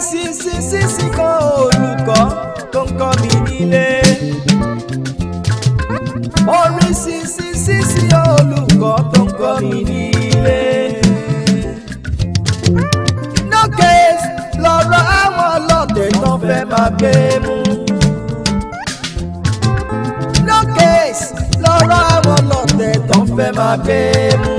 sísísísí kan olùkọ́ tó ń kọ́ mi nílé. orin sísísísí olùkọ́ tó ń kọ́ mi nílé. lókè lọ́rọ̀ àwọn ọlọ́tẹ̀ tán fẹ́ máa gbé mú. lókè lọ́rọ̀ àwọn ọlọ́tẹ̀ tán fẹ́ máa gbé mú.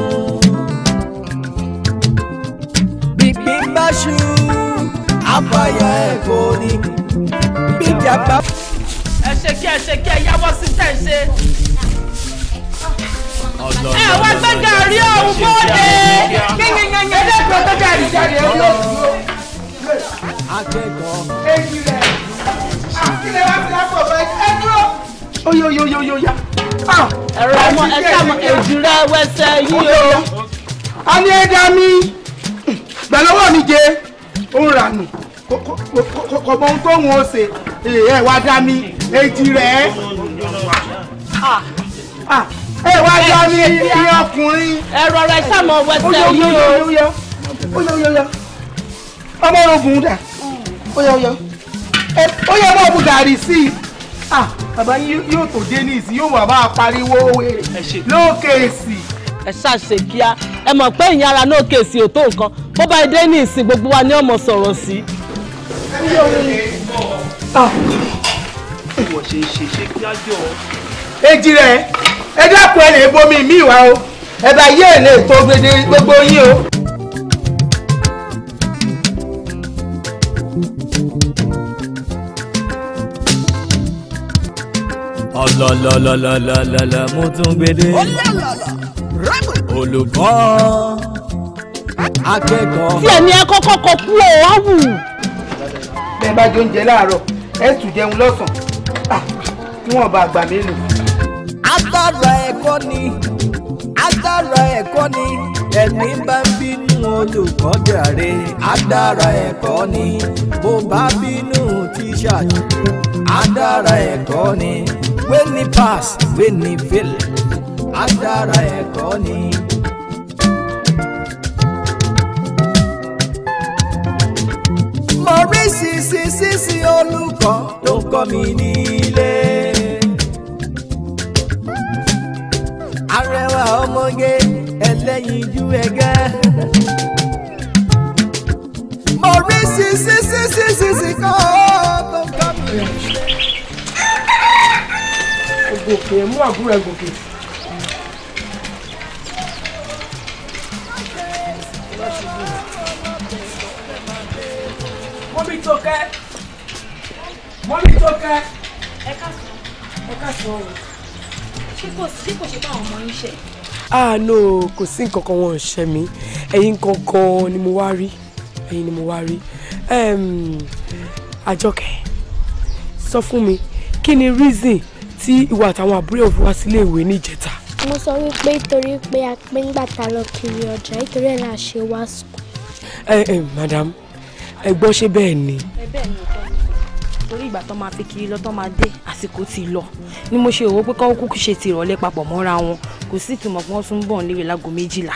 yọ ẹ̀ kò ní bíbí àgbà. ẹ ṣe kí ẹ ṣe kí ẹ yáwọ́ sí tẹ̀ ṣe. ẹ wá gbé gàrí ọ̀hún bóde kí ni yan yan ẹlẹ́gbẹ̀ẹ́ tó gàrí jáde ó lọ sí o. akẹ́kọ̀ọ́. èyí rẹ̀ àkílẹ̀ wá sí lápò bẹ́ẹ̀ ẹ dúró. oyoyoyoyoya. ẹ̀rọ ọmọ ẹ̀ka èjìrẹ́ wẹsẹ̀ yìí o. a ní ẹ̀dá mi gbẹ̀lọ́wọ́ mi jẹ́ òun rà nù kò mọ ohun tó ń wọ́n ṣe ẹ wá dá mi èjì rẹ̀ ah, ẹ wá dá mi ní ọkùnrin. ẹ̀rọ rẹ̀ sàmọ̀ wẹsẹ̀ yìí o. ọmọ ogun dà ó yẹ mọ́ bu gàrí sí i ah, bàbá yóò tó dé ní ìsìn yóò wà bá a pariwo lókè èsì ẹ ṣàṣe kíá ẹ mọ̀ pé ìyára náà kèsì òtó nǹkan bó bá dé ní ìsìn gbogbo wa ni ọmọ sọ̀rọ̀ sí i ìwọ ah. ṣe ṣe ṣe kí á jọ. èjì rẹ̀ ẹ dákun ẹ lè bomi mi wá o ẹ bá yé èlé ètò gbogbo yín o. ọlọlọlọlọlọlọ mo tún gbede olùkọ́ akẹ́kọ̀ọ́. tí ẹ̀mí ẹ kọ́kọ́ kọ kú ọ̀ wá wù ẹ bá jẹ oúnjẹ láàárọ̀ ẹ tún jẹun lọ́sàn-án kí ah, wọ́n bá gbà mélòó. agbára ẹ̀kọ́ ni agbára ẹ̀kọ́ ni ẹ̀mí bá ń bínú olùkọ́ jàre agbára ẹ̀kọ́ ni bó bá bínú tíṣà agbára ẹ̀kọ́ ni when he pass when he fail agbára ẹ̀kọ́ ni. icccc olùkọ́ ló kọ́ mi nílé. arẹwà ọmọge ẹlẹ́yinjú ẹgẹ́. mo rí ccccc kọ́ tó kọ́ mi. ògòkè mú àbúrò ẹ̀ gòkè. Tókẹ́ mọ́mí Tókẹ́. ẹ káàsán ẹ káàsán o ṣé kò sí kò ṣe báwọn ọmọ yín ṣe. ah no kò sí nǹkan kan wọn ò ṣe mí ẹ̀yin gangan ni mo wá rí ẹ̀yin ni mo wá rí àjọkẹ́ sọ fún mi kí ni reason tí ìwà àtàwọn àbúrò ẹ̀ wá sílé ìwé ní ìjẹta. mo sọ wípé nítorí pé a pé ńgbà lọ kiri ọjà nítorí ẹ̀ la ṣe wá sùn. ẹ ẹ madam ẹ gbọ́ ṣé bẹ́ẹ̀ ni. ẹ bẹ́ẹ̀ ni ọ̀tọ̀ ni torí ìgbà tó máa fi kiri lọ tó máa dé àsìkò ti lọ ni mo ṣe òwò pé kọ́ kúkú ṣe ti ìrọ̀lẹ́ papọ̀ mọ́ra wọn kò sí ìtumọ̀ pé wọ́n tún ń bọ̀ nílé láago méjìlá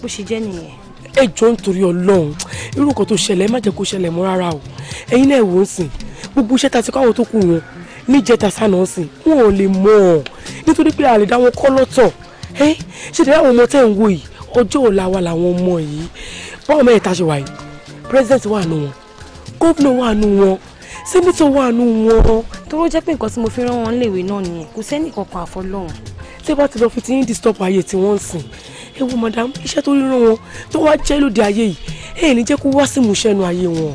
bó ṣe jẹ́ nìyẹn. ẹ jọ nítorí Ọlọ́run irú nǹkan tó ṣẹlẹ̀ ẹ má jẹ́ kó ṣẹlẹ̀ mọ́ rárá o ẹ̀yin náà wò ó sìn gbogbo iṣẹ́ ta ti káwọn tó kù wọn níjẹta sànà sìn wọn ò lè mọ̀ ọ́ nítorí pé àlè dá wọn kọ́ lọ́tọ̀ àwọn ọmọ tẹ̀ ń wò yìí ọjọ́ ọ̀la wa làwọn ọmọ yìí báwọn mẹ́ta ṣe wà yìí president wà nù wọn gómìnà wà nù wọn sẹ́nitọ̀ wà nù wọn. tó ló jẹ́ pé nǹkan tí mo fi rán wọn léèwé náà nìyẹn kò sẹ́nì kankan àfọlọ́hún. tí bá ti lọ fi ti ń disturb ayé tí wọ́n ń sìn ẹ wo madam iṣẹ́ tó ríran wọn tó wá jẹ́ lóde ayé yìí ẹ ní jẹ́ kó wá sí ìmúṣẹ nu ayé wọn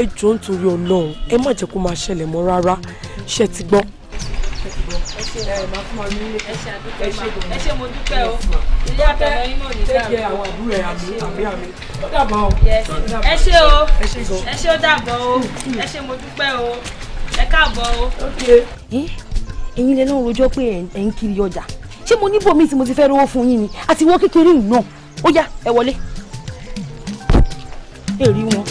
ẹ jọ̀ọ́ nítorí Ọlọ́run ẹ má jẹ́ kó máa ṣẹlẹ̀ mọ́ rárá ṣe ti gbọ́ ẹ ṣe mo dúpẹ́ o ilé àtẹ̀lẹ́ yín náà ní dáàbò ẹ ṣe o ẹ ṣe ó dàbọ̀ o ẹ ṣe mo dúpẹ́ o ẹ káàbọ̀ o. ẹ̀yin lè lọ́n rojọ́ pé ẹ̀ ń kiri ọjà ṣé mo níbò míì tí mo ti fẹ́ rówó fún yín ni àti wọ́n kékeré yìí náà ó yá ẹ wọlé èrè wọn.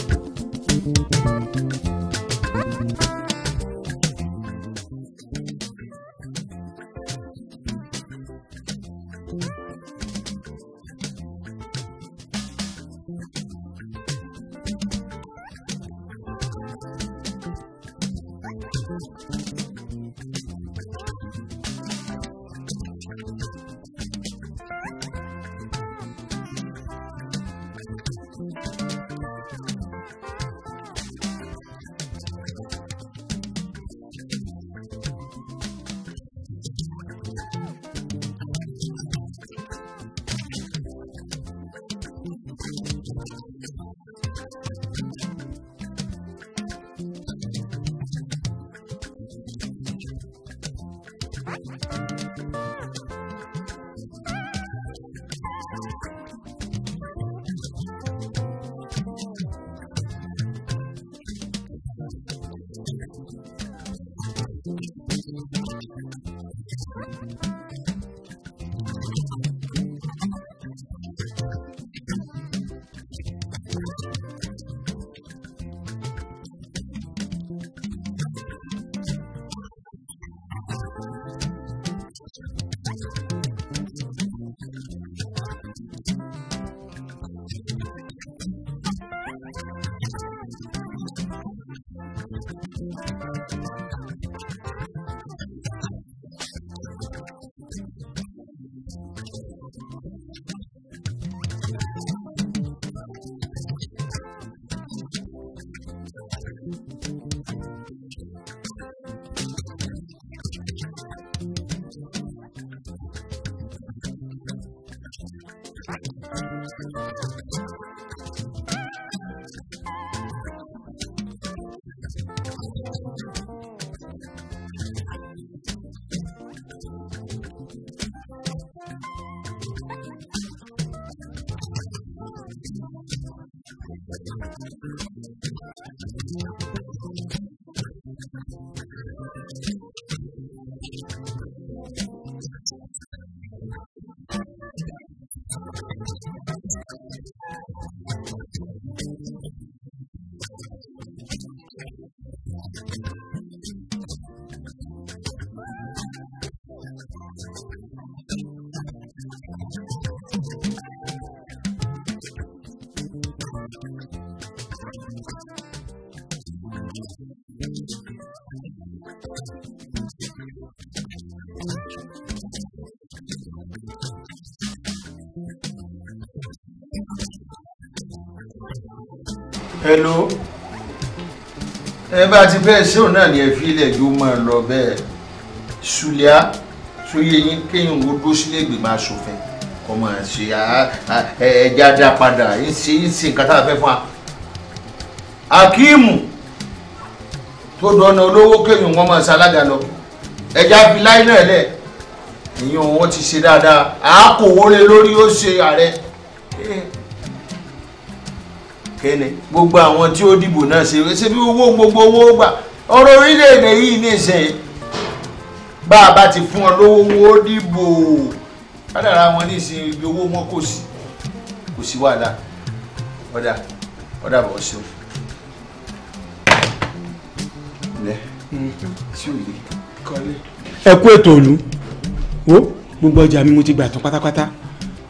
hello ẹ bá ti fẹ́ ṣéun náà ni ẹ fi ilẹ̀ yóò máa lọ bẹ́ẹ̀ ṣùlẹ́à sóyè yín kéyìn wo dúró sílé ìgbìmọ̀ asòfin ọmọ ṣe ẹja dá padà ń ṣe ń ṣe nǹkan tá a fẹ́ fún wa. akíìmù tó dọ̀nà olówó kéyìn wọn máa ṣalága lọ ẹja fi náà lẹ̀ ìyẹn wọn ti ṣe dáadáa àákòwò lé lórí ó ṣe ààrẹ kéne gbogbo àwọn tí ó dìbò náà ṣe ṣe bí owó gbogbo owó gbà ọ̀rọ̀ orílẹ̀-èdè yìí nìṣẹ́ bá a bá ti fún ọ lówó owó dìbò kádàrá wọn nìṣẹ́ ibi owó wọn kò sí kò sí wàhálà ọ̀dà ọ̀dà bọ̀ ṣe o. ẹ kú ètò òlu wo gbogbo ọjà mi mo ti gbà tán pátápátá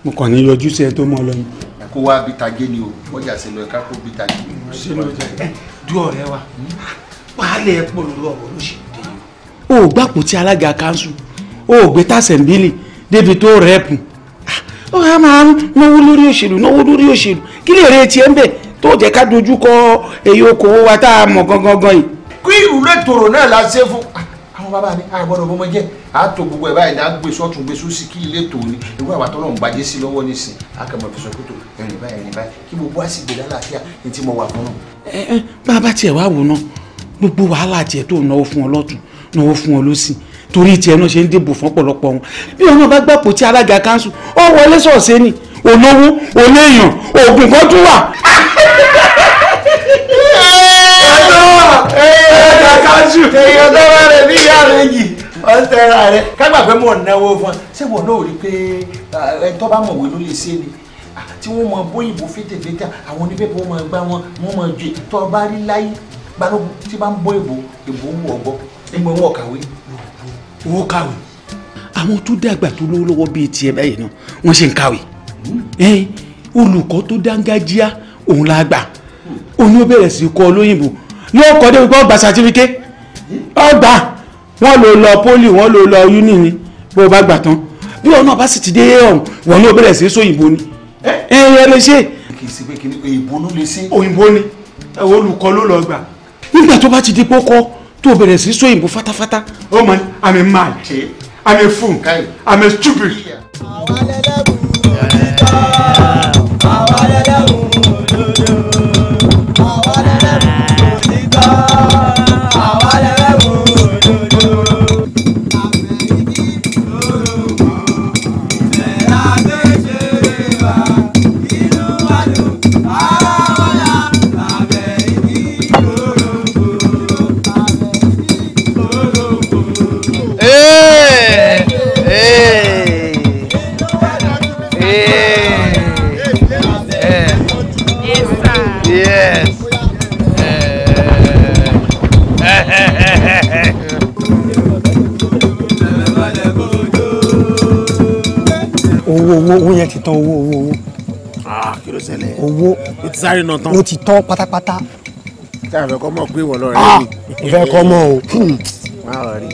mo kàn ní yọjú sí ẹ tó mọ ọ lọ kó wá bíta gé ni o bọ́jà ṣe lọ ẹ̀ka kó bíta gé ni o. ṣé ló jẹ du ọ̀rẹ́ wa wàhálà ẹ pọ̀ lórí ọ̀rọ̀ ló ṣe dé. o ò gbàpò tí alága kanṣu o ò gbé tàṣẹ̀ǹbìlì débi tó rẹ́ẹ̀pù ah, ó yà máa náwó lórí òṣèlú náwó lórí òṣèlú kí lè retí ẹ ń bẹ̀ tó jẹ́ ká dojú kọ èyí okòwò wa tá a mọ̀ gangan yìí. kí ìrúlé tòrò náà la ṣe fún ah, àwọn bàbá mi àgbọ̀dọ̀ bọ́mọ jẹ́ a tó gbogbo ẹ̀ báyìí náà gbé e sọ́tún gbé e sósì kí ilé tò ní ìwé àwọn àtọ́nà ń gbajẹ́ sí lọ́wọ́ nísìn akẹ́mọ̀ ìfisọ̀ kótó ẹ̀rìn báyìí ẹ̀rìn báyìí kí gbogbo àsìgbè lálàáfíà ní tí mo wà fún un. ẹ ẹ bá a bá tiẹ̀ wá wò náà gbogbo wàhálà tiẹ̀ tó náwó fún ọ lọ́tún náwó fún ọ lọ́sìn torí tiẹ̀ náà ṣe ń dìbò fún ọ̀pọ̀lọpọ̀ wọn bí ọ̀nà bá gbàpò tí alága kanṣu ó wọlé sọ̀ọ́sẹ́ ni olówó oléèyàn oògùn kan tún wà. ẹ̀ẹ́dọ̀ ẹ̀ẹ́dọ̀ kanṣu èèyàn tó wà rẹ̀ níyàrá yìí ń tẹ́ra rẹ kágbà pé mò ń náwó fún ẹ ṣé wọn náà rí i pé ẹni tó bá mọ̀wé ló lè ṣe ni tí wọ́n mọ bóyìnbó fètèfètè àwọn oníbẹ̀bẹ̀ wọn máa gbá wọn wọn máa ju tó o bá rí láyé gbanúgbò tí bá ń bọ́ ìbò ìbò ń wọ̀ gbọ́ nígbà wọn kàwé. owó kàwé àwọn tó dàgbà tó lówó lọ́wọ́ bíi tiẹ̀ báyìí náà wọ́n ṣe ń kàwé hmm. olùkọ́ tó dángájíá òun la gbà òun ló bẹ̀rẹ̀ sí kọ́ olóyìnbó yóò kọ́ débi pé ó gba certificate wọ́n lò lọ poli wọ́n lò lọ uni ni bó o bá gbà tán bí ọ̀nà bá sì ti dé ọ̀hún wọ́n náà bẹ̀rẹ̀ sí sóyìnbó ni ẹ ẹ lè ṣe. kì í ṣe pé kìnìún òyìnbó ló lè ṣe. òyìnbó ni olùkọ́ ló lọ gbà. nígbà tó bá ti di kókó tó bẹ̀rẹ̀ sí sóyìnbó fátáfátá ó ni i'm mad i'm a fool stupid. àwọn ti tán owó owó owó. Ah, kí ló ṣẹlẹ̀. owó o ti sáré náà tán. o ti tán pátápátá. tí a fẹ́ kọ́ mọ̀ pé ìwọ lọ rẹ̀ ni. ìfẹ́ ah, kọ́ o. Hmm. má rọ̀ rí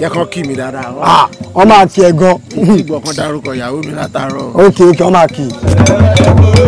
jẹ́ kán kí mi dáadáa. Ah, wọ́n máa kí ẹ gan. ìgbọ̀kan dárúkọ ìyàwó mi látàárọ̀. ok ok wọ́n máa kí i.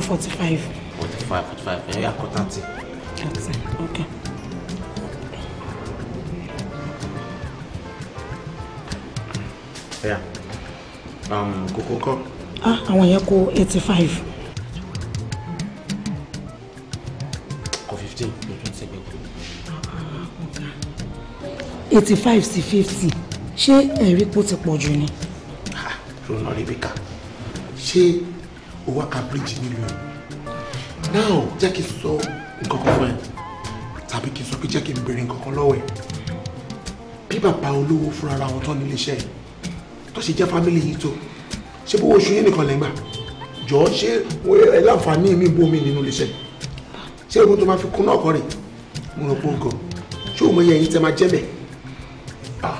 kó forty five. forty five forty five ẹ̀yìn àkọ́tàntì. okay. ẹ̀yà kókó kọ́. ah àwọn yẹn kó eighty five. kọ fifteen lójú ń sẹ́gbẹ̀ẹ́ kú. eighty five sí fifty ṣé ẹ̀rí kó ti pọ̀ jù ni. ah ronald rebecca ṣé ó wá Cambridge nílùú ẹ̀ now jẹ́ kí n sọ nǹkan kan fún ẹ tàbí kí n sọ pé jẹ́ kí n béèrè nǹkan kan lọ́wọ́ ẹ bí bàbá olówó fúnra ara wọn tán nílé iṣẹ́ yìí tó ṣe jẹ́ fámìlì yìí tó ṣé bówó oṣù yín nìkan lẹ́gbàá jọ ṣé ẹ láǹfààní mi bómi nínú iléeṣẹ́ ṣé ohun tó máa fi kún náà kọ rè mo rò pé nǹkan ṣé òun yẹ yín tẹ máa jẹ bẹ. Ah,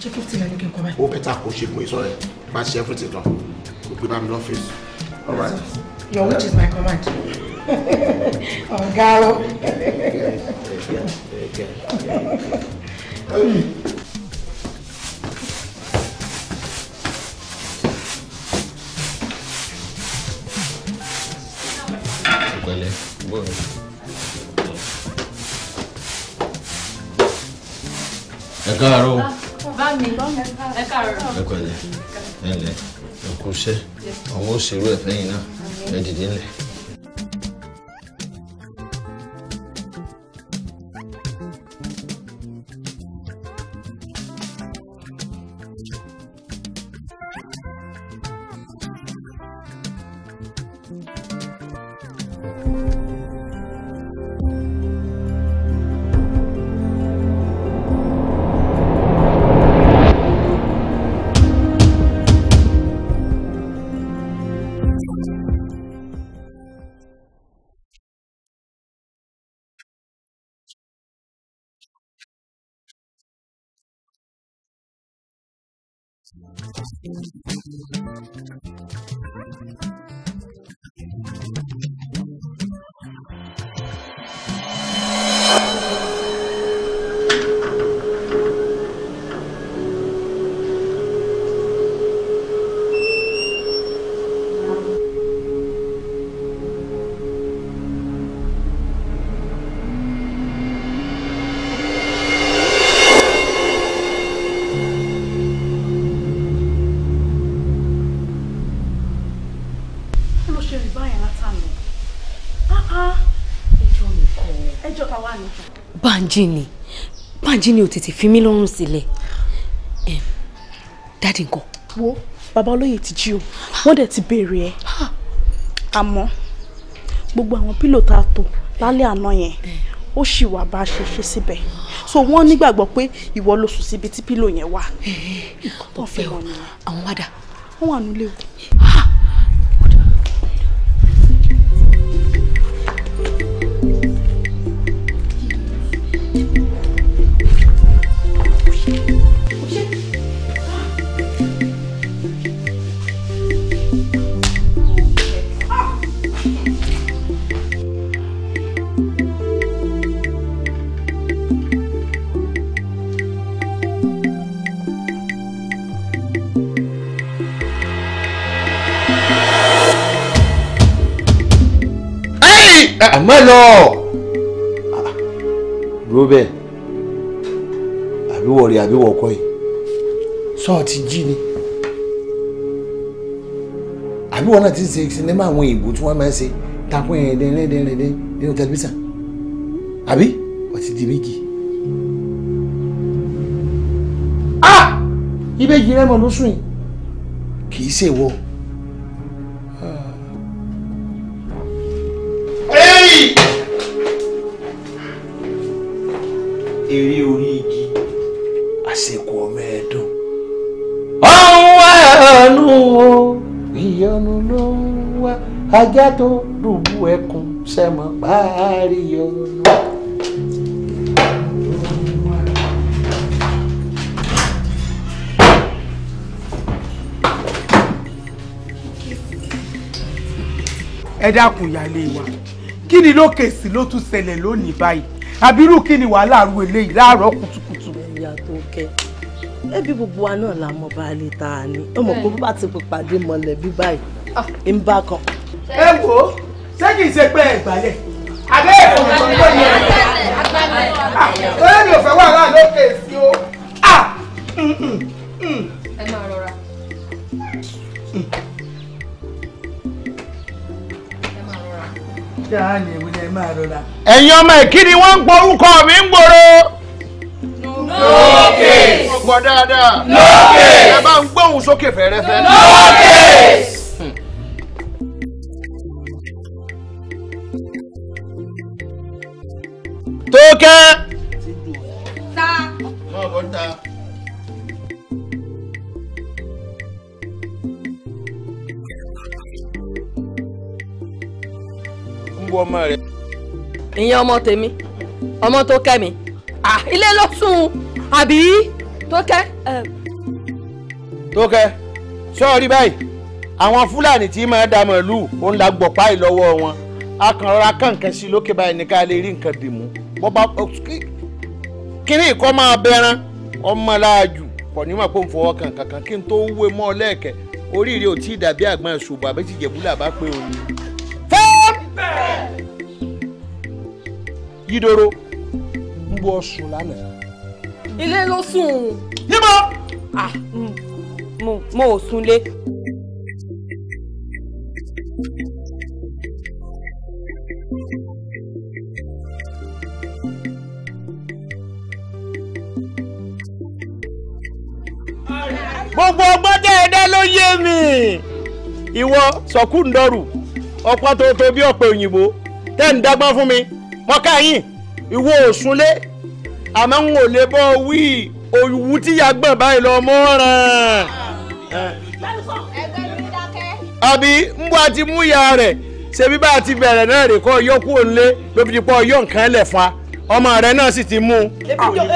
ṣé fifty naira ló kí n kọ báyìí. ó bẹ́ẹ̀ kò ṣe fún ìsọ̀rẹ́ bá ṣe everything tán kò gbé bá mi lọ́fíìsì. All right. Your wish is my command. Ọ̀gá o. Pẹ̀lẹ́, bọ́ọ̀lù. Ẹ káàárọ̀. Bá mi, ẹ káàárọ̀. Ẹ pẹ̀lẹ́, ẹ lẹ́ kò ṣe àwọn òṣèré ẹ̀fẹ́ yìí náà ẹ̀ dìde ńlẹ̀. Thank you. Bájìnì Bájìnì o tètè fi mí lọ́rùn sílẹ̀ dáàdì nǹkan. wo bàbá olóyè ti jí o wọ́n dẹ̀ ti béèrè ẹ̀ àmọ́ gbogbo àwọn pílò tá a tò lálẹ́ àná yẹn ó sì wà bá a ṣe ṣe síbẹ̀ so wọ́n nígbàgbọ́ pé ìwọ ló sùn síbi tí pílò yẹn wà. ọ̀fẹ́ o àwọn wàdà. wọ́n wà nílé o. má lọ dúró bẹ́ẹ̀ àbíwọ̀ rẹ̀ àbíwọ̀ ọkọ yìí sọ́ọ̀ ti jí ni àbíwọ̀ náà ti ṣe sinimá àwọn ìbò tí wọ́n máa ń ṣe takun ẹ̀ dẹ́rẹ́dẹ́rẹ́dẹ́ nínú tẹlifíṣàn àbí wọ́n ti di méjì. ibẹ̀ ah! yìí rẹ̀ mọ̀ lóṣù yìí kì í ṣèwọ́. eré orí igi àsìkò ọmọ ẹ̀dùn. ọ̀hún ẹ̀ẹ́nù o ìyọnu ló ń wá ajá tó dùbú ẹkùn sẹ́mọ̀ páàrí yọnu. ẹ dákun ìyáálé wa kí ni lókè sí ló tún ṣẹlẹ̀ lónìí báyìí abirú kí ni wàhálà àrùn eléyìí láàárọ̀ kùtùkùtù. ìyá tó kẹ́ ẹbí gbogbo wa náà la mọ baálé ta ni ọmọ kò bá ti pàdé mọ̀lẹ́bí báyìí ah. ń bá kan. ẹ wo ṣé kìí ṣe pé ẹ gbàlẹ̀ àbẹ́ ẹ̀fọ́ mi tó ń bọ̀ yẹn. olórí òfẹ́ wà láà lókè sí o. Ah, mm, mm, mm. ẹ máa rọra. ẹ máa rọra. dáa ni ewu ẹ̀yin ọmọ ìkí ni wọ́n ń porúkọ mi ń gbòòrò. lókè. gbọ́ dáadáa. lókè. ẹ bá ń gbóhùn sókè fẹ́rẹ́fẹ́. lókè. tókè. ta. náà bọ́ ta. ń wo ọmọ rẹ ìyẹn ọmọ tèmi ọmọ tó kẹ́ mi ilé ló sùn àbí tó kẹ́. tó kẹ́ sọ́ọ̀rí báyìí àwọn fúlàní tí máa da màálù òun la gbọ̀ páì lọ́wọ́ wọn a kàn rọra kàǹkẹ́ sí lókè báyìí ní ká lè rí nǹkan dì mú bọ́ bá kíní ìkọ́ máa bẹ́ran ọmọ láàjù pọ̀ nímọ̀ pé ń kan kankan kí n tó wé mọ́ ọ lẹ́ẹ̀kẹ́ oríire ò tí ì dàbí àgbọn ṣùgbọ́n àbẹ́tì jẹ̀bú làbá pé òun. fẹ́ẹ́ bidoro mgbe ọsùn lánàá. ilé ló sùn òun. níbo. ah mm, mo ò sunlé. gbogbo ọgbọ́n dẹ́ẹ̀dẹ́ ló yé mi. ìwọ sọkúndọrù ọ̀pá tó tó bí ọ̀pẹ òyìnbó tẹ́ ń dágbọ́n fún mi. mọ́ká yín ìwọ òsúnlé àmọ́ ń lè bọ́ wí òwú tí ya gbọ̀n báyìí lọ mọ́ àbí ń bọ́ àti mú rẹ̀ bá a ti bẹ̀rẹ̀ náà rè kọ́ yọ kúrò nílé ọmọ rẹ náà sì ti mú.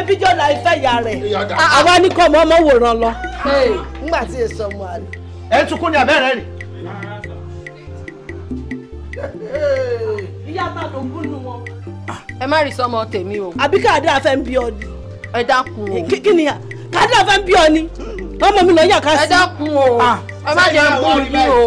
ebi jọ la rẹ̀ àwa ní ọmọ wòran lọ tí ẹ ẹ má rí sọmọ tèmi o. àbí kàdúrà fẹ́ ń bí ọ ni. ẹ dákun o. kí ni kàdúrà fẹ́ ń bí ọ ni ọmọ mi lọ yà ká sí. ẹ dákun o ah. ẹ má jẹun bú mi o.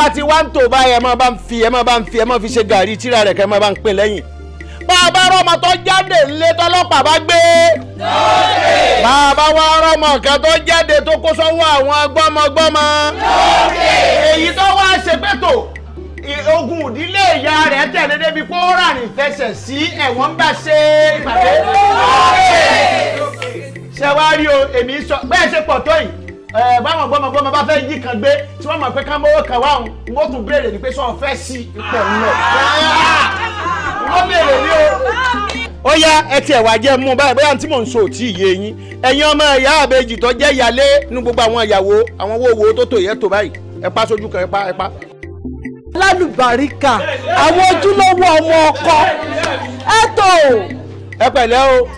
bá ti wá ń tò báyìí ẹ máa bá ń fi ẹ máa bá ń fi ẹ máa fi ṣe gàrí tíra rẹ̀ kẹ́ ẹ máa bá ń pè lẹ́yìn bá rọmọ tó jáde ńlẹ tọlọ́pàá bá gbé. lókè. bá rọmọ kan tó jáde tó kó sọ́wọ́ àwọn gbọ́mọgbọ́mọ. èyí tó wá ṣèpẹ́tò ogun ìdílé ìyá rẹ̀ tẹ̀lé débi pé ó rà ní fẹsẹ̀ sí ẹ̀wọ̀n bá ṣe ìpàdé. lókè. ṣé rí o èmi sọ bẹ́ẹ̀ ṣe pọ̀ tó yìí ẹ báwọn gbọmọgbọmọ bá fẹ́ yí kan gbé tí wọ́n mọ̀ pé ká mọ́wọ́ kan wá òun mo tún béèrè ni pé sọ fẹ́ sí ipò ńlọ. wọ́n béèrè ní o. ó yá ẹ tiẹ̀ wá jẹ́ mú báyìí bóyá tí mò ń sọ òtí ìyé yín ẹ̀yin ọmọ ìyá àbejì tó jẹ́ ìyálé nu gbogbo àwọn ìyàwó àwọn wòwò tó tò yẹ tó báyìí ẹ pa sójú kan ẹ pa ẹ pa lálùbáríkà àwọn ojúlówó ọmọ ọkọ ẹ tó. ẹ pẹ̀lẹ́ o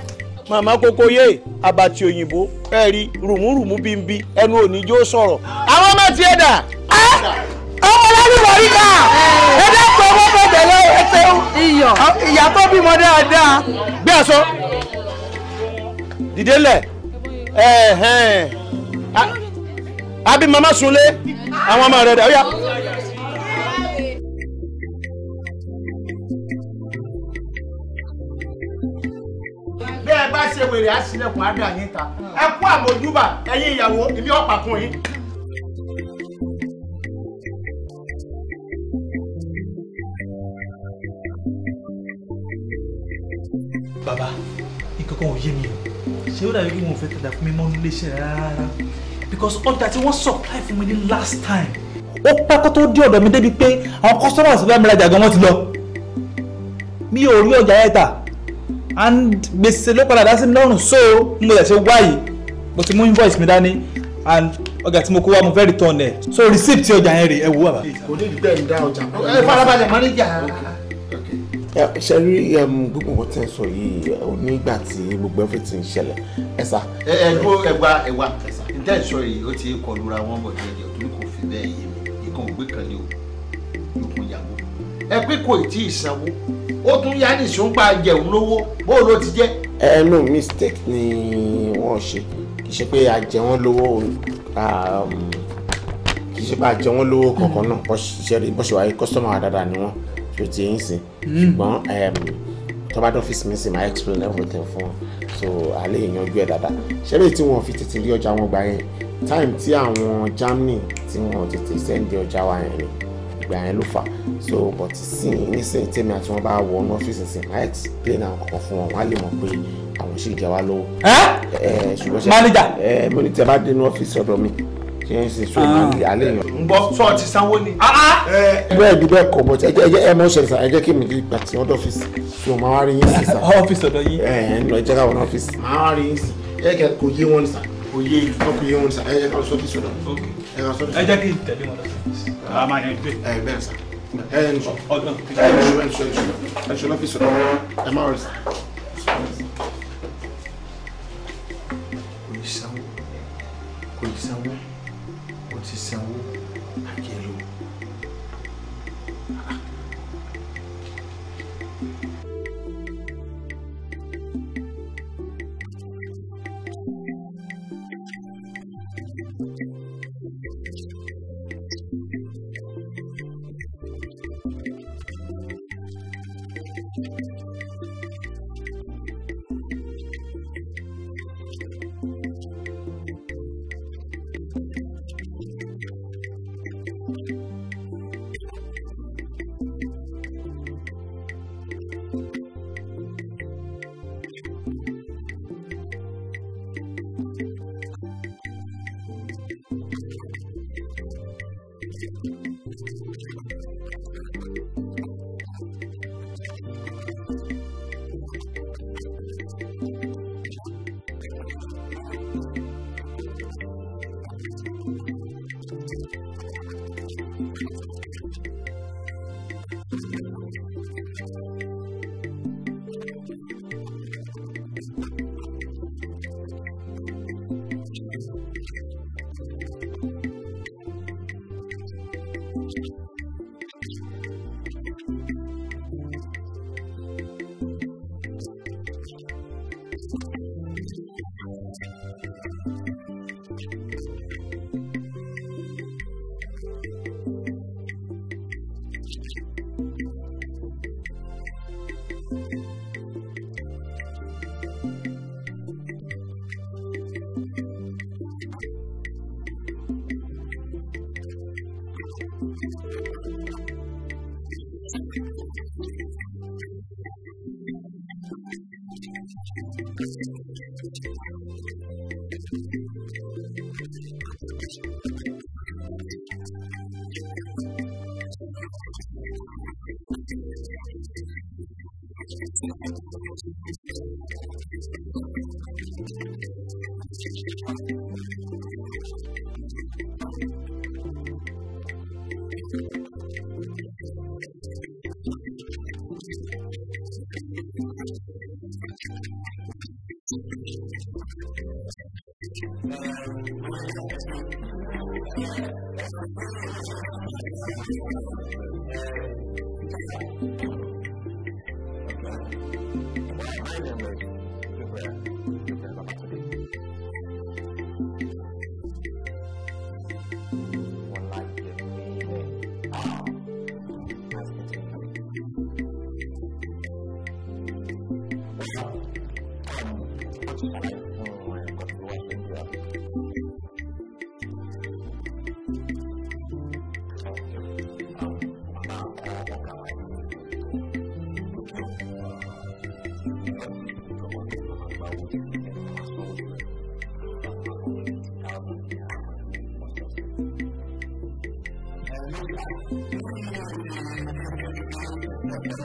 màmá koko yé abati òyìnbó ẹ rí rùmúrùmú bíbí ẹnu òní jó sọ̀rọ̀. àwọn ọmọ tiẹ̀ dà ọmọ lẹ́nu wọ̀nyí dà ẹ dẹ́kun ọmọ tó tẹ̀lé ẹsẹ̀ ìyá tó bímọ dáadáa. gbé aṣọ dìde lẹ ẹhẹn àbí màmá sunlé àwọn ọmọ rẹ dà bá ṣe wèrè á sílẹ̀kùn àdá yín ta ẹ kú àmójúbà ẹ̀yin ìyàwó èmi ọ̀pá fún yín. bàbá ìkọ̀kọ̀ ò yé mi o ṣé ó dàbí pé wọn ò fẹ́ tẹ̀lé fún mi mọ́ nílé iṣẹ́ rárá because ọjà tí wọ́n supply fún mi ní last time ó pẹ́ kó tó dé ọ̀dọ̀ mi débi pé àwọn customers fẹ́ mi rajà gan wọ́n ti lọ mi ò rí ọjà yẹn tà and gbèsè ló padà dá sí mi lọ́rùn so mo lè ṣe wáyìí mo ti mú invoice mi dání and ọjà tí mo kó wá mo fẹ́ return ẹ̀ so receipt ọjà yẹn rè ẹ wò bàbá. kò ní ìdílé ń dá ọjà ẹ farabalẹ̀ manager. ṣe rí gbogbo nǹkan tẹ̀ ń sọ yìí nígbà tí gbogbo everything ṣẹlẹ̀ ẹ sá. ẹ ẹ gbọ́ ẹwà ẹwà ìdá ìṣọ yìí ó ti kọlura wọn bọ̀ jẹjẹ òtún kò fi bẹ́ẹ̀ yé mi ikọ̀ ògbé kan ni o yóò kún ẹ kò tí ì sanwó ó tún yá nìṣó ń pa jẹun lówó bó ló ti jẹ́. ẹ no mistake ni wọ́n ṣe kì í ṣe pé a jẹ wọ́n lówó um, kì í ṣe pé a jẹ wọ́n lówó kankan náà bó ṣe wáyé kọ́sọ́mà wa dáadáa ni wọ́n tó ti ń sìn ṣùgbọ́n tomato fish mi sì máa explain everything fún wọn so alẹ́ ìyanjú ẹ̀ dáadáa ṣẹlẹ̀ tí wọ́n fi tètè rí ọjà wọn gbà yẹn time tí àwọn Germany tí wọ́n tètè sẹ́ndì ọjà wa yẹn ni ìgbà yẹn ló fà so but sin nísìnyí tèmi àti wọn bá wọ ní ọ́fíìsì sin máa explain àwọn kankan fún wọn wọn á lè mọ̀ pé àwọn sì jẹ wá lọ́wọ́. ṣùgbọ́n ṣe manager mo ní tẹ bá dé ní ọ́fíìsì ọ̀dọ̀ mi ṣe ń ṣe so, ah. máa ń lè alẹ́ yàn. ń bọ sọ ti sanwó ni. Ah, ah. bẹ́ẹ̀ bí bẹ́ẹ̀ kọ́ bọ́ ẹ jẹ́ ẹ mọ̀ ṣẹlẹ̀ sàn ẹ jẹ́ kí mi gbà tí wọ́n dọ́fíìsì tí mo máa wá rí yín sí sàn. ọ́fíìsì ọ̀dọ̀ yín. ẹ ẹ ń lọ jẹ́ káwọn ọ́fíìsì. máa wá rí yín sí ẹ kẹ́ kò yé wọn sàn òye ìlú. ọkùnrin ohun sà ẹ ká sọ kí sọdọ. ẹ ká sọ sọdọ. ẹ jẹ́ kí n tẹ̀lé wọn lọ a máa yẹn gbé. ẹ bẹ́ẹ̀ sà ẹ ẹ nìṣọ ẹ nìṣọ ẹ nìṣọ ẹ nìṣọ lọ́fíìsì rẹ ẹ má rẹ sà.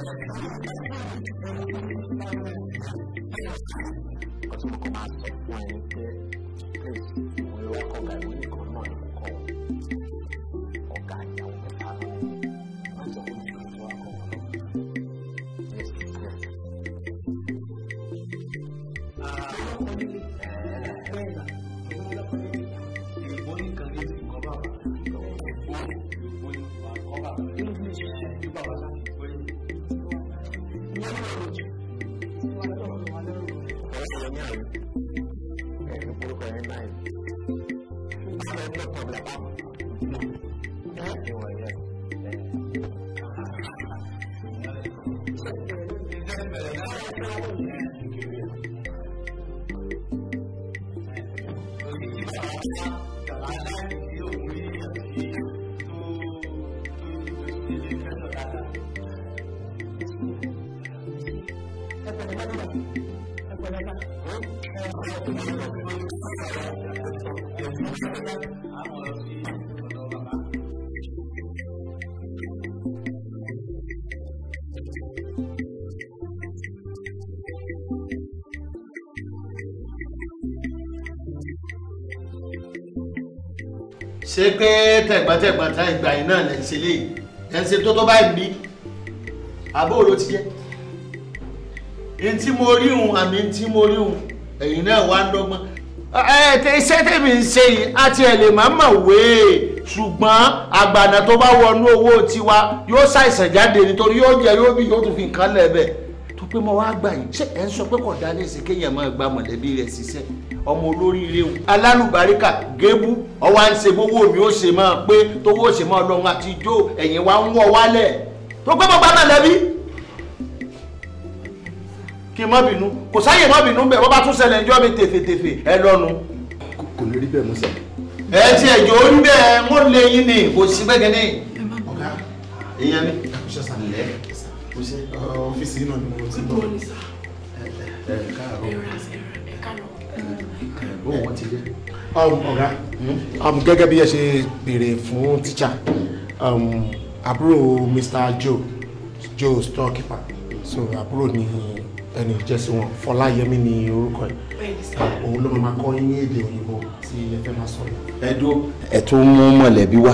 Thank you. ṣé pé tẹ̀gbọ́ntẹ̀gbọ́ntà ìgbà yìí náà lẹ̀ ń ṣe léyìí lẹ̀ ń ṣe tó tó báyìí bí àbúrò ló ti jẹ́ ní tí mo rí hun àmì tí mo rí hun ẹ̀yìn náà wá ń dọ́gbọ́n iṣẹ́ tèmi ń ṣe yìí àti ẹ̀ lè máa mọ̀ wéé ṣùgbọ́n àgbàna tó bá wọnú owó tiwa yóò ṣàìsàn jáde nítorí yóò jẹ yóò bí yóò tún fi nǹkan lẹ̀ bẹ́ẹ̀ pé mo wá gbà yìí ṣé ẹ ń sọ pé kò dá léṣe kéèyàn máa gba mọ̀lẹ́bí rẹ̀ ṣiṣẹ́ ọmọ olórí ilé o alálùbáríkà gébú ọwọ́ à ń ṣe gbówó mi ó ṣe máa pé tówó ṣe máa lọ́run àti ijó ẹ̀yìn wa ń wọ̀ wálẹ̀ tó pé mo gba mọ̀lẹ́bí kí n má bínú kò sáyè má bínú bẹ́ẹ̀ bọ́ bá tún ṣẹlẹ̀ ẹjọ́ mi tèfètèfè ẹ lọ́nu. kò lè rí bẹ́ẹ̀ mú sẹ́yìn. ẹ ti ẹ̀jọ̀ ó bẹ́ẹ̀ wọ́n ni kò sí gbẹ́gẹ́ ní. ọ̀gá èèyàn ni. ẹ sàlẹ̀ mo ṣe ọ́fíìsì náà ni mo ti bọ̀. ẹ ẹ káàárọ̀ ẹ káàárọ̀ ó wọ́n ti dé. Um, ọ̀gá hmm? um, gẹ́gẹ́ bí ẹ ṣe béèrè fún tíṣà um, àbúrò Mr. Joe Joe storekeeper so àbúrò ni ẹni ìjẹsìn wọn Fọláyẹmí ni orúkọ ẹ òun ló máa kọ́ yín ní èdè òyìnbó tí ẹ fẹ́ máa sọ. ẹ dúró ẹ tún mú mọ̀lẹ́bí wá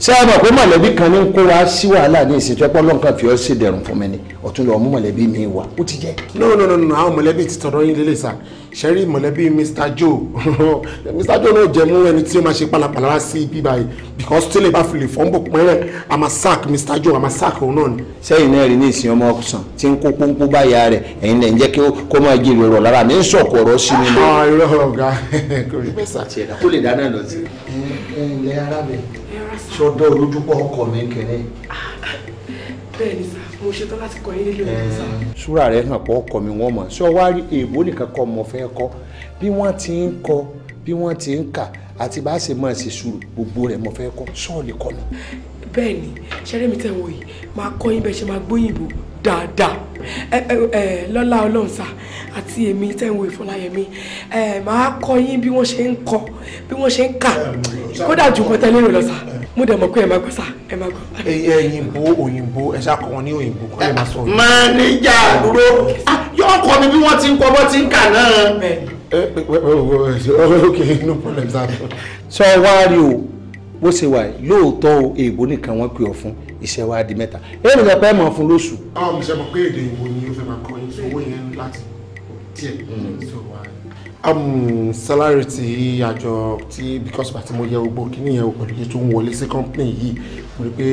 ṣé ẹ mọ̀ pé mọ̀lẹ́bí kan ní kó wa sí wàhálà ní ìṣètò ẹpọ́ lọ́nkàn fi ọ́ sí dẹ̀rùn fún mi ni ọ̀tún lọ́ọ́ mú mọ̀lẹ́bí mi wá ó ti jẹ́. no no no no àwọn mọ̀lẹ́bí ti tọ̀dọ̀ yín lélẹ̀ sá ṣẹ́rí mọ̀lẹ́bí Mr. Joe Mr. Joe náà jẹ́ mú ẹni tí ó máa ṣe pálapàla sí ibi báyìí because tí lè bá fi lè fọ́n bò pẹ́rẹ́ àmà sack Mr. Joe àmà sack òun náà ni. sẹ́yìn náà rí ní ìsìn ọmọ ọ̀sán tí ń kó pọ́npọ́n báyà rẹ̀ ẹ̀yin lẹ̀ ń jẹ́ kó máa jí ìrọ̀rọ̀ lára mi ń sọ̀kọ̀ ọ̀rọ̀ sí mi. ọ̀rọ̀ ah, ọ̀gá kò rí bẹ́ẹ̀ sà. kó lè dáná lọ sí. ẹ ẹ ǹlẹ́ arábẹ̀ ṣọdọ olójúpọ ọkọ mi kẹrẹ. bẹ́ẹ̀ni sá mo ṣetán láti kọ yín nílé òun sá. ṣúra rẹ hàn pọ ọkọ mi wọn mọ ṣọ wá rí èèbó nìkan kọ ọmọ fẹ́ kọ bí wọ́n ti ń kọ bí wọ́n ti ń kà àti bá a ṣe máa ṣe sùúrù gbogbo rẹ̀ mo fẹ́ kọ ṣọọlì kọ mi. bẹ́ẹ̀ni ṣẹrẹ mi tẹ wọ máa kọ yín bẹ ṣe máa gbóyìnbó dáadáa ẹ ẹ lọ́lá ọlọ́run sá àti èmi tẹ́wọ̀n ìfọláyẹmí ẹ máa kọ́ yín bí wọ́n ṣe ń kọ bí wọ́n ṣe ń kà kódà jù kọ́tẹ́ lérò lọ sá mo dẹ̀ mọ̀ pé ẹ máa gbọ́ sá ẹ máa gbọ́. ẹyẹ òyìnbó òyìnbó ẹ ṣàkọ wọn ní òyìnbó kọ́ ẹ máa sọ. máníjà dúró ah, yóò kọ́ mi bí wọ́n ti ń kọ́ bọ́ ti ń kà náà. okay no problem sá. sọ wá rí o bó ṣe wà lóòótọ́ èèbó nìkan wọ́n pè ọ fún iṣẹ́ wa di mẹ́ta èyí nìkan pẹ́ mọ̀ fún lóṣù. báwo mo ṣe mọ̀ pé èdè ìwò ni ó fẹ́ máa kọ́ yín tó owó yẹn láti díẹ̀ tó mm. wà. Um, salary ti àjọ tí because bàtí mo yẹ gbogbo kíní yẹn pẹ̀lú iye tó ń wọlé sí company yìí mo rí pé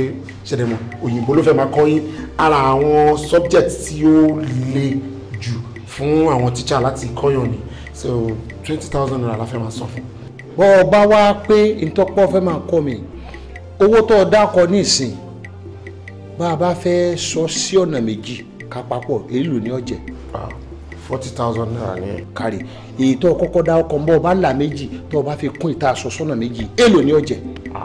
ṣẹlẹ̀ mọ̀ òyìnbó ló fẹ́ máa kọ́ yín ara àwọn subject tí ó le jù fún àwọn teacher láti kọ́yàn ni so twenty thousand naira la fẹ́ máa san fún. bọ́ ọ bá wá pé ìtọ́pọ̀ fẹ́ máa kọ́ mi owó tó o dá kọ ní ìsìn bá a bá fẹ́ sọ sí ọ̀nà méjì ká papọ̀ èlò ní ọ̀jẹ̀. forty thousand naira ni. kárí èyí tó kọ́kọ́ dá ọkọ̀ ń bọ̀ bá là méjì tó o bá fi kún ìta aṣọ sọ́nà méjì èlò ní ọ̀jẹ̀.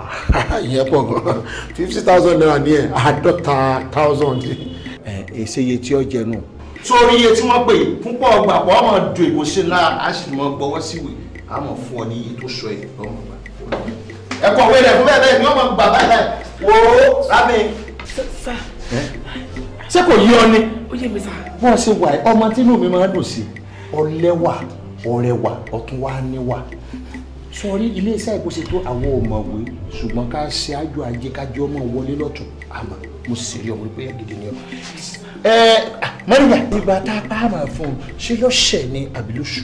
ìyẹn pọ̀ gan fifty thousand naira ni ẹ̀ àádọ́ta thousand. ẹ ẹ ṣe iye tí ọ̀jẹ̀ nù. sórí iye tí wọ́n pè púpọ̀ gbàpọ̀ ọmọ dùn èkó sí ńlá a sì mọ gbọ́wọ́ síwèé a mọ̀ fún ọ ní iye tó sọ ẹ̀ lọ́mọ ẹ̀kọ́ wẹ̀rẹ̀ fún bẹ́ẹ̀ bẹ́ẹ̀ ni wọ́n mọ̀ gbà báyìí wo rábìn ṣé kò yí ọ ni. ó yé mi sá. bọ́ọ̀ ṣe wà ọmọ tí inú mi máa ń dùn sí ọlẹ́wà ọrẹwà ọtún wá níwà sọrí ilé iṣẹ́ ìkóṣe tó àwọn ọ̀mọ̀wé ṣùgbọ́n ká ṣe àjọ ajé kájọ ọmọ wọlé lọ́tún àmọ́ mo sì rí ọmọ pé gidi ni ọ. ẹ mọ́nìyà ìgbà tá a bá máa fún un ṣé lọ́sẹ̀ ni àbí lóṣù.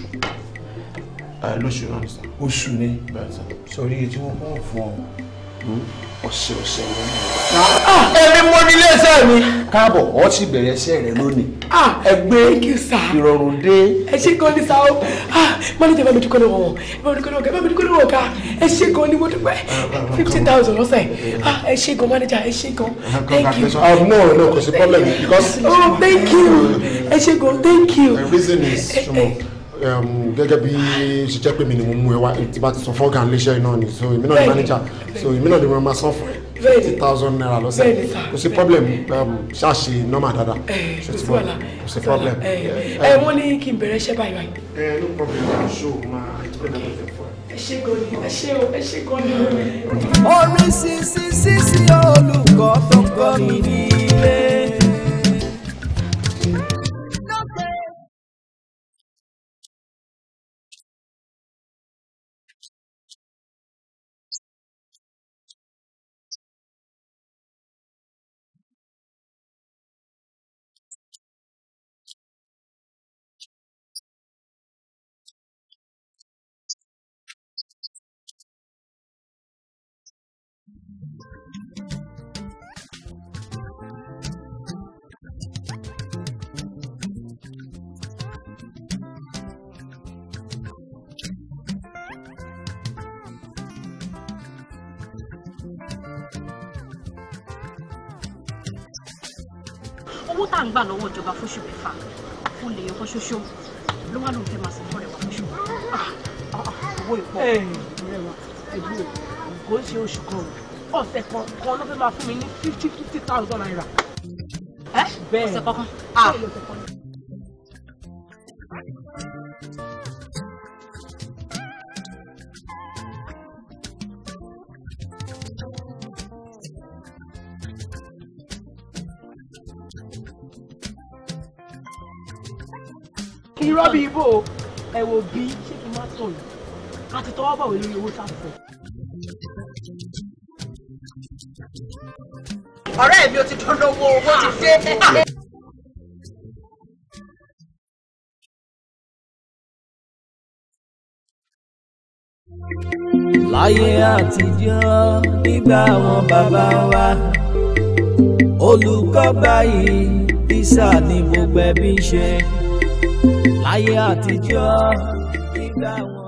lóṣù náà oṣù ni sọrí tí wọ́n kọ́ fún ọ ọ̀sẹ̀ ọ̀sẹ̀ wọn ni ọba. Ah, èmi mo ní iléeṣẹ́ mi. káàbọ̀ ọ ti bẹ̀rẹ̀ iṣẹ́ rẹ lónìí. Ah, ẹ gbé ìrọ̀rùn dé. ẹ ṣe kan ah, ní sáwọ́ mọ́nìjà bá mi dúkọ́ lọ́wọ́ wọn bá mi dúkọ́ lọ́wọ́ ká bá mi dúkọ́ lọ́wọ́ ká ẹ ṣe kan ní mo dúpẹ́ Fifteen thousand lọ́sẹ̀ ẹ ṣe kan mọ́nìjà ẹ ṣe kan thank you. ah no no kò sí problem because. oh thank you ẹ ṣe kan thank you. my reason is. Eh, eh, Um, gẹ́gẹ́ bí ṣe jẹ́ pé mi ni mo mú ẹ wá tí bá ti sọ fún ọ̀gá iléeṣẹ́ iná ni so èmi náà ni manager so èmi náà ni mo máa san fún ẹ fifty thousand naira lọ́sẹ̀ kò sí problem um, ṣáàṣì nọ́mà dáadáa eh, ṣe ti bọ́ kò sí problem. ẹ eh, eh, um, wọ́n ní kí n bẹ̀rẹ̀ iṣẹ́ báyìí wáyé. ẹ no problem ṣó máa ẹgbẹ́ náà lọ́sẹ̀ fún ẹ. ẹ ṣe gan ni ẹ ṣe o ẹ ṣe gan ni. orin sísí sísí olùkọ́ tó kọ́ mi nílé. ìjọba fóṣù mẹ́fà ó lè yọkọ ṣoṣo ló wà lóun fẹ́ máa sọ fọ́ọ̀rẹ́ wa fóṣù ah, ah, ah, owó ìpọ̀ ẹ̀dùn kò ń ṣe oṣù kan ọ̀sẹ̀ kan kan ló fẹ́ máa fún mi ní fifty fifty thousand naira. ẹ ọ̀sẹ̀ kọ̀ọ̀kan. irọ́ bíi ibo ẹ wò bí ṣé kí n má tọ̀ yìí a ti tọwọ́ bọ̀wé lórí owó tá a fẹ́. ọ̀rẹ́ mi ò ti dọ́dọ̀ wo owó ti dé. láyé àtijọ́ nígbà àwọn bàbá wa olùkọ́ báyìí tíṣà ni gbogbo ẹbí ṣe láyé àtijọ́ nígbà wọn.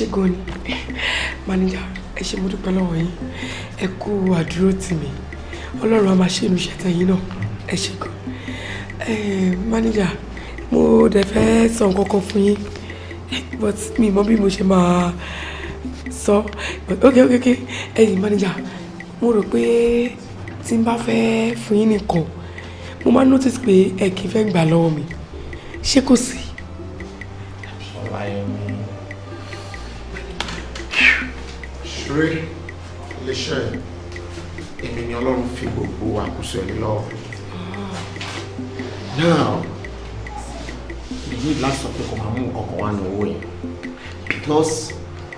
ṣe ni manager ẹ ṣe mo dúpẹ́ lọ́wọ́ yín ẹ kú àdúró tì mí ọlọ́run a máa ṣe ìmúṣẹ tẹ̀yìn náà ẹ ṣe gan manager mo dẹ̀ fẹ́ sọ nǹkan kan fún yín but mi mọ bí mo ṣe máa sọ but ok ok ok ẹ̀yin manager mo rò pé tí n bá fẹ́ fún yín nìkan mo máa notice pé ẹ kì í fẹ́ gbà lọ́wọ́ mi ṣé kò sí. eré iléeṣẹ́ èmi ni ọlọ́run fi gbogbo àkóso ẹ̀ lọ́wọ́ now we need láti sọ pé kò máa mú ọkàn wá ní owó yẹn because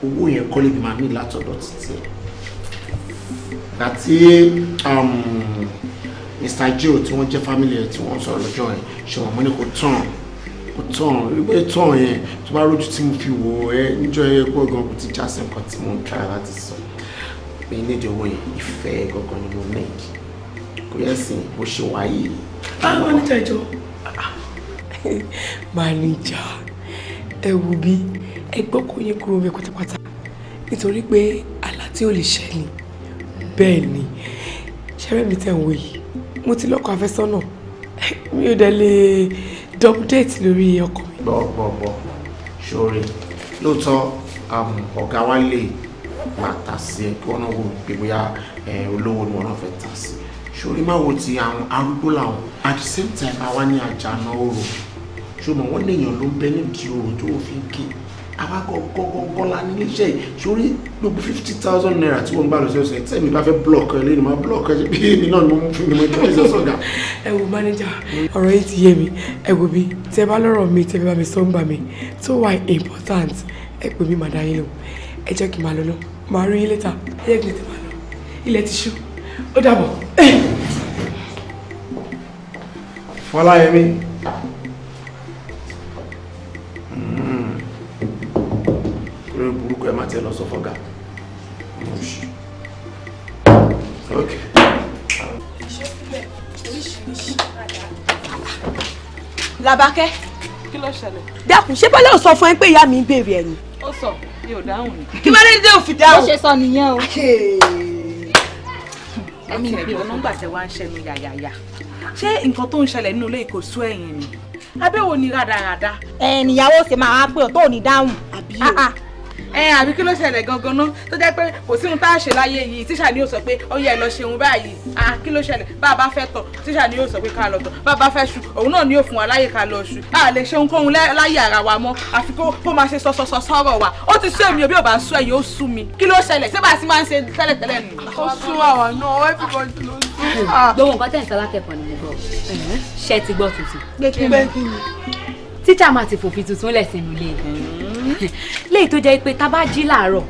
owó yẹn kọ́lé bí máa ní látọ̀dọ̀ títí àti Mr. Joe tí wọ́n jẹ́ family ẹ̀ tí wọ́n sọ̀rọ̀ lọ́jọ́ yẹn ṣùgbọ́n mo ní kò tán ó tàn ó tàn yẹn tó bá rójú tí mo fi wò ẹ níjọ́ ẹ pọ̀ gan kò ti já sí nǹkan tí mo ń try láti sọ pé nídìí owó yẹn ìfẹ́ gangan ni mo make kò yẹ sí bó ṣe wà yìí. báwo ni jẹjọ. mánìjà ẹ wù bí ẹ gbọ́ kó yẹ kúrò mi pátápátá nítorí pé àlá tí ò lè ṣẹ ni bẹ́ẹ̀ ni ṣẹ́rẹ́ mi tẹ̀ ń wò yìí mo ti lọ́kọ àfẹ́sọ́nà mi ò dẹ̀ lè double date lórí ọkọ mi. bọ́ bọ́ bọ́ ṣoore lóòótọ́ um, ọ̀gá wa lè máa tà sí ẹ kí wọ́n náà wò pé bóyá olówó ni wọ́n náà fẹ́ tà sí ṣoore máa wo ti àwọn arúgbó làwọn at the same time àwa ní àjà náà òrò ṣùgbọ́n wọ́n lèèyàn ló ń bẹ nídìí òrò tó fi ń kí i àwa gọ́gọ́gọ́ la ní iléeṣẹ́ yìí sórí gbogbo fifty thousand naira tí wọ́n ń gbà lọ́sọ̀ọ̀sẹ̀ tí èmi bá fẹ́ block ẹ lẹ́nu máa block ẹ bí èmi náà mo fi ìmọ̀ ìjọba ìṣẹ́ sọ̀gà. ẹ wo mánéjà ọ̀rọ̀ yìí ti yé mi ẹ wo bí tẹ bá lọ́rọ̀ mi tẹ bá mi sọ ń bà mí tó wà important ẹ pè mí màdá yín lò ẹ jẹ́ kí n máa lọ lọ màá rí yín létà ẹ jẹ́ kí n tètè máa lọ ilẹ̀ ti ṣú ó dàbọ̀. Fọláyẹmí. lórí burúkú ẹ má tiẹ̀ lọ sọ fọ́gà ìbùsù. Okay. Làbákẹ́. Kí ló ṣẹlẹ̀? Dákun ṣé Bọ́lá ò sọ fún ẹ pé ìyá mi ń béèrè ẹ̀ ni? Ó sọ, mi ò dáhùn ni. Kí wọ́n lé dé òfin dáhùn? Bó ṣe sọ nìyẹn o. Ẹ̀mí ìbí ọ̀nà ńgbà tẹ wá ń ṣẹnu yàyàyà. Ṣé nǹkan tó ń ṣẹlẹ̀ nínú ilé ìkó sú ẹ̀yìn ni? Abẹ́wò ni rádaràda. Ẹ̀ nìyàwó ṣe máa wá pé ò ò ní dáhùn. Àbí o. Ah, ah ẹ àbí kí ló ṣẹlẹ̀ gangan ná tó jẹ́ pé kò sí ohun tá a ṣe láyé yìí tíṣà ni yóò sọ pé ó lọ ṣeun báyìí à kí ló ṣẹlẹ̀ bá a bá fẹ́ tọ̀ tíṣà ni yóò sọ pé ká lọ tọ̀ bá a bá fẹ́ ṣu òun náà ni yóò fún wa láyè ká lọ ṣu a lè ṣe ohunkóhun láyè ara wa mọ́ àfi kó kó máa ṣe sọsọsọ sọ̀rọ̀ wa ó ti sú èmi òbí ò bá sú ẹ̀yìn ó sú mi kí ló ṣẹlẹ̀ ṣé bá a sì máa ń ṣe tẹ́lẹ̀tẹ́lẹ̀ nù. ó sú ah. máa ti fòfin tuntun lẹ̀ sínú ilé léyìí tó jẹ́ pé tá a bá jí làárọ̀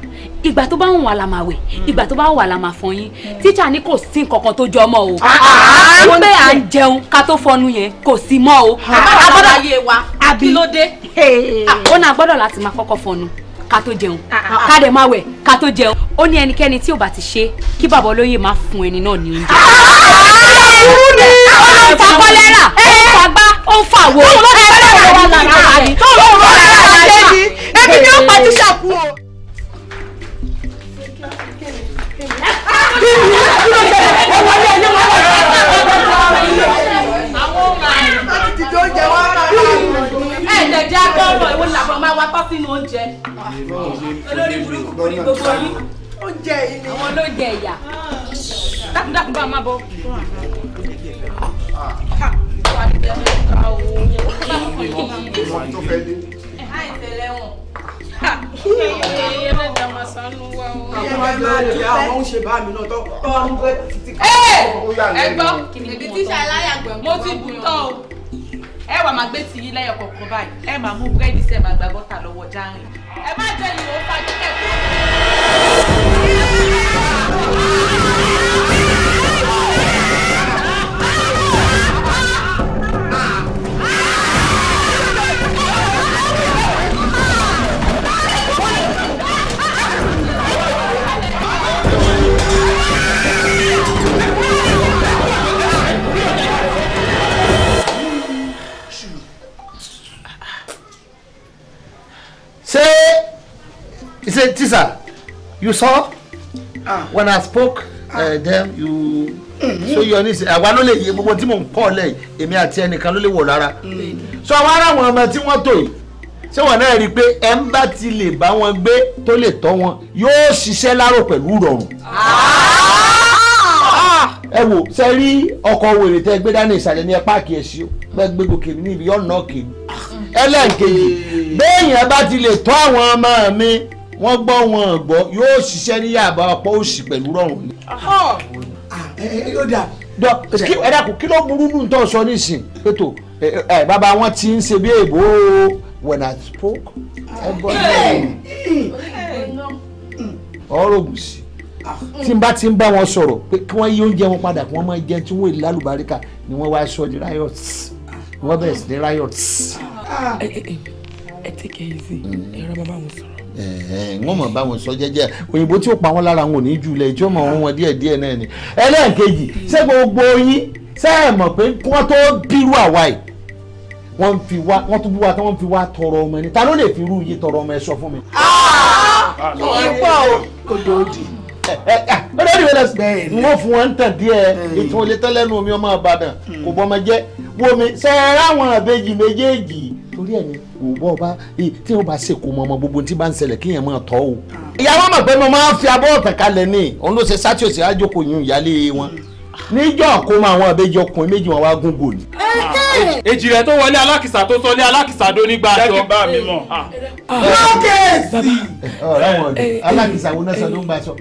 ìgbà tó bá ń wà la máa wẹ̀ ìgbà tó bá ń wà la máa fọyín tíṣà ní kò sí nǹkankan tó jọ mọ́ o wọ́n pé à ń jẹun ká tó fọnu yẹn kò sí mọ́ o. àbára ayé wa kí ló dé. ó náà gbọ́dọ̀ láti máa kọ́kọ́ fọnu ká tó jẹun ká dẹ̀ máa wẹ̀ ká tó jẹun ó ní ẹnikẹ́ni tí ò bá ti ṣe kí bàbá olóyè máa fún ẹni náà ní oúnjẹ. ó ń kọ́lẹ́rà ó ń gbá ó ń fa ni ó ń èmi ni ó pa tíṣà kú o. ẹ̀ẹ́dẹ̀dẹ̀ agbọ́rọ̀ ìwọ làbọ̀ máa wá tọ́ sínú oúnjẹ olórí burúkú ní gbogbo yín oúnjẹ yìí ni àwọn ló jẹ ìyà dákúdákú bá máa bọ ká wà ní ìjọba ìjọba òun láìtẹ̀lẹ́wọ̀n. ẹ má jẹ́ ìwò fagídẹ̀ Say, he said, Tisa, you saw ah. when I spoke ah. uh, them, you so yọ ní sè àwa ló lè yẹ gbogbo tí mò ń kọ́ lẹ̀ èmi àti ẹnìkan ló lè wò lára hmm. so àwọn ará àwọn ọmọ tí wọ́n tò yìí ṣé wọn náà rí i pé ẹ ń bá ti lè bá wọn gbé tó lè tọ́ wọn yóò ṣiṣẹ́ lárò pẹ̀lú rọrùn. Ah. Ah. ẹ wò ṣe rí ọkọ̀ wèrè tẹ́ gbé dání ìsàlẹ̀ ní ẹ páàkì ẹ̀ sí o bẹ́ẹ̀ gòkè níbi yọ̀ọ̀nà kèmí. Ah ẹlẹ́ǹkejì béèyàn bá ti lè tọ́ àwọn ọmọ mi wọ́n gbọ́ wọn gbọ́ yóò ṣiṣẹ́ ní yàrá ọ̀pọ̀ òsì pẹ̀lú rọrùn ni. Ah, ẹ dákun kí ló burú nù tó sọ nísìn pẹ̀tọ̀ bàbá wọn ti ń ṣe bí èèbò when I spoke ẹ gbọ́ ọ̀rọ̀ ògùnsì tí n bá ti ń bá wọn sọ̀rọ̀ pé kí wọ́n yí oúnjẹ wọn padà kí wọ́n máa jẹ tí wọ́n èlò lálùbáríkà ni wọ́n wá sọ di riot wọ́n bẹ̀rẹ̀ sí ní riot. Ah. Eh, eh, eh, mm. ẹ ti kẹ́ ẹ sí ẹ̀rọ bàbá wọn sọ̀rọ̀. wọ́n mọ̀ báwọn sọ jẹ́jẹ́ òyìnbó tí ó pa wọ́n lára wọn ò ní jù lẹ̀ ìjọ́ mọ̀ wọn díẹ̀ díẹ̀ náà ni. ẹlẹ́ẹ̀kejì ṣé gbogbo yín ṣé ẹ mọ̀ pé kí wọ́n tó bírú àwa yìí wọ́n fi wá wọ́n tún bú wa tán wọ́n fi wá tọrọ ọmọ ẹni ta ló lè fi irú yìí tọrọ ọmọ ẹ sọ fún mi. olórí wẹlẹ n ó fún wọn tàn díẹ̀ ìtún olè tán lẹ́nu omi ọmọ àbàdàn kò hmm. bọ́ ọmọ jẹ́ wo mi ṣe é ráwọn àbejì méjèèjì torí ẹ̀ ni wò bọ́ ọba tí o bá ṣèkó mọ ọmọ gbogbo tí bá ń ṣẹlẹ̀ kéèyàn máa tọ́ o. ìyàwó mọ̀ pé mo máa ń fi abọ́ ọ̀tàn kalẹ̀ ní òun ló ṣe sátì òsì àjòkò yún ìyálé wọn níjọ́ kó máa wọn àbẹ́jọ ọkùnrin méjì wọn wá gún gòlì. èjì rẹ̀ tó wọlé alákìsà tó sọ ní alákìsà dó nígbà àjọ. jẹ́ kí bá mi mọ̀. lókèsì. ọ̀rẹ́ wọn alákìsà wo náà sọ ló ń bá sọ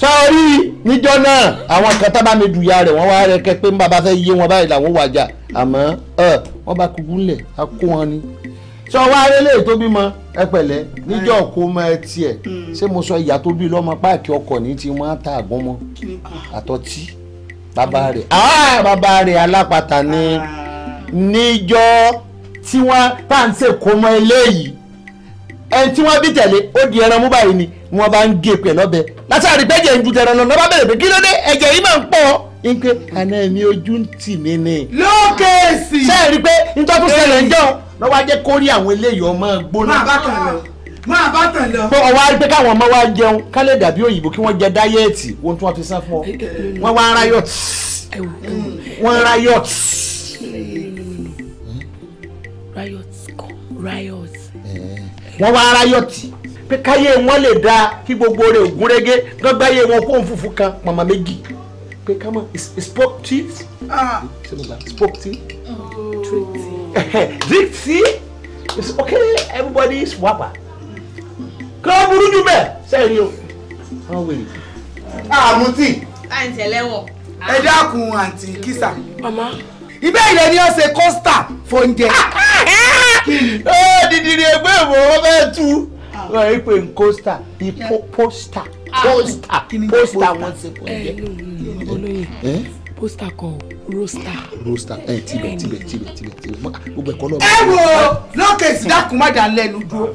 sọ orí níjọ́ náà àwọn kan tá bá mi dùyà rẹ̀ wọ́n wá rẹ kẹ́ pé ń bàbá fẹ́ yé wọn báyìí làwọn wàjà àmọ́ wọ́n bá kúkú lẹ̀ á kó wọn ni sọ wá rẹ́lẹ̀ tó bímọ ẹ pẹ̀lẹ́ níjọ́ kó mọ ẹ tiẹ̀ hmm. ṣé mo sọ ìyá tó bí lọ́mọ páàkì ọkọ̀ ní ti máa ta àgbọ́n mọ́ hmm. àtọ́tí bàbá rẹ̀ bàbá rẹ̀ alápatà ni ah. níjọ́ tí wọ́n tá à ń ṣèkómọ eléyìí ẹni tí wọ́n bí tẹ̀lé ó di ẹran mú báyìí ni ni wọ́n bá ń gé pẹ̀ lọ́bẹ̀ látàrí bẹ́jẹ̀ ń ju tẹran lọ lọ́ba bẹ̀rẹ̀ pé kí ló dé ẹ̀jẹ̀ yìí máa ń pọ̀ ń pé àná mi ojú ń tì mí ni. lókè sí. sẹ́ẹ̀ rí i pé nítorí tó ṣẹlẹ̀ ń jọ lọ́wọ́ ajẹ́ kórìí àwọn eléyìí ọmọ gbóná. máa bá kàn lọ máa bá tàn lọ. pé ọwọ́ arí pé káwọn ọmọ wa jẹun ká lè dàbí òyìnbó kí wọ́n jẹ dáyẹ́ẹ̀tì ohun tí wọ́n fi sá fún ọ wọ́n wá riot wọ́n riot. riot riot. wọ́n wá riot pé káyé wọn lè dáa kí gbogbo rẹ̀ ògúnrégé gbọ́ngbáyé wọn fóun funfun kan màmá méjì pé ká mọ̀ sportive sportive dixie okay everybody is wapa kí wọ́n burú jù bẹ́ẹ̀ sẹ́yìn o wọ́n wèrè. àmútì. àǹtí ẹlẹ́wọ̀n. ẹ dákun àǹtí kìsà. mama. ibẹ̀ ilẹ̀ ah, ah, ah. ni ọ̀sẹ̀ kọ́sítà fóúnjẹ. ó dìdìrì ẹgbẹ́ ìwòrán bẹ́ẹ̀ tú lọ ah. rí pé n kóstà ní pósítà pósítà pósítà wọn ti pọ̀ jẹ́. olóyè pósítà kọ róstà. róstà ẹ tibẹ tibẹ tibẹ tibẹ gbogbo ẹkọ náà. ẹ wo lókè ìsìdákùn má dà lẹ́nu dúró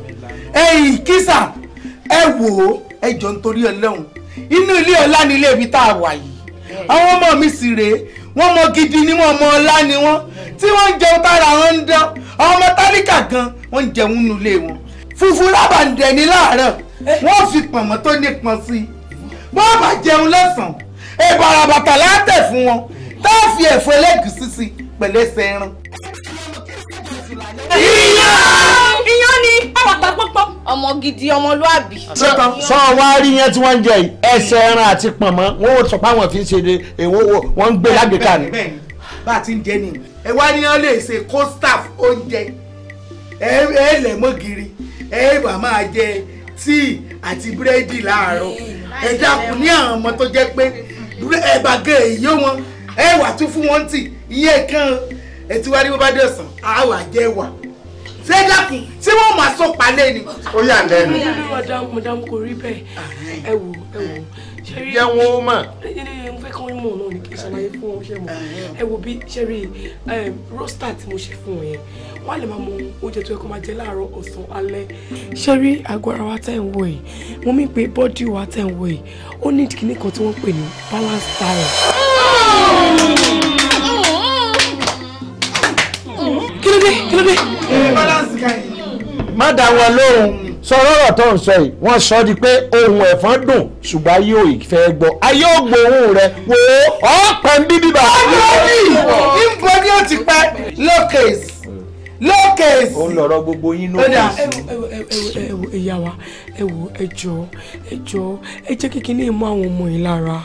ẹyìn kísà ẹ wò ó ẹ jọ nítorí Ọlọ́run inú ilé ọlá ni ilé ibi tá a wà yìí àwọn ọmọ mi sì rèé wọ́n mọ gidi ni wọ́n mọ ọlá ni wọ́n tí wọ́n ń jẹun tára wọn ń dán àwọn ọmọ tálíkà gan wọ́n ń jẹun nulẹ̀ wọn funfun lábàǹdẹ̀ ní láàárọ̀ eh. wọ́n fi pọ̀nmọ́ tó nípọn sí i wọ́n bá jẹun lọ́sàn-án ìbàrà látẹ̀ fún wọn tá a fi ẹ̀fọ́ ẹlẹ́gùsí sí pẹ̀lú ẹsẹ̀ ẹran. ìyá ni àbàtà pọ́npọ́n. ọmọ gidi ọmọlúàbí. sọ wá rí yẹn tí wọ́n ń jẹ yìí ẹsẹ̀ ẹran àti pọ̀nmọ́ wọ́n ò sọ pé àwọn fi ń ṣe wọ́n ń gbé lágbèéká ni. bá a ti ń jẹ nìyí ẹ wá ní ẹ lẹ̀ mọ́ gírí ẹ bá máa jẹ tíì àti búrẹ́dì láàárọ̀ ẹ dákun ní àwọn ọmọ tó jẹ́ pé ẹ bá gé èyí wọn ẹ wà tún fún wọn tì ìyẹn kan ẹ ti wá rí bó bá dé ọ̀sán á wà jẹ́ wà ṣé dákun tí wọ́n máa sọ palẹ̀ ni. ó yà lẹ́nu. mo dáhùn mo kò rí bẹ́ẹ̀ ẹ wò ẹ wò jẹ́ wọn ó mọ̀. mo fẹ́ kí wọ́n mọ̀ náà ni kí n ṣàlàyé fún wọn ṣe mọ̀ ẹ wo bí ṣe rí rosta tí mo ṣe fún wọn yẹn wọ́n á lè máa mọ oúnjẹ tó yẹ kó máa jẹ láàárọ̀ ọ̀sán alẹ́ ṣe rí àgọ́ ara wa tẹ̀ ń wò yìí mo mí pé bọ́dì wa tẹ̀ ń wò yìí ó ní kíní kan tí wọ́n pè ní balance diet. kí ló dé kí ló dé. balance guy. má dá wọn lóhùn sọ̀rọ̀ ọ̀rọ̀ tó ń sọ yìí wọ́n sọ di pé ohun ẹ̀fọn dùn ṣùgbọ́n ayé ò fẹ́ gbọ́ ayé ò gbọ́ ohun rẹ̀ wò ó ọ̀pẹ̀ ń bí bíbá. ọlọ́ọ̀dì ìbọn ni ó ti pẹ́ lókèsì lókèsì. ó ń lọ̀rọ̀ gbogbo yín lókèsì. ẹ wo ìyá wa ẹ wo ẹ jọ̀ọ́ ẹ jọ̀ọ́ ẹ jẹ́ kíkiní ìmọ̀ àwọn ọmọ yìí lára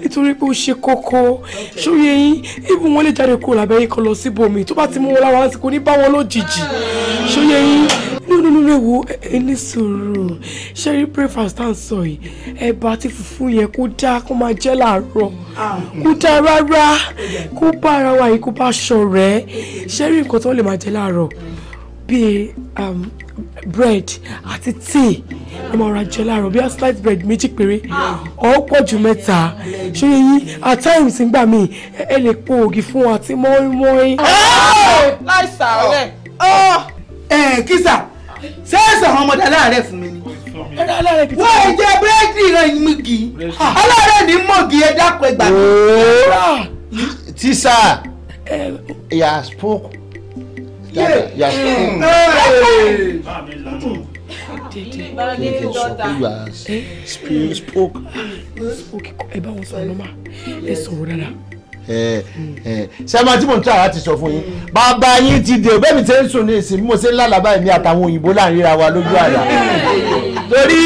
nítorí pé ó ṣe kókó ṣóyè yín ibùn wọn lè jáde kúrò lábẹ́ yìí kan lọ síbòmí tó bá ti mú wọn lára lásìkò ní báwọn lójijì ṣóyè yín nínú rẹ̀ wo ẹni sòrò ṣẹ́rí breakfast tá à ń sọ yìí ẹ̀bà àti fùfú yẹn kó dáa kó máa jẹ́ làárọ̀ ah. kó dáa rárá kó bá ara wa yìí kó bá ṣọ̀rẹ́ ṣẹ́rí nǹkan tó lè máa jẹ́ làárọ̀ bíi um, bread àti tea ẹ máa ra jẹ láàárọ̀ bí slice bread méjì péré ọ̀pọ̀ ah. jù mẹ́ta ṣé yín at times ńgbà míì ẹ lè po ògì fún wa àti mọ́ínmọ́ín. Ah. láìsàárẹ̀. ẹ oh! eh, kí sà sẹ́ẹ̀sì àwọn ọmọdé aláàárẹ̀ fún mi ni wọ́n ẹ jẹ búrẹ́dì ìran ìmùgì aláàárẹ̀ ní mọ̀gì ẹ dákun ẹ gbà tíṣà yà spoke yà spoke. spoke ẹ bá wọn sọ ọ ẹ sọ̀rọ̀ dáadáa sẹ́mà eh, eh, eh. tí mò ń tàrà ti sọ fún yín bàbá yín ti dé bẹ́ẹ̀ mi ṣe ń sùn ní ìsìn mo ṣe ń lálàbá èmi àtàwọn òyìnbó láàrín wa lójú àlá torí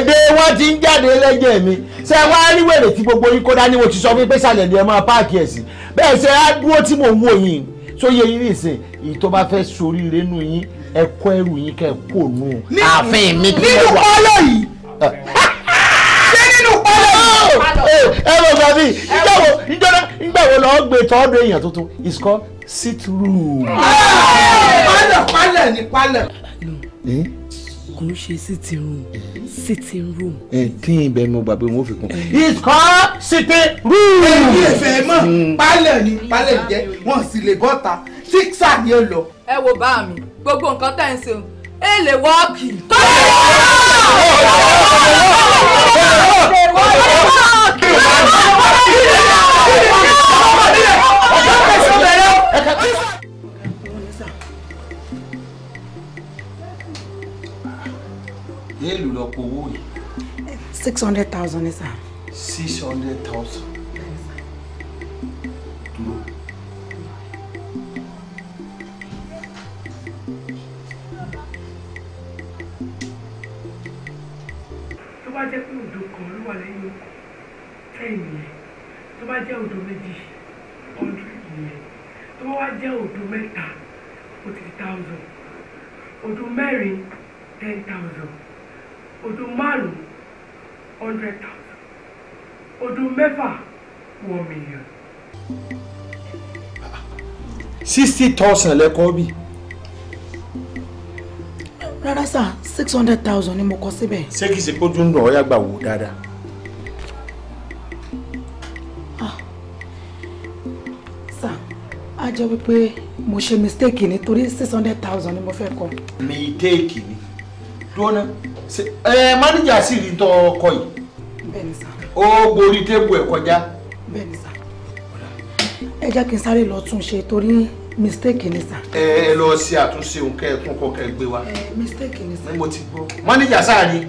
èdè wọn ti ń jáde lẹ́jẹ̀ mi ṣe wá rí wèrè tí gbogbo yín kó dání mo ti sọ fún pé sàlẹ̀ ni ẹ máa páàkì ẹ̀ sí bẹ́ẹ̀ ṣe á dúró tí mò ń wò yín sóye yín nìsín èyí tó bá fẹ́ soríire nù yín ẹ kó ẹrù yín kẹ́ ẹ kó nù. àfin mi kí ló wà nínú kọ́lọ́ yìí. Ah, ẹ̀rọ bàbí ìjọba ìjọba ìgbàwó lọ́ọ́ gbé tọ́ọ́dọ̀ èèyàn tuntun it's called sit room. Ah! pálọ̀ pálọ̀ ni pálọ̀. kò ń ṣe sitting room sitting room. ẹ dín ibẹ̀ mo gbà pé wọ́n fi kún. it's called sitting room. ẹ ní ẹ̀fẹ̀ mọ̀ hmm. pálọ̀ ni pálọ̀ jẹ́ wọ́n sì lè bọ́ta sísà ni ó lọ. ẹ wo bá gbogbo nǹkan tẹ́ ń ṣe o ẹ lè wọ́ọ̀kì. èèlù lọ powó yìí. six hundred thousand ní sà. six hundred thousand. bá jẹ́ pé odò kan ló wà lẹ́yìn ọkọ̀ ten yẹn tó bá jẹ́ odò méjì hundred yẹn tó bá wá jẹ́ odò mẹ́ta forty thousand odò mẹ́rin ten thousand odò márùn hundred thousand odò mẹ́fà one million. sixty thousand lẹ́kọ̀ọ́ bíi rárá sà six hundred thousand ni mo kọ síbẹ̀. ṣé kìí ṣe kójú ń dùn ọ́ yàgbà wò dáadáa. Ah. sà á jẹ́ wípé mo ṣe mistake ni torí six hundred thousand ni mo fẹ́ kọ. mistake ni dúró ẹ mánìjà sì rí tọ ọkọ yìí. bẹ́ẹ̀ni sà. ó borí téèbù ẹ kọjá. bẹ́ẹ̀ni sà. ẹ jẹ́ kí n sáré lọ tún ṣe torí mistake ni sà. ẹ ẹ lọ ṣe àtúnṣe òun kẹ ẹ tún kọ kẹ wa. mistake ni sà. mo ti gbọ́ mọ́níjà sáà ni.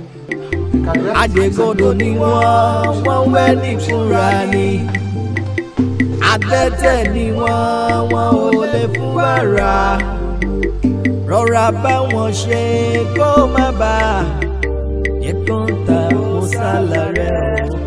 àdègbòdo ni wọ́n wọ́n wẹ́ ní fúnra ni adẹ́tẹ̀ ni wọ́n wọ́n ò lè fún bàrà rọra bá wọn ṣe kó má bàa yẹ kó ta kó sálà rẹ̀ ọ̀hún.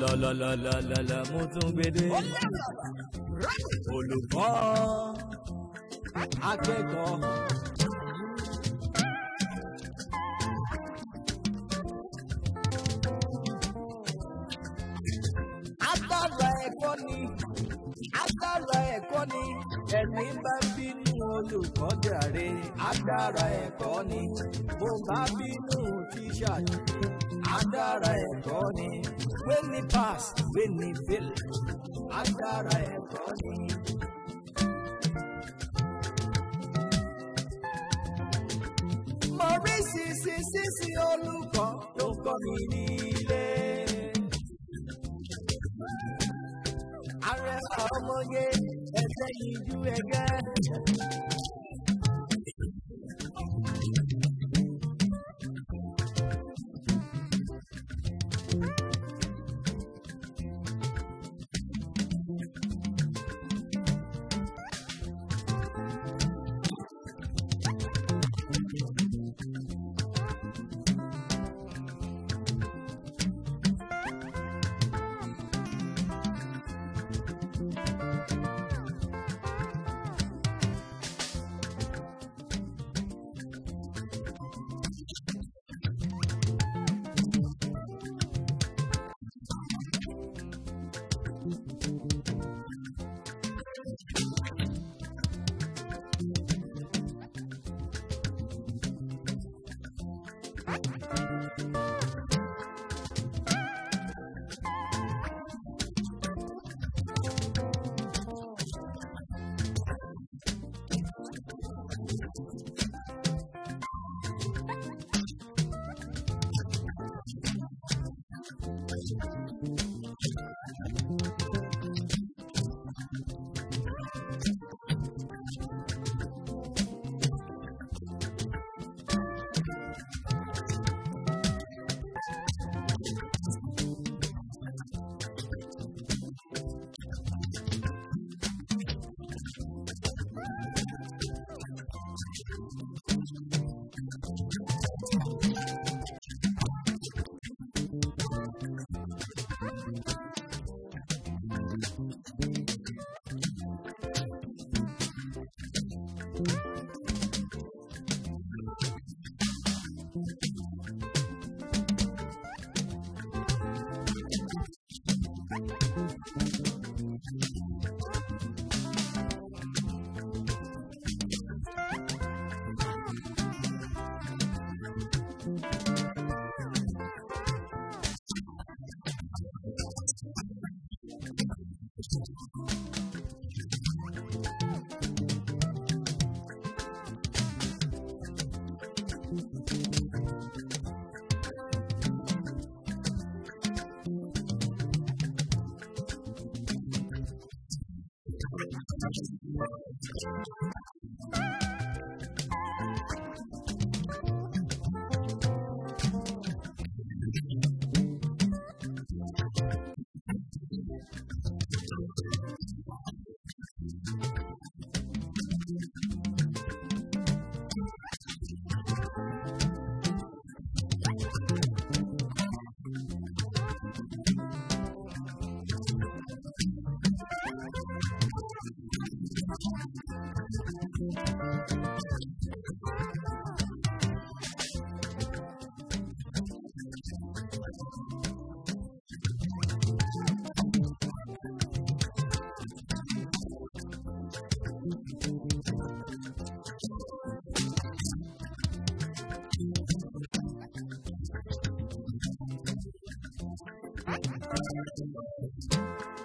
lọ́lọ́lọ́lọ́lọ́lọ́ mú tún gbédé. olùkọ́ akẹ́kọ̀ọ́. agbára ẹ̀kọ́ ni agbára ẹ̀kọ́ ni ẹni bá bínú olùkọ́ jàre agbára ẹ̀kọ́ ni bó bá bínú tíṣà jàre agbára ẹ̀kọ́ ni wey me pass wey me fail agbára ẹ̀kọ́ e ni. mo rí sisi sisi olùkọ́ tó kọ́ mi nílé. ààrẹ ọmọye ẹsẹ̀ yìí ju ẹgbẹ́. Thank you.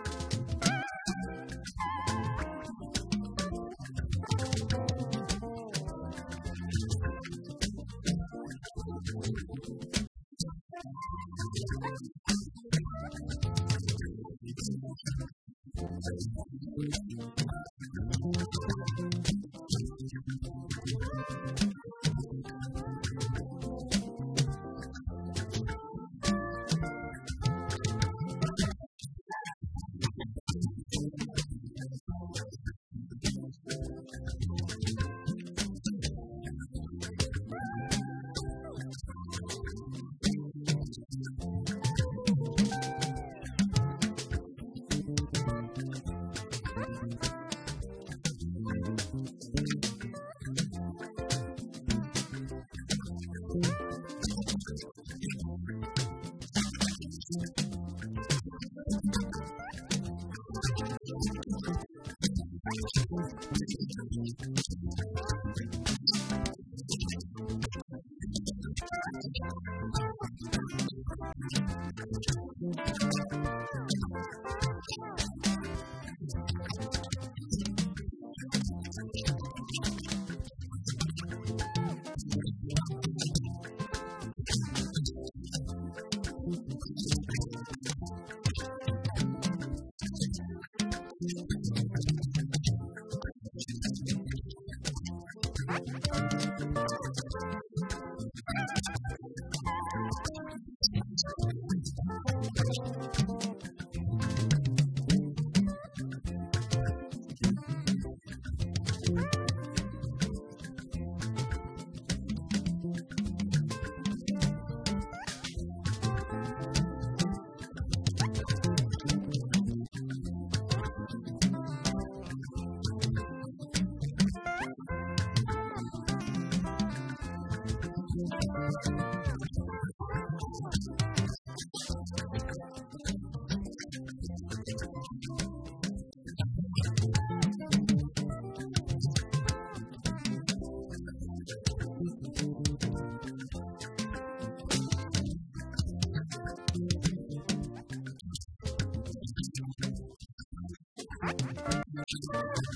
Thank you.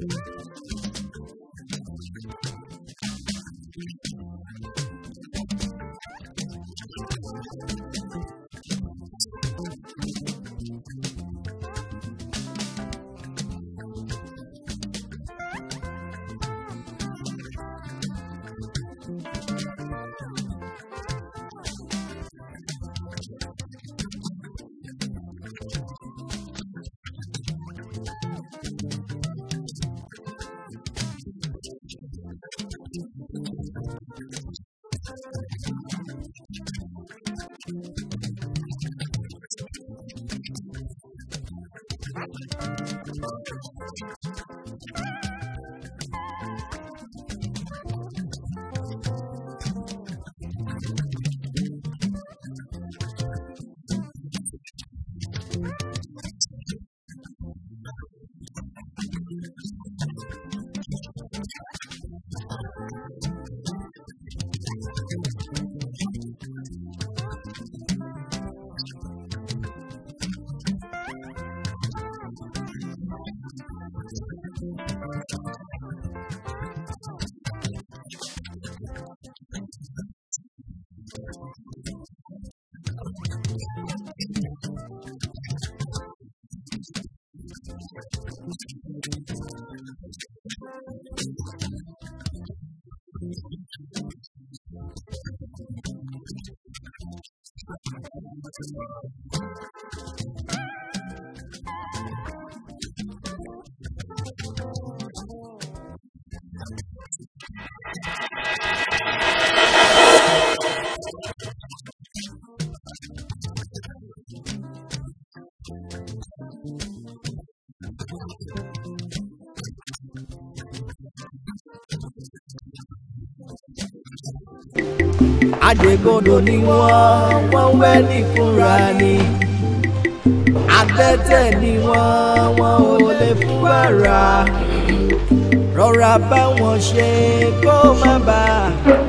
Mm-hmm. ògbégbodò ni wọ́n wọ́n wẹ́ ní fúnra ni adẹ́tẹ̀ ni wọ́n wọ́n ò lè fún ara rọra bá wọn ṣe kó má bà.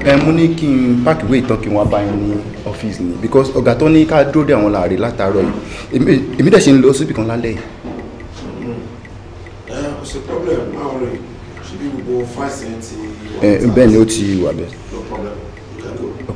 ẹ mú ní kí n pàkíwé ìtàn kí wọn bá yín ní ọ́fíìsì ni because ọ̀gá tó ní ká dúró dé àwọn làárẹ̀ látàárọ̀ yìí èmi dẹ̀ ṣe ń lọ síbì kan lálẹ́ yìí. ẹ kò sí problem máa ń rìn ṣíbí gbogbo fáìsì ẹ ti. bẹ́ẹ̀ ni ó ti wà bẹ́ẹ̀.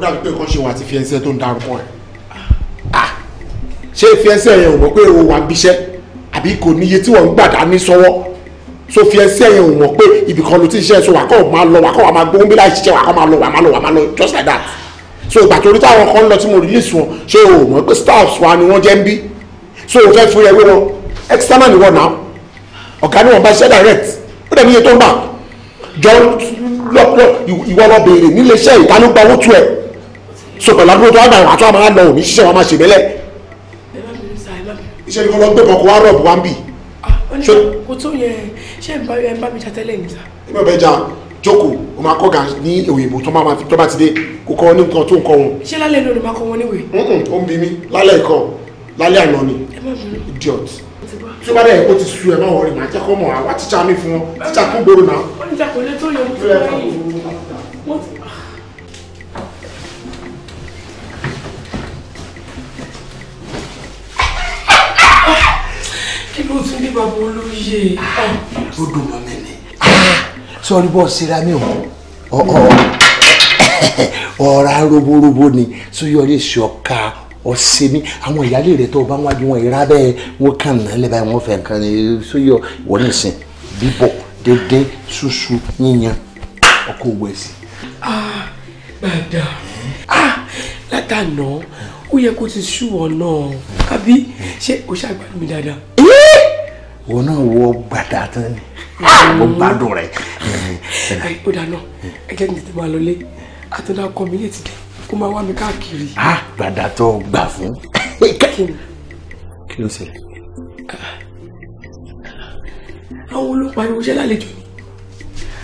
ó dàbí pé nǹkan ṣe wà tí fiẹ́nsẹ́ tó ń darúkọ ẹ̀ ah ṣé fiẹ́nsẹ́ yẹn ò mọ̀ pé o wà ń bíṣẹ́ àbí kò níye tí wọ́n ń gbàdá ní sọ́wọ́ so fiẹ́nsẹ́ yẹn ò mọ̀ pé ibìkan ló ti ṣiṣẹ́ so wà kọ́ máa lọ wà kọ́ wà máa gbóhùn bí láì ṣiṣẹ́ wà kọ́ máa lọ wà máa lọ wà máa lọ just like that so ìgbà torí táwọn kan lọ tí mo release wọn ṣé o mọ̀ pé staffs wa ni wọ́n jẹ́ ń bí so o fẹ́ fún ẹwé wọn external ni wọ́n náà ọ̀gá ni wọ́n bá ṣiṣẹ́ direct ó dẹ̀ níye tó ń bà jọ lọ́pọ̀ ìwọ lọ béèrè níléeṣẹ́ ìta ló gba owó tu ẹ̀ so pẹ̀lú àbúrò tó wá gbàgbà tó wá máa lọ òní ṣiṣẹ́ wa máa ṣe bẹ́lẹ̀ iṣẹ́ nìkan lọ gbé bọ̀ kó wá rọ̀ bù wá ń bì. Ah, kò tó yẹ ṣé ẹ bá mi jà tẹ́lẹ̀ mi sá. jà jókòó o máa kọ́ ga ní òyìnbó tó máa fi tọ́ba ti dé kó kọ́ ní nǹkan tó ń kọ́ wọn. ṣé lálẹ́ ló lè máa kọ́ wọn níwèé. ó ń bi idiot tí ó bá dẹ̀ kó ti su ẹ̀ máa wọ̀rì máa jẹ́ kó mọ̀ àwa tíṣà mi fún wọn tíṣà kó gbòòrò náà. ó ní ìjà kò lè tó yẹ bàbá olóyè. ó dùn mọ́ mi ni. Ah, sọ́ọ́rí bọ́ síra mi o ọ̀rá roborobo ni sóyọrí ìṣọ̀ka ọ̀sẹ̀ mi àwọn ìyáálé rẹ̀ tó o bá wájú wọn ìrá bẹ́ẹ̀ wọ́n kàn náà lẹ́bàá wọn fẹ́ nǹkan ni sóyọ wọ́n nìsín bíbọ̀ dédé ṣuṣu yíyan ọkọ owó ẹsìn. Ah, dada ah, látànà ó yẹ kó ti sú ọ náà àbí ṣé o ṣàgbàdo mi dáadáa òun náà wọ gbàdá tán ni ó gbádùn rẹ. ó dáná ẹgẹ ní tètè máa lọlé àtúndà kọ mi létí dé kó máa wá mi káàkiri. gbàdá tó gbà fún. kí ló ṣẹlẹ̀. àwọn olóòpá ni mo ṣe lálejò ni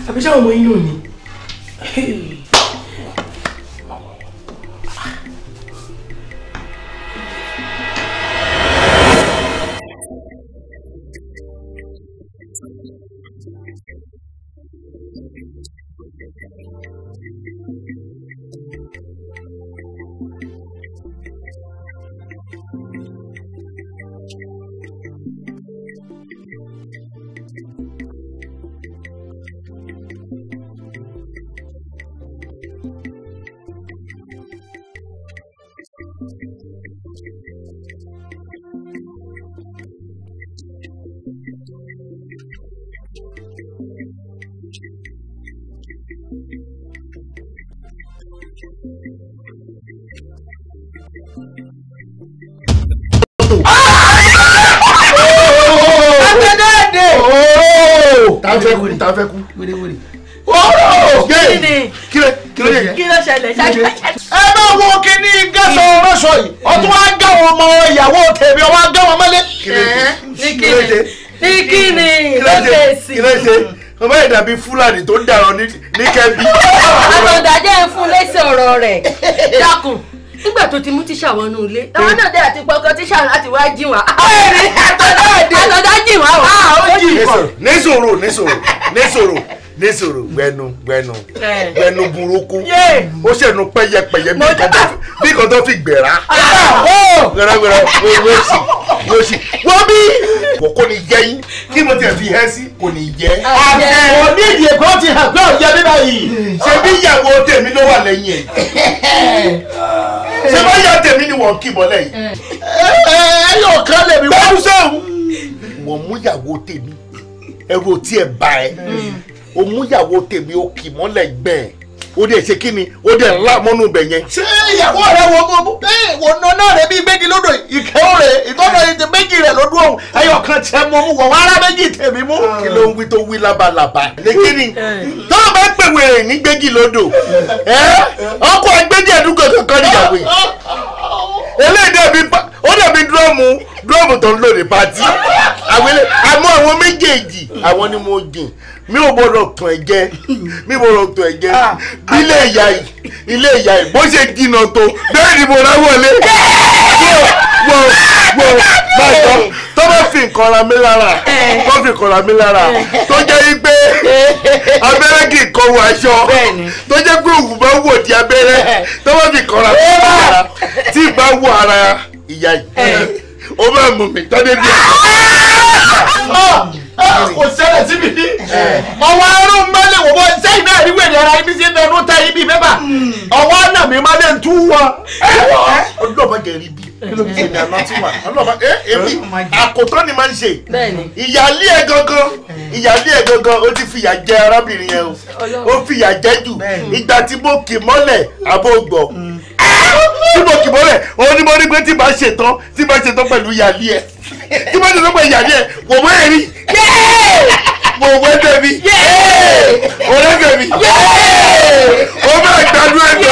àbíṣe àwọn ọmọ yín ò dàbí fúlàní tó ń dàrọ ní kẹ́bí. àtọ̀dá jẹ́ fún lẹ́sẹ̀ ọ̀rọ̀ rẹ̀ dákun nígbà tó ti mú tíṣà wọn nù ilé. àwọn náà dé àti pọkàn tíṣà láti wá jí wá. àtọ̀dá àtọ̀dá jí wá o. nísòro nísòro nísòro nísòro gbẹnu gbẹnu gbẹnu burúkú ó ṣẹnu pẹyẹpẹyẹ bí kan tó fi gbẹ̀rá gbẹ̀rẹ́gbẹ̀rẹ́ lóṣì lóṣì wọ́n bí kò kò ní jẹ́ yín kí mo tiẹ̀ fi hẹ́ sí kò ní jẹ́. àbẹ̀wò nídìí èkó ti hàn pé òye bíbá yìí. ṣé bí ìyàwó tèmi ló wà lẹ́yìn ẹ̀ ṣé bá yà tèmi ni wọ́n kì bọ́ lẹ́yìn. ẹ ẹ yóò kán lèmi wá. bẹ́ẹ̀ ni sẹ́wọ̀n mo mú ìyàwó tèmi ẹ̀rọ tí ẹ bá ẹ o mú ìyàwó tèmi o kì mọ́lẹ̀ gbẹ̀ẹ́ o de ṣe kí ni o de ńlá mọ́nú bẹ̀ yẹn. ṣé ìyàwó rẹ wo gbogbo bẹ́ẹ̀ wò ná náà rẹ bí méjì lódò ìkẹ́ ó rẹ ìtọ́nà ètè méjì rẹ lọ́dún ọ̀hún ẹyọ kan tiẹ̀ mọ́ mu wọ̀n wá ara méjì tèmi mú. Ah. kí ló ń wí tó wí labalábá ní kí ni eh. tó o bá pèwé rẹ ní gbégi lódò eh. eh? ọkọ̀ ẹgbẹ́jì ẹ̀dúgbò kankan níyàwó yìí eléyìí dẹ̀ bí ó dẹ̀ glove tó ń lò ní pati àwẹlẹ àmọ́ àwọn méjèèjì àwọn ni mo jìn mi ò gbọ́dọ̀ tàn ẹ jẹ mi ò gbọ́dọ̀ tàn ẹ jẹ ah. ilé ìyá ilé ìyá yìí bó ṣe jìnnà tó bẹ́ẹ̀ ni mo ráwọlé gbọ gbọ máa tọ tó bá fi nǹkan ra mi lára tó fi nǹkan ra mi lára tó jẹ́ pé abẹ́rẹ́ kì í kọrù aṣọ tó jẹ́ pé òwú bá wò di abẹ́rẹ́ tó bá fi nǹkan ra mi lára tí ì bá wọ ara ìyá yìí ó bẹ́ẹ̀ mú mi tọ́dé bí. Ah! Ah! Ah! kò ṣẹlẹ̀ síbi ní mọ wá rún mẹ́lẹ̀ wọ́n bọ́ sẹ́yìn náà rí wẹ̀rẹ̀ ara ibi sí ẹnu tẹ ibi mẹ́fà ọwọ́ náà mi má lè tú wọn. ọdún ọba gẹ̀rì bí kí ló ń ṣe ní anátúmọ̀ ọlọ́ba ẹ èmi àkótán ni máa ń ṣe ìyáálé ẹ gangan ìyáálé ẹ gangan ó ti fìyà jẹ arábìnrin yẹn o ó fìyà jẹ jù ìgbà tí mo kì mọ́lẹ̀ àbó gbọ̀. Mm tí mo kì mọ́lẹ̀ òun mo rí pé tí màá ṣetán tí màá ṣetán pẹ̀lú yàlí ẹ̀ tí màá ṣetán pẹ̀lú yàlí ẹ̀ wò mọ́ ẹ̀rí mo wẹ́ tẹ̀mí ọ̀rẹ́ tẹ̀mí ó bá gbádùn ẹ̀ tẹ̀mí.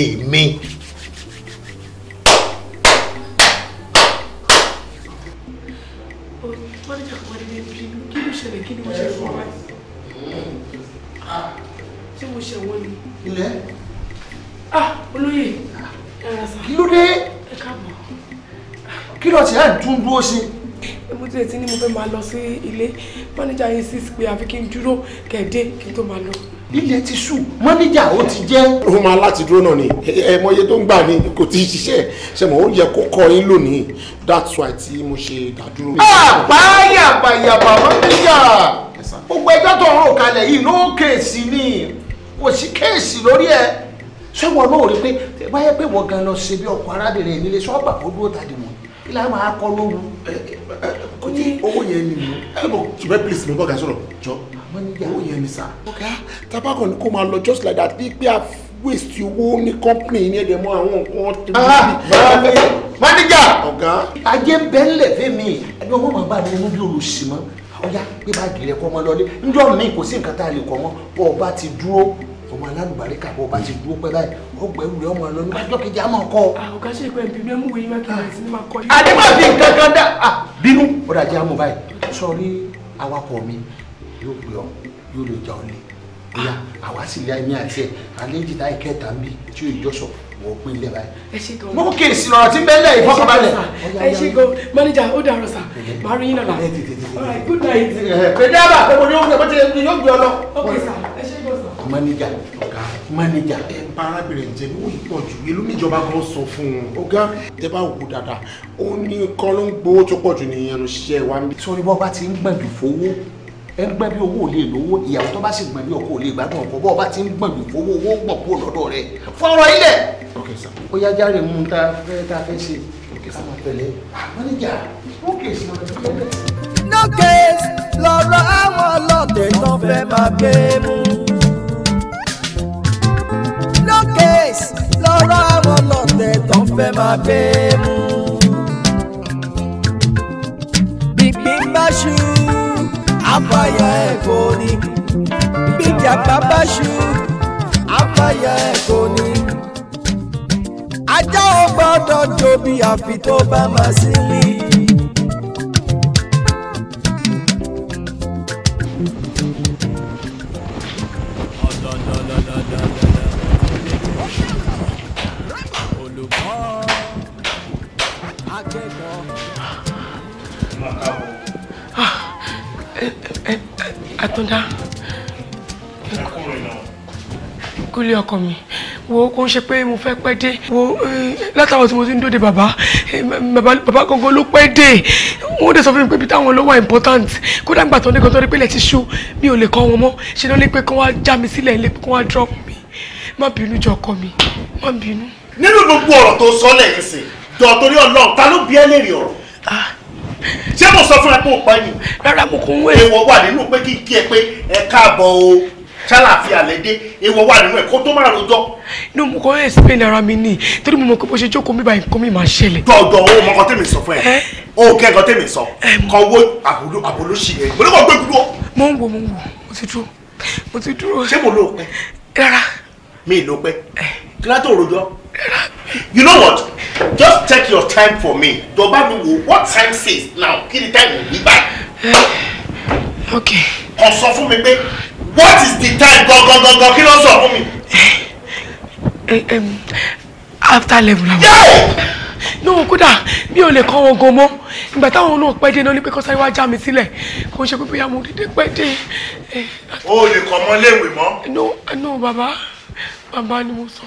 èmi. ilẹ̀. ah olóyè ẹ̀rọ sá. kí ló dé. ẹ káàbọ̀. kí ló ti ẹ̀ ń tún dúró sí. mo ti retí ni mo fẹ́ máa lọ sí ilé mọ́níjà yín sí pé àfi kí n dúró kẹ̀dé kí n tó máa lọ ilẹ̀ ti ṣú mọ́níjà ó ti jẹ́. ó máa láti dúró náà ni ẹ mọye tó ń gbà ní kò tí ì ṣiṣẹ́ ṣe mọ̀ ó yẹ kó kọ́ yín lónìí that's why tí mo ṣe dàdúró. àbáyà bàyàbà mọ́níjà gbogbo ẹjọ́ tó ń rò kalẹ̀ yìí ló kéèsì ni kò sí kéèsì lórí ẹ̀ sọ́wọ́n náà rí pé báyẹ̀ pé wọ́n gan lọ ṣe bí ọkọ̀ arábìnrin nílé sọ́ọ́bà kó dúró tàdí wọn kí láwọn máa kọ́ lóhun. kò tí owó yẹn ni mo. ṣùgbọ́n please mo bọ́ ga sọ̀rọ̀ jọ mọ́níjà ó yẹn ni sà tabakọ̀ ni kò máa lọ just like that bíi pé a waste owó ní company ní ẹ̀dẹ̀ mọ́ àwọn nǹkan tó ń bí. mọ́níjà ọ̀gá. ajé ń bẹ́ ńlẹ̀ fẹ́mi ẹni ọmọ màá bá mi inú bí olùsì mọ́ ọ̀yá pé báàgì rẹ̀ kọ́ mọ́ lọ́lé ńjọ́ mi kò sí nǹkan tá a lè kọ́ mọ́ bọ́ ọba ti dúró ọmọ alálùbárí kàbọ̀ ọba ti dúró pẹ́ báyìí ọgbẹ́ ìwúrẹ́ ọmọ ẹlọ́nu ajọ́ kejì á máa kọ́ ọ. Ah, ọ̀gá ṣe pé ẹ̀bí mẹ́mú wo yín mẹ́ta rẹ̀ sí ni máa kọ́ yín. àdébàbí nǹkan kan dá ah, bínú ọ̀dà jẹ́ àmọ̀ báyìí sọ̀rí awakọ̀ mi yóò pè ọ́ yóò lọ jà ọ́ lé bóyá àwa sì lé ẹ̀mí àti ẹ̀ àlejò táyì kẹta ń bí tí yóò jọ́sọ̀ wọ́n pín ilé báyìí. ẹ ṣe gan. mo kì í sí lọ́rọ̀ tí ń bẹ́ẹ̀ lẹ̀ ìfọkànbalẹ̀. ẹ ṣe gan manager ó dàrọ sà máa rí yín lọ́la. good night. pèdé àbá ọmọ ní oúnjẹ bọ́tẹ́ ẹni yóò gbé ọ lọ. ok sà ẹ ṣe gan sà. manager ọ̀gá manager. ẹ bá arábìnrin jẹ ní òyìn pọ̀ jù èló níjọba gan sọ fún un. ọ̀gá tẹ bá wò dáadáa ó ní kọ́ ló ń gbowó tó pọ̀ jù nìyẹn ló ṣiṣẹ́ wa. sọ ẹ ń gbẹ́ bí owó ò lè lówó ìyàwó tó bá sì gbọ́n bí ọkọ ò lè gbádùn ọkọ bọ́ọ̀ bá ti ń gbọ́n bí owó owó pọ̀ kúrò lọ́dọ̀ rẹ fọ́rọ̀ ilẹ̀. ó yá járe mú un tá a fẹ́ ṣe àwọn pẹ̀lẹ́ mọ́níjà ókèsì lọ́kèsì lọ́rọ̀ àwọn ọlọ́tẹ̀ tán fẹ́ máa gbé mú. lọ́kèsì lọ́rọ̀ àwọn ọlọ́tẹ̀ tán fẹ́ máa gbé mú. gbígbín bá ṣú apaya ẹ̀kọ́ ni gbèjì àgbàbá ṣu apaya ẹ̀kọ́ ni ajá ò gbọ́dọ̀ tóbi àfi tó bá máa sílẹ̀. akẹ́kọ̀ọ́. Ah. Àtúndá kúlé ọkọ mi wo kò ń ṣe pé mo fẹ́ pẹ́ dé wo eh, látàwọn tí mo ti ń dóde bàbá eh, bàbá gangan ló pẹ́ dé wọ́n dẹ̀ sọ fún mi pé ibi táwọn ló wà important kódà nígbà tó ní kan tó rí pé ilẹ̀ ti ṣú mi ò lè kọ́ wọn mọ́ ṣe ló ní pé kí wọ́n á já mi sílẹ̀ ilé kí wọ́n á drop mi má bínú jọ ọkọ mi má bínú. nínú gbogbo ọ̀rọ̀ tó sọ lẹ́yìn sí jọ torí ọlọ́run ta ló bí ẹ lè ọ̀rọ̀. Ah, ṣé mo sọ fún ẹ kó o pa yìí. rárá mo kún wẹ̀. èèwọ̀ wà nínú pé kí n kí ẹ pé ẹ káàbọ̀ o ṣàlàfíà lẹ́dẹ́ èèwọ̀ wà nínú ẹ̀ kó tó máa rojọ́. inú mo kọ́ explain ara mi ni torí mo mọ̀ pé bó ṣe jókòó mi báyìí nǹkan mi máa ṣẹlẹ̀. dọ̀dọ̀ o mọ ọkọ tèmi sọ fún ẹ o kẹ́ ẹ̀kọ́ tèmi sọ kan wo àbúrò àbúrò ṣì yẹn mo ní kò gbé dúró. mo ń wo mo ń wo mo ti dúró mo ti dúró. ṣé mo lò pẹ́. rárá. mi ì lò pẹ́ kí you know what just take your time for me Doba mi what time says now kí ni time wò ní báyìí. okay. kò sọ fún mi pé what is the time gangan gangan kí ló sọ fún mi. Eh, eh, after eleven hours. Yeah! no kódà mi ò lè kọ́ wọn gan mọ́ ìgbà táwọn náà pẹ́ dé náà ní pé kọ́sáré wá já mi sílẹ̀ kò ń ṣe pé bóyá mo dédé pẹ́ dé. Eh, o lè kọ́ mọ́ léèwé mọ́. no no Baba. Baba, ni mo sọ. So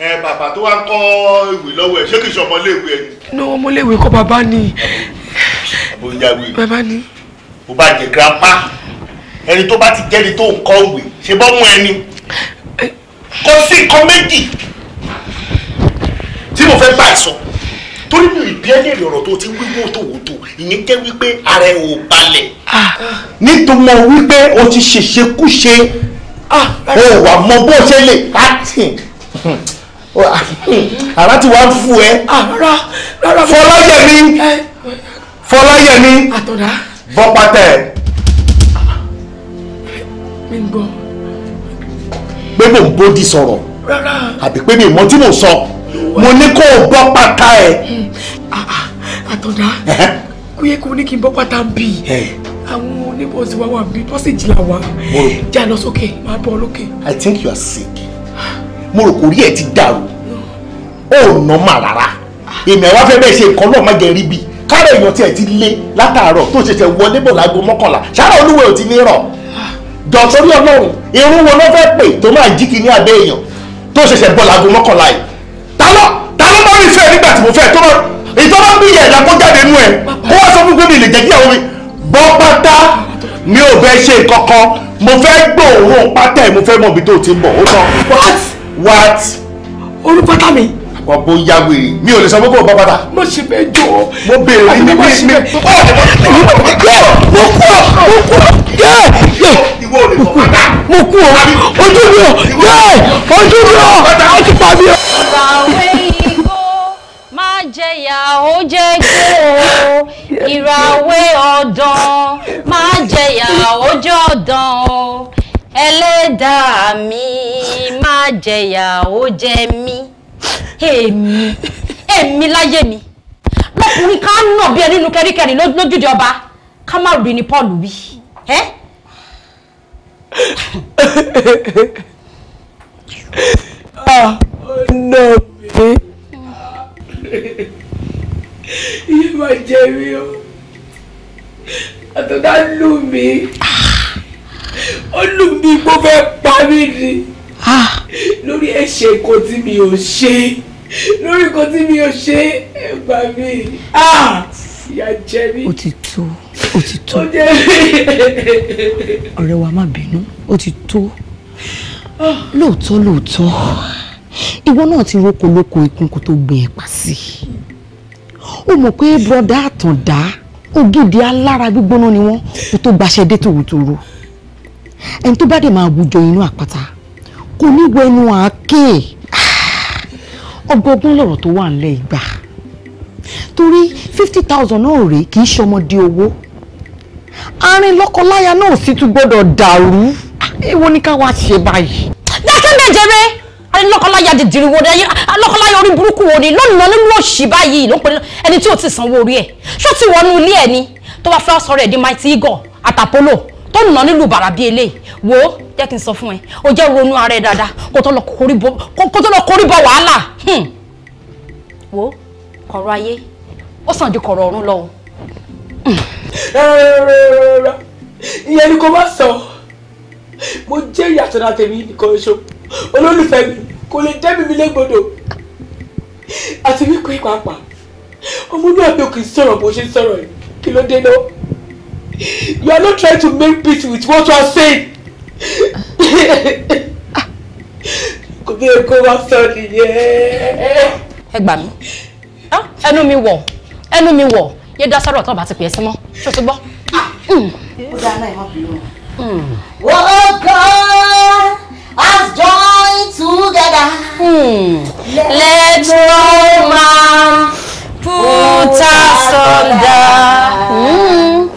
ẹ bàbá tó wá ń kọ́ ìwé lọ́wọ́ ẹ̀ ṣé kìí ṣọmọ léèwé ẹ̀ ni. ní ọmọléèwé kọ́ bàbá ni. bóyá wí. bàbá ni. bó bá jẹ grandma ẹni tó bá ti jẹ́ni tó ń kọ́ ìwé ṣe bọ́ mú ẹni. kò sí nǹkan méjì tí mo fẹ́ bá ẹ sọ torí mi ìbí ẹni ìrọ̀rọ̀ tó ti wíwó tó wò tó ìyẹn jẹ́ wípé ara ẹ̀ ò balẹ̀. Ah. nítorí wípé o ti ṣèṣekúṣe ah, o wà mọ bó ṣe lè acting ara ti wá ń fún ẹ ah, fọláyẹmí eh, fọláyẹmí bọ́pátẹ. pé mò ń bódì sọ̀rọ̀ àbí pé mi mọ tí mò ń sọ mo ní kó o bọ́ pátá ẹ. Hmm. Ah, ah, àtọ̀dá kó yẹ kó ní kí n bọ́ pátá ń bì àwọn oníbọ̀sí wa wà bí bọ́sì jìlá wa jà lọ sókè máa bọ́ lókè. I think you are sick mo rò kò rí ẹ ti dàrú ó nà má rárá èmi àwa fẹ́ bẹ́ẹ̀ ṣe nǹkan náà má jẹ́ rí bì káàrọ̀ èèyàn tiẹ̀ ti lé látàárọ̀ tó ṣẹ̀ṣẹ̀ wọlé bọ̀ láago mọ́kànlá ṣáà olúwẹ̀ ò ti ní rọ̀ jọ sórí ọlọ́run irun wo ló fẹ́ pè tó máa jí kíní abẹ́ èèyàn tó ṣẹ̀ṣẹ̀ bọ̀ láago mọ́kànlá yìí ta ló ta ló máa rí fẹ́ nígbà tí mo fẹ́ tó máa ìtọ́lá bí ìyá ìlà kó jáde nú ẹ kó wá sọ fún gómìnà lè jẹ́ kí àwọn mi bọ́ pátá mi ò fẹ́ ṣe kankan mo fẹ́ gbòòrò pátá ẹ̀ mo fẹ́ mọ̀ ibi tó ti bọ̀ ó tán what. orí pátá mi. ọ̀bọ yàgò èrè mi ò lè sọ gbogbo ọ̀bọ pátá. mo ṣe fẹ́ jọ. mo béèrè ní mi mi. mo kú ọ mo kú ọ mo kú ọ ojú mi ọ ojú mi ọ ọ ti pa mi ọ. ọ̀làwé igbó máa jẹyà ó jẹ́ gbó ìràwé ọ̀dàn máa jẹyà ó jẹ́ ọ̀dàn o ẹlẹ́dàá mi má jẹ̀yà ó jẹ mí èmi èmi láyé mi lọkùnrin ká nà bí ẹni nu kẹríkẹrí lójúde ọba ká má rí ni Paul wí ẹ. ah ọ̀nà mi iye máa jẹ mi o àtọ̀dá lù mí olùmí mo fẹ́ pa mí ni ah. lórí ẹ̀ṣẹ̀ kan tí mi ò ṣe lórí kan tí mi ò ṣe ẹ gbà mí ah! ìyà jẹ mí. ó ti tó ó ti tó ọ̀rẹ́ wa má bínú ó ti tó ah. lóòótọ́ lóòótọ́ ìwọ náà ti roko lóko ikun kó tó gbin ẹ̀pà sí i ó mọ̀ pé bọ́dá àtàndá ògidì alára gbígbóná ni wọ́n kó tó gbaṣẹ́ dé tòwútòrò ẹni tó bá dẹ̀ máa wùjọ inú àpáta kò ní wọ ẹnu àáké ọgbọgbọ́n lọ̀rọ̀ tó wà nílẹ̀ ìgbà torí fifty thousand náà rèé kì í ṣọmọdé owó àárín lọ́kọláya náà sì tún gbọ́dọ̀ dàrú èwo ni ká wá ṣe báyìí. dákẹ́ méjèrè àárín lọ́kọláya dìdìrì wo ni lọ́kọláya orí burúkú wo ni lónìí náà ló ṣì báyìí ló ń pè ẹni tí ò ti sanwó orí ẹ̀ ṣó ti wọnú ilé ẹ̀ ni tó bá fẹ́ sọ̀rọ̀ ẹ̀ di mighty eagle àtàpólò tó nà nílùú bàrà bíi eléyìí wò ó jẹ́ kí n sọ fún ẹ o jẹ́ ronú ara ẹ dáadáa kó tó lọ kórí bọ kó tó lọ kórí bọ wàhálà hmm. wò ó kọ̀rọ̀ ayé ó sàn ju kọ̀rọ̀ ọ̀run lọ o. ìyẹn ni kò má sọ mo jẹ́ ìyàtọ̀ náà tèmi nìkan ṣo olólùfẹ́ mi kò lè jẹ́ mi mi légbodò àti wípé pàápàá ọmọ àbí òkè sọ̀rọ̀ bó ṣe sọ̀rọ̀ yìí kí ló dé náà you are not trying to make peace with what you are saying. kò bí ẹ̀kọ́ wá sọ nìyẹn. ẹ gbà mí ah, ẹnu mi wọ̀ ẹnu mi wọ̀ yé dá sọ́rọ̀ tó bá ti pè é sí mọ́ ṣó ti gbọ́. Mm. ó dáa náà ẹ má Oh God has joined together. Hmm. Let no man put us under. Mm.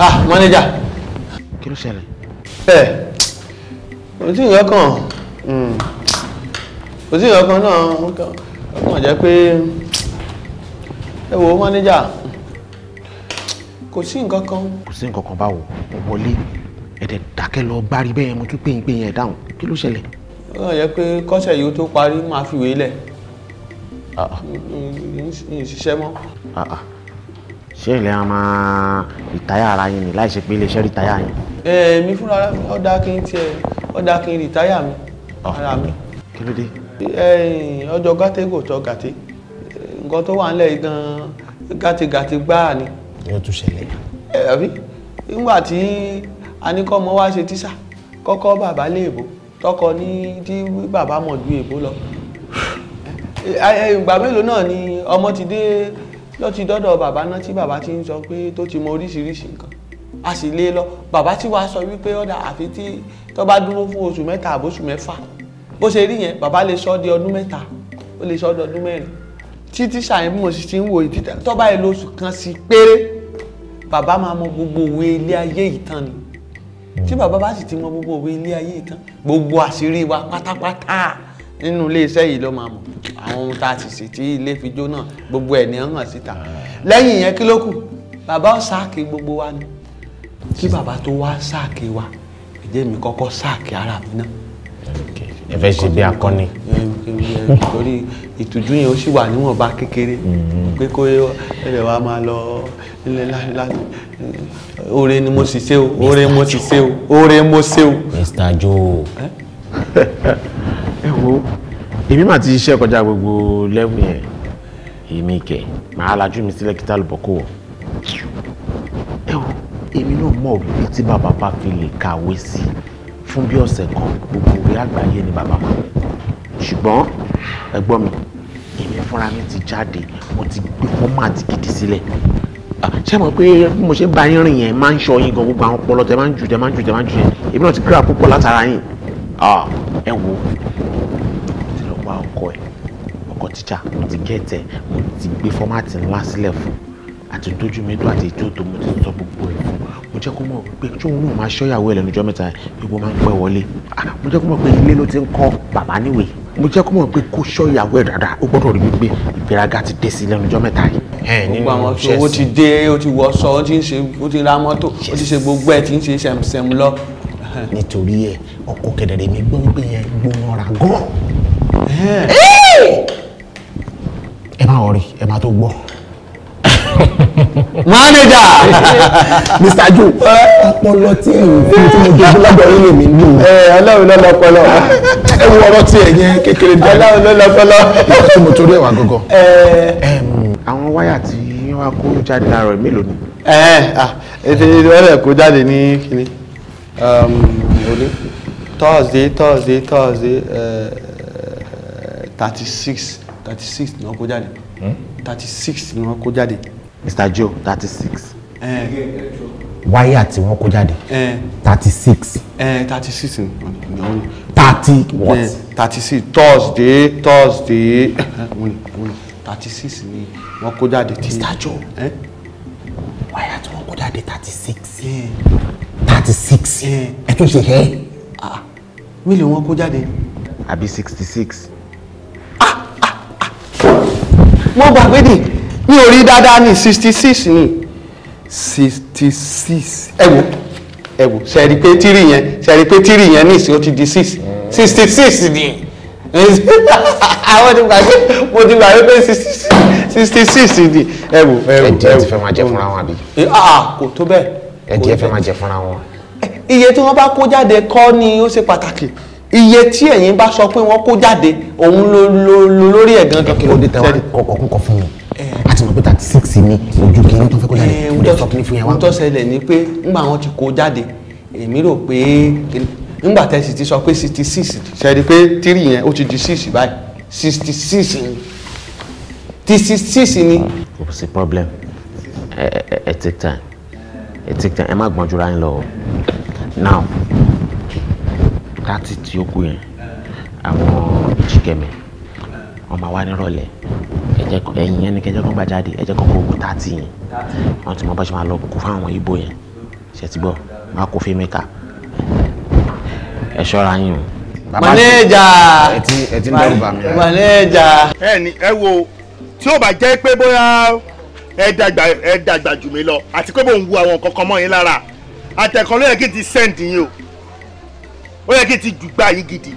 ah manager. kí ló ṣẹlẹ̀. ẹ kò sí nǹkan kan kò sí nǹkan kan náà ọkàn jẹ́ pé ẹ wo manager kò sí nǹkan kan. kò sí nǹkan kan báwo mo wọlé ẹ̀dẹ̀ dákẹ́ lọ gbárí bẹ́ẹ̀ mo tún péyìn péyìn ẹ̀ dáhùn kí ló ṣẹlẹ̀. ó yẹ pé kọ́sẹ̀ yìí ó tó parí máa fi wèé lẹ̀ n ah, ah. ṣiṣẹ́ mọ́. Ah, se ilẹ̀ a máa ara ni láì ṣe pé iléeṣẹ́ fúnra mi ah. ara mi. kí ló dé. ọjọ́ gàtégò gàté nǹkan tó wà ńlẹ̀ gan-an gàtégàté gbáà ni. yóò tún ṣẹlẹ̀. ẹ àbí nígbà tí anikọ́mọ ṣe tíṣà kọ́kọ́ bàbá léèbó tọkọ ní bàbá mọ̀ ju lọ. ni lọ ti dọ́dọ̀ bàbá náà tí bàbá ti ń sọ pé tó ti mọ oríṣiríṣi nǹkan a sì lé lọ bàbá tí wàá sọ wípé ọ̀dà àfi tí tó bá dúró fún oṣù mẹ́ta àbóṣù mẹ́fà bó ṣe rí yẹn bàbá lè sọ di ọdún mẹ́ta ó lè sọ di ọdún mẹ́rin tí tíṣà yẹn bí mo ti ń wo ìdídà tó bá yẹ lóṣù kan sí péré bàbá máa mọ gbogbo òwe ilé ayé ìtàn ni tí bàbá bá sì ti mọ gbogbo òwe ilé ayé ìtàn gbogbo àṣírí wa pátápátá nínú iléeṣẹ́ yìí ló máa mọ̀ àwọn ohun tá a sì sì tí ilé fi jó náà gbogbo ẹ̀ ní ń hàn síta lẹ́yìn yẹn kí ló kù bàbá ò sáàkì gbogbo wa ni kí bàbá tó wá sáàkì wa ìdí mi kọ́kọ́ sáàkì ara mi náà. ẹ fẹ́ ṣe bí akọni. torí ìtújú yẹn ó sì wà níwọ̀nba kékeré mm-hmm. pé kó ẹ̀rẹ̀ wa máa lọ ilé láti oore ni mo sì ṣe o oore mo sì ṣe o oore mo ṣe o. Mr. Joe. wo èmi mà ti ṣiṣẹ́ kọjá gbogbo level yẹn èmi kẹ màá lajú mi sílẹ̀ kíta lùbọ́kọ̀ wọ̀ ẹ wo èmi náà mọ̀ bí tí bàbá bá fi lè kàwé sí fún bí ọ̀sẹ̀ kan gbogbo orí àgbáyé ni bàbá máa ṣùgbọ́n ẹ gbọ́ mi èmi fúnra mi ti jáde mo ti gbé fọ́màtì gidi sílẹ̀ ṣé mo pé mo ṣe bá yín rìn yẹn máa ń ṣọ yín gan gbogbo àwọn ọpọlọ tẹ máa ń jù tẹ máa ń jù tẹ máa ń jù yẹn èmi náà ti kíra púpọ̀ látara yín ẹ wo wá ọkọ ẹ̀ ọkọ tíjà mo ti gẹ́tẹ̀ mo ti gbé fọ́mátì ńlá sílẹ̀ fún àti tójú mi dùn àti ètò tó mo ti sọ gbogbo ẹ̀ fún mo jẹ́ kó mọ̀ pé tí òun náà máa ṣọ́yàwó ẹ̀ lẹ́nu ọjọ́ mẹ́ta gbogbo máa ń pẹ́ wọlé ah, mo jẹ́ kó mọ̀ pé ilé ló ti ń kọ́ bàbá níwèé mo jẹ́ kó mọ̀ pé kó ṣọ́ ìyàwó dáadáa ó gbọ́dọ̀ rí wípé ìgbéraga ti dé sí lẹ́nu ọjọ́ mẹ́ta yìí. gbogbo àwọn tí owó nítorí ẹ ọkọ kẹdẹrẹ mi gbọ́ pé yẹn gbóná ra gan-an ẹ má rí ẹ má tó gbọ́ manager mr Joe, ọpọlọ tí ẹ ń fi tí mo dogun lọ́dọ̀ yín lèmi ní o. ẹ Ọlọ́run ló lọpọlọ. ẹ wo ọ̀rọ̀ tí ẹ yẹn kékeré díẹ̀. Ọlọ́run ló lọpọlọ. lọ sí mo torí ẹwà gọgọ. àwọn wáyà tí wọn kó jáde láàárọ̀ mélòó ni. ẹ ẹ ìdíwọ́lẹ̀ kó jáde ní kíni. Thursday Thursday Thursday. Uh, thirty six thirty six ni wọ́n kó jáde hmm? thirty six ni wọ́n kó jáde. Mr. Joe thirty six. wáyà tí wọ́n kó jáde thirty six. thirty six ni wọ́n ní. thirty what. thirty six Thursday Thursday thirty six ni wọ́n kó jáde. Mr. Joe wáyà tí wọ́n kó jáde thirty six. thirty six ẹ tún ṣe hẹ́. Ah, mílíọ̀nù wọn kó jáde. àbí sixty six mo gbàgbé ni mi ò rí dáadáa ní sixty six ni sixty six ẹ wo ẹ wo ṣe rí pé tírì yẹn ṣe pé tírì yẹn ní ìsìn ó ti di six sixty six ni àwọn ti gbàgbé mo ti gbàgbé pé sixty six ni ẹ wo ẹ wo ẹ díẹ̀ ti fẹ́ máa jẹ fúnra wọn àbí. kò tó bẹ́ẹ̀. ẹ díẹ̀ fẹ́ máa jẹ fúnra wọn. iye tí wọ́n bá kó jáde kọ́ ni ó ṣe pàtàkì iye tí ẹ̀yin bá sọ pé wọ́n kó jáde òun ló ló lórí ẹ̀ gangan kí ló dé tẹ̀wá. kọ̀kọ̀ kúkọ̀ fún mi àti eh. mọ̀ pé thirty six ni ojú kìíní tó fẹ́ kó jáde kó dẹ̀ sọ kìíní fún yẹn wá. tó ṣẹlẹ̀ ni pé ńgbà wọn ti kó jáde èmi rò pé ńgbà tẹ̀sí ti sọ pé sixty six ṣẹ́ni pé tírì yẹn ó ti di six báyìí sixty six ni sixty six ni. kò sí problem ẹ ẹ ẹ take time ẹ take time ẹ má gbọ́njú yín lọ now thirty tí ó kù yẹn àwọn chikẹmi wọ́n máa wá nírọ̀lẹ́ ẹ̀jẹ̀ ẹ̀yìn yẹn ni kẹjẹ́ kan gbà jáde ẹ̀jẹ̀ kan kó ogun thirty yẹn wọ́n ti mọ bá ṣe máa lọ kó fáwọn ibo yẹn ṣe ti gbọ́ máa kó fí mẹ́ka ẹ̀ ṣọ́ra yín o. mọ̀nẹ́jà mọ̀nẹ́jà. ẹ ní ẹ wo tí ó bá jẹ́ pé bóyá ẹ dàgbà ẹ dàgbà jù mí lọ àti pé mò ń wu àwọn nǹkan kan mọ́ yín lára àtẹ̀kọ́ ló kí n ti send yín o ó yẹ kí n ti jùgbà yín gidi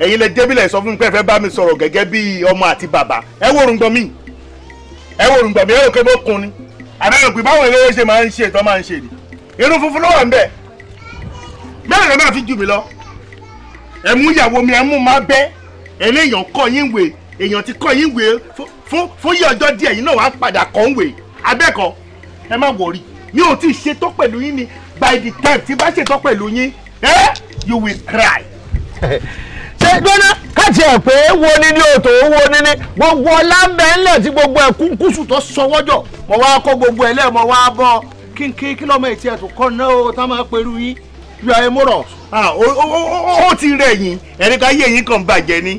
ẹ̀yin lè débìlẹ̀ sọ fún mi pé ẹ fẹ́ bá mi sọ̀rọ̀ gẹ́gẹ́ bí ọmọ àti bàbá ẹ wò orúngbọ̀n mi ẹ wò orúngbọ̀n mi ẹ rò pé mo kun ni àbẹ̀rẹ̀ pé báwo eléyé ṣe máa ń ṣe ìtọ́ máa ń ṣe ni irun funfun ló wà ń bẹ̀ bẹ́ẹ̀ lè máa fi jù mí lọ ẹ mú ìyàwó mi ẹ mú má bẹ́ eléyàn kọ́ yín wèé èèyàn ti kọ́ yín wèé fún fún yí ọjọ́ díẹ̀ yìí náà wàá padà kọ́ ń wèé abẹ́kọ̀ ẹ má wọ̀rí mi ò tí ì ṣetán pẹ̀lú yín ni by the time tí bá ṣetán pẹ̀lú yín ẹ́ you will cry. ṣe gbọ́ná káàtì ẹ̀ pé wo ni ní òtò wo ni ní gbogbo ọlá ń bẹ ńlẹ̀ tí gbogbo ẹ̀ kúnkúsù tó sọwọ́jọ̀ mo wá kó gbogbo ẹ̀ lẹ́ẹ̀ mo wá bọ́ kínkín kílọ̀mù ètí ẹ̀ tó kọ́ náà ó tá máa pẹ̀lú yín yọ ẹ múrọ̀. ó ti rẹ̀ yín ẹni ká yé yín kàn bàjẹ́ ni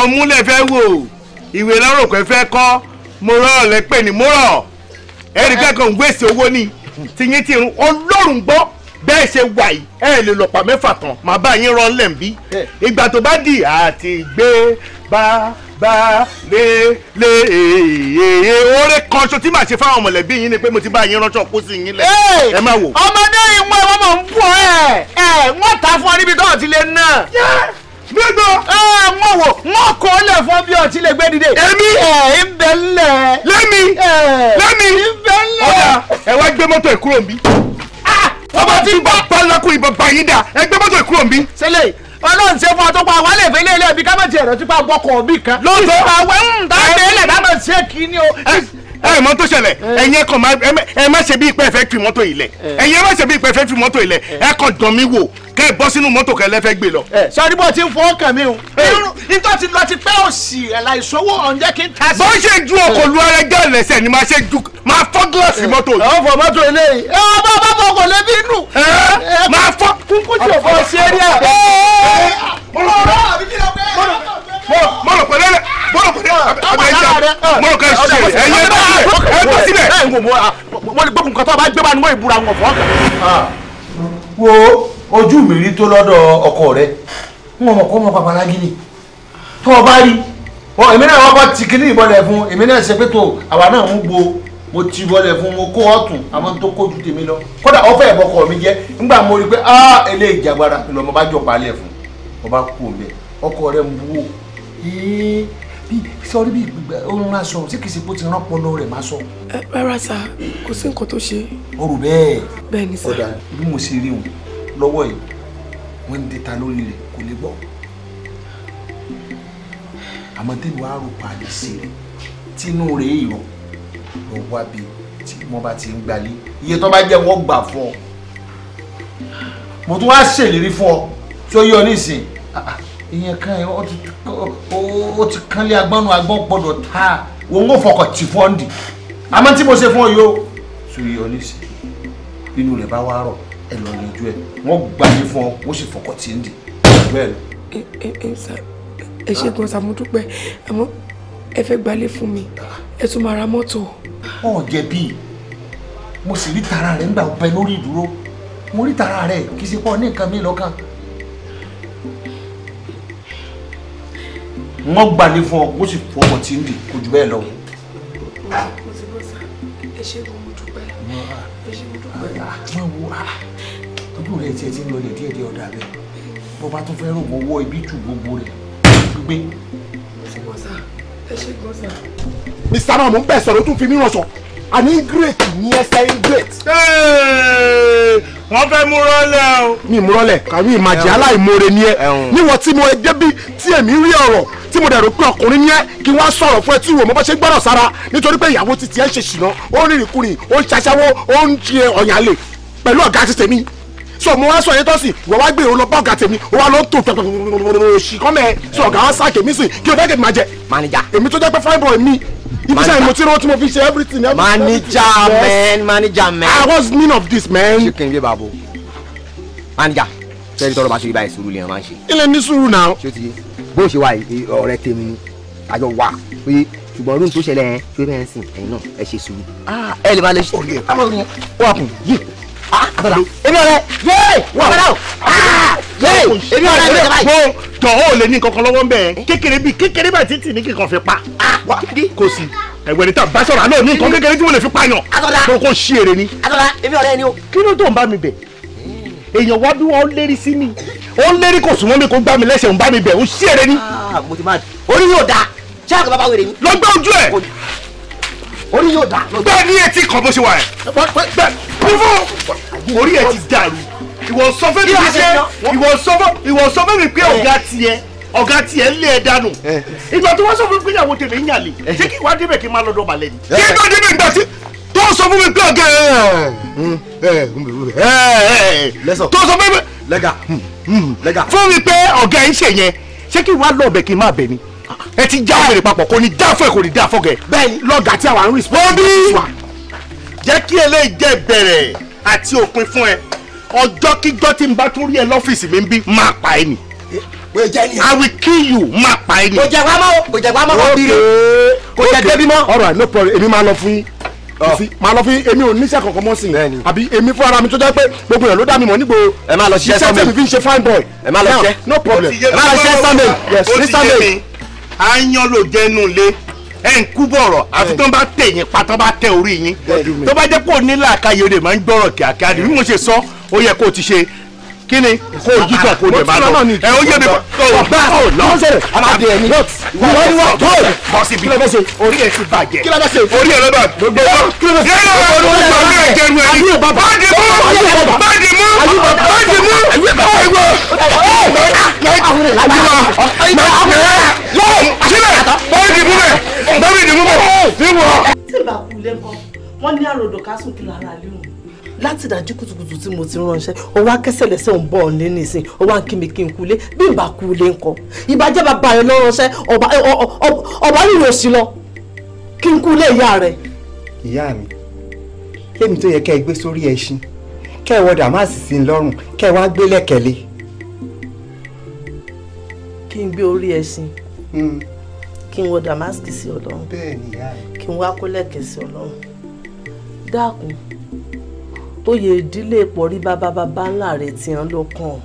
ọmúlẹ̀ fẹ́ wò ìwé lọ́rùn pé fẹ́ kọ́ mo rọ̀ lẹ́pẹ̀ ní múrọ̀ ẹni ká kàn ń gbèsè owó ni tiyín ti rún ọlọ́run gbọ́ bẹ́ẹ̀ ṣe wà yìí ẹ lè lọ́pàá mẹ́fà tán màá bá yín rán lẹ̀ ń bí ìgbà tó bá di àti gbé bá bá lé lé èèyè e, e, e. oore kan ṣo tí màá ṣe fáwọn mọ̀lẹ́bí yín ni pé mo ti bá yín ránṣọ kó sí yín lẹ ẹ má wò. ọmọdé ìwọ ẹ̀wọ̀n mọ̀ ń bọ̀ ẹ̀ ẹ̀ wọ́n ta fún ọ níbi tó ti lè ná. gbogbo. ẹ wọ́n wò wọ́n kọ́ ọ lẹ̀ fún bí ọtí lè gbé dìde. èmi ẹ̀ ń bẹ ńlẹ̀. lẹ́mi lẹ́mi. ń bẹ ńlẹ̀. ọ̀dà ẹ wá gbé mọ́tò ẹ̀ kúrò ń bí ọba tí ń bá pálọ́kù ìbọn báyìí dà ẹgbẹ́ mọ́tò ìkúrò mi. sẹ́lẹ̀ ọlọ́run ṣe fún ọtọ́pọ̀ àwọn àlẹ́ ìfẹ́lẹ́ ilé ẹbí ká má ti ẹ̀rọ tí bá gbọ́kọ̀ ọ̀bì kan. lóòótọ́ ìfàwẹ́ ń ta ẹ̀rẹ́ ilẹ̀ ká kí ni o ẹ mọ tó ṣẹlẹ̀ ẹ̀yin ẹ kàn má ẹ má ṣe bí ipẹ fẹ́ fi mọ́tò yìí lẹ̀ ẹ̀yin ẹ má ṣe bí ipẹ fẹ́ fi mọ́tò yìí lẹ̀ ẹ kàn dán mi wò kẹ́ ẹ bọ́ sínú mọ́tò kẹ́ ẹ lẹ́fẹ́ gbé lọ. sọrí bó ti ń fọwọ́ kàn mí o. nítorí ti lọ ti pẹ́ òsì ẹ̀la ìṣòwò ọ̀njẹ́ kí n ta sí. bó ṣe ju ọkọ̀ lu ara ẹgbẹ́ ẹ̀lẹ́sẹ̀ ni máa ṣe ju máa fọ́ gílọ̀sì mọ́tò yìí. àwọn fọ mọ́tò eléyìí. ẹ wọ́n bá bá bọ̀ kò lè bí inú. máa fọ́ kúkú tí o fọ́ sí eré ẹ̀. ọ̀rọ̀ àbí kí ló fẹ́ mọ̀rọ̀ pẹ̀lẹ́ rẹ̀ mọ̀rọ̀ pẹ̀lẹ́ abẹ́jà mọ̀rọ̀ kan ṣe rẹ̀ ẹ̀yẹ ẹ̀dá sílẹ̀ ah, ah, ẹ̀dá ah, sílẹ̀. wọ́n lè gbókun kan tó a bá gbé bá nínú ìbúra wọn wo ojú mi rí tó lọ́dọ̀ ọkọ rẹ n ò mọ̀ babalági ni tó o bá rí èmi náà wọ́n bá ti kíní ìbọlẹ̀ fún èmi náà ṣe pé tó àwa náà ń gbo mo ti bọ́lẹ̀ fún mo kó ọ̀tún àmọ́ tó kójú tèmi lọ kódà ọ̀fẹ́ ìbọkọ̀ mi jẹ́ nígbà mo rí pé ah eléyìí jagbara lọ́mọ bá jọ palẹ̀ fún ọba kú òun bẹ́ẹ̀ ọkọ rẹ̀ ń buwó sọrí bí òun aṣọ tí kìí ṣe bó ti rán pọlọ rẹ̀ máa sọ. rárá sá kò sí nǹkan tó ṣe. o rò bẹ́ẹ̀. bẹ́ẹ̀ ni sá. ọ̀dà bí mo ṣe rí òun lọ́wọ́ yìí wọ́n ń dẹ́ta lórí rẹ̀ kò lè gbọ́. àmọ́ tẹ́lẹ̀ wàá rò pàdé sí i tínú rẹ̀ ìrọ̀ lọ wá bí tí wọ́n bá ti ń gbalé iye tó bá jẹ́ wọ́n gbà fún ọ. mo tún wá ṣèlérí fún ọ tí ó yọ nísìnyí ìyẹn kan ẹ ó ti kánlé agbọ́nù agbọ́n gbọ́dọ̀ ta òun ò fọkàn tì fọ́ǹdì àmọ́ tí mo ṣe fún ọ yìí ó sùúrù yọ nísìnyí bínú rẹ̀ bá wá rọ̀ ẹ lọ yanjú ẹ wọ́n gbàgbé fún ọ wọ́n sì fọkàn tì ń dì bẹ́ẹ̀ lọ. ẹ ṣe gan sàmúdúpẹ́ àmọ́ ẹ fẹ́ gbalé fún mi ẹ tún máa ra mọ́tò. ọ̀ jẹ̀bi mo sì rí tara rẹ̀ ńgbà ọbẹ̀ lórí ìdúró mo rí tara rẹ̀ kì í ṣe pọ̀ ní nǹkan mi lọ́kàn wọ́n gbà ní fún ọ kó sì fọwọ́ tí ń dì kò jù bẹ́ẹ̀ lọ. mo ti bọ́ sá ẹ ṣe kò mo dúpẹ́ ẹ ṣe mo dúpẹ́. máa wo tọ́jú rẹ̀ tiẹ̀ ti ń lọlẹ̀ díẹ̀ díẹ̀ ọ̀dà bẹ́ẹ̀ bó bá tún fẹ́ rò mọ́ wọ́ ibi jù gbogbo rẹ̀ gbígbé. mo ti bọ́ sá ẹ ṣe gbọ́ sá. ń bẹ̀ sọ̀rọ̀ ó tún fi mí ràn sọ àní great ní ẹsẹ̀ ń great. wọ́n fẹ́ mú rọ́lẹ̀ o. mi mú rọ́lẹ̀ kàwé ìmàjì aláìmoore ni ẹ níwọ̀n tí mo débi tí èmi rí ọ̀rọ̀ tí mo dẹ̀rù pé ọkùnrin ni ẹ kí wọ́n sọ̀rọ̀ fún ẹ tí wò mo bá ṣe gbọ́dọ̀ sára nítorí pé ìyàwó ti tiẹ̀ ṣe ṣìnà ó ń rìnrìn kùnrin ó ń ṣaṣẹ́wó ó ń ṣe ọ̀yàn lè pẹ̀lú ọ̀gá ti tèmi so mo wá sọ yẹn tọ́sí ìwọ wá gbé olọ bọ́ọ̀gà tèmi ó wá ló ń tò òṣì kọ́mẹ́ sọ ọ̀gá wa sáà kèmí sìn kí o dẹ́gẹ̀dì máa jẹ. manager èmi tó jẹ́ pé fine boy mi ibi sáyẹn mo ti rán tí mo fi ṣe everything. manager man manager man. ah what's the meaning of this man. ṣé kí n bí bàbá o manager sẹ́ni tọ́lọ́ bá ṣe ibà ìṣòro lèèyàn máa ń ṣe. ilé ní sùúrù náà. ṣé ti bó ṣe wà ọ̀rẹ́ tèmi ni àjọ wà pé ṣùgbọ́n rúùn tó ṣẹlẹ̀ yẹn pé bẹ́ẹ̀ sìn ẹ̀yin náà ẹ ṣe sùúrù. Ah, ẹ lè máa lè ṣe orí ẹ̀ ọmọ yẹn wà kùn yìí ah, àtàlà èmi ọ̀rẹ́ yéé wà bàdà o ah, yéé èmi ọ̀rẹ́ yéé bàdà o. jọ̀ọ́ ò lè ní kankan lọ́wọ́ ń bẹ̀ kékeré bíi kékeré bá títì ní kíkan fi pa wá kò sí ẹ̀wẹ̀ níta bá sọ̀rọ̀ àná ní nǹkan kékeré tí mo lè fi pààyàn kó kó ṣí èrè ni. àtọ́lá èmi ọ̀rẹ́ ni o. kí ló tó ń bá mi bẹ̀ èèyàn wá bí wọ́n lérí sí mi ó ń lérí kò sùn mọ́ mi kó gbá mi lẹ́sẹ̀ ń bá mi bẹ̀ ó ṣí èrè ni. Ah, mo ti máa orí yóò dáa ṣé àgbà bàbá wèrè mi. lọ gbẹ́ ojú ẹ̀. orí yóò dáa. bẹ́ẹ̀ ni etí kan bó ṣe wà ẹ̀. bẹ́ẹ̀ kúfọ́ orí ẹ̀ ti dàrú ìwọ sọ fẹ́ mi pé ìwọ sọ fẹ́ mi pé ọ̀gá tiẹ̀ ọ̀gá tiẹ̀ ń lé ẹ dànù eh. ìgbà tó wọ́n sọ fún mi pé ìyàwó tèmi ń yàlè eh. ṣé kí ìwà débẹ̀ kí n máa lọ́dọ̀ balẹ̀ ni. Eh. kí n bá débẹ̀ ìgbà tí tó sọ fún mi pé ọ̀gá ẹ̀ tó sọ fún mi hmm, hmm, lẹ́gà fún mi pé ọ̀gá ẹ̀ ń ṣe yẹn ṣé kí ìwà lọ́ọ̀bẹ̀ kí n máa bẹ̀ ni ẹ ti já wèrè papọ̀ kò ní dá fún ẹ kò ní dá fọ́gẹ̀. bẹ́ẹ̀ni lọ́gà tí àwa ń rí sọ́ọ́bì jẹ́ kí eléyìí jẹ́ bẹ̀rẹ̀ àti òpin fún ẹ ọjọ́ kíjọ́ tí n bá tún rí ẹ lọ́fíìsì mi ń bí máa pa ẹ nì. I will kill you má pa ẹ ni. kò jẹ wá mọ́ kò jẹ wá mọ́ kò bí rè kò jẹ débi mọ́. all right no problem èmi máa lọ fún yín oh. fi máa lọ fi èmi ò níṣẹ́ kankan mọ́ sí i àbí èmi fún ara mi tó jẹ́ pé gbogbo yẹn ló dá mi mọ̀ nígbò ẹ máa lọ ṣiṣẹ́ sọ́mi iṣẹ́ tèmi fi ń ṣe fine boy ẹ máa lọ ṣiṣẹ́ no problem ẹ máa lọ ṣiṣẹ́ sọ́mi yes ní sọ́mi. ayan ló jẹnu lé ẹ ń kú bọ̀rọ̀ àfi tó ń bá tẹ̀ yín pa tó bá tẹ orí yín tó bá jẹ́ pé òní làákàyè rẹ̀ máa ń gbọ́rọ̀ kíákíá ni bí mo ṣe sọ ó yẹ kó o ti ṣe kí ni kó ojú kan kó lè má lọ ẹ ó yé mi kó o gbá ọ lọ a máa di ẹni wọ́n ni wọ́n tó o kọ́ síbi orí ẹ ti bàjẹ́ orí ẹ lọ́dọ̀ gbogbo yẹn lọ́wọ́ ló ń gbọ́ ní ẹ̀jẹ̀ rẹ̀ ni bá di mú bá di mú bá di mú ọ̀gbọ́ sílẹ̀ bá di mú bẹ̀ bá di mú bẹ̀ ní wọ́n. tí ìbá kú lẹ́kọ̀ọ́ wọ́n ní àròdò ká sùn kí lára lé òun láti dájú kùtùkùtù tí mo ti ránṣẹ́ ó wá kẹsẹ̀ lẹ́sẹ̀ ń bọ̀ ọ́nlé nìsín ó wá ń kí mi kí n kulé bí n bá kulé ń kọ ìbàjẹ́ bàbá rẹ lọ ránṣẹ́ ọ̀bá rírò sí lọ kí n kulé ìyá rẹ. ìyá mi lèmi tó yẹ kẹ́ ẹ gbé sórí ẹṣin kẹ́ ẹ wọ dàmásì sí i lọ́rùn kẹ́ ẹ wá gbé lẹ́kẹ̀lé. kí n gbé orí ẹṣin hmm. kí n wọ dàmásì sí ọlọ́run kí n wá kó sí ọlọ́run dákun tó yẹ ìdílé pọ̀rí bàbá bàbá ńlá rẹ̀ tí wọ́n ló kàn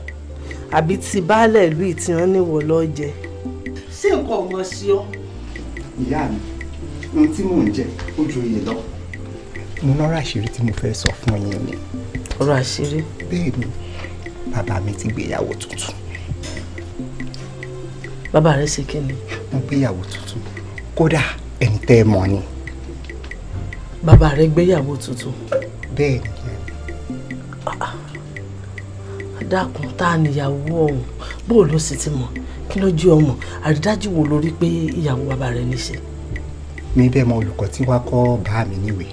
àbí ti baálẹ̀ ìlú tí wọ́n níwọ̀ lọ́jẹ́. ṣé nǹkan ọmọ sí ọ. ìyá mi ohun tí mò ń jẹ ó ju iye lọ. mo lọ́rọ̀ àṣírí tí mo fẹ́ sọ fún yín ni. ọ̀rọ̀ àṣírí. bẹ́ẹ̀ ni bàbá mi ti gbéyàwó tuntun. bàbá rẹ ṣe kí ni. mo gbéyàwó tuntun kódà ẹni tẹ́ ẹ mọ̀ ni. bàbá rẹ gbéyàwó tuntun. bẹ́ẹ̀ ni dákun tá a níyàwó ọ̀hún bó ló sì ti mọ̀ kí ló jí ọmọ àrídájú wo lórí pé ìyàwó bàbá rẹ̀ níṣe. mi bẹ́ẹ̀ mọ olùkọ́ tí wàá kọ́ bá mi níwèé.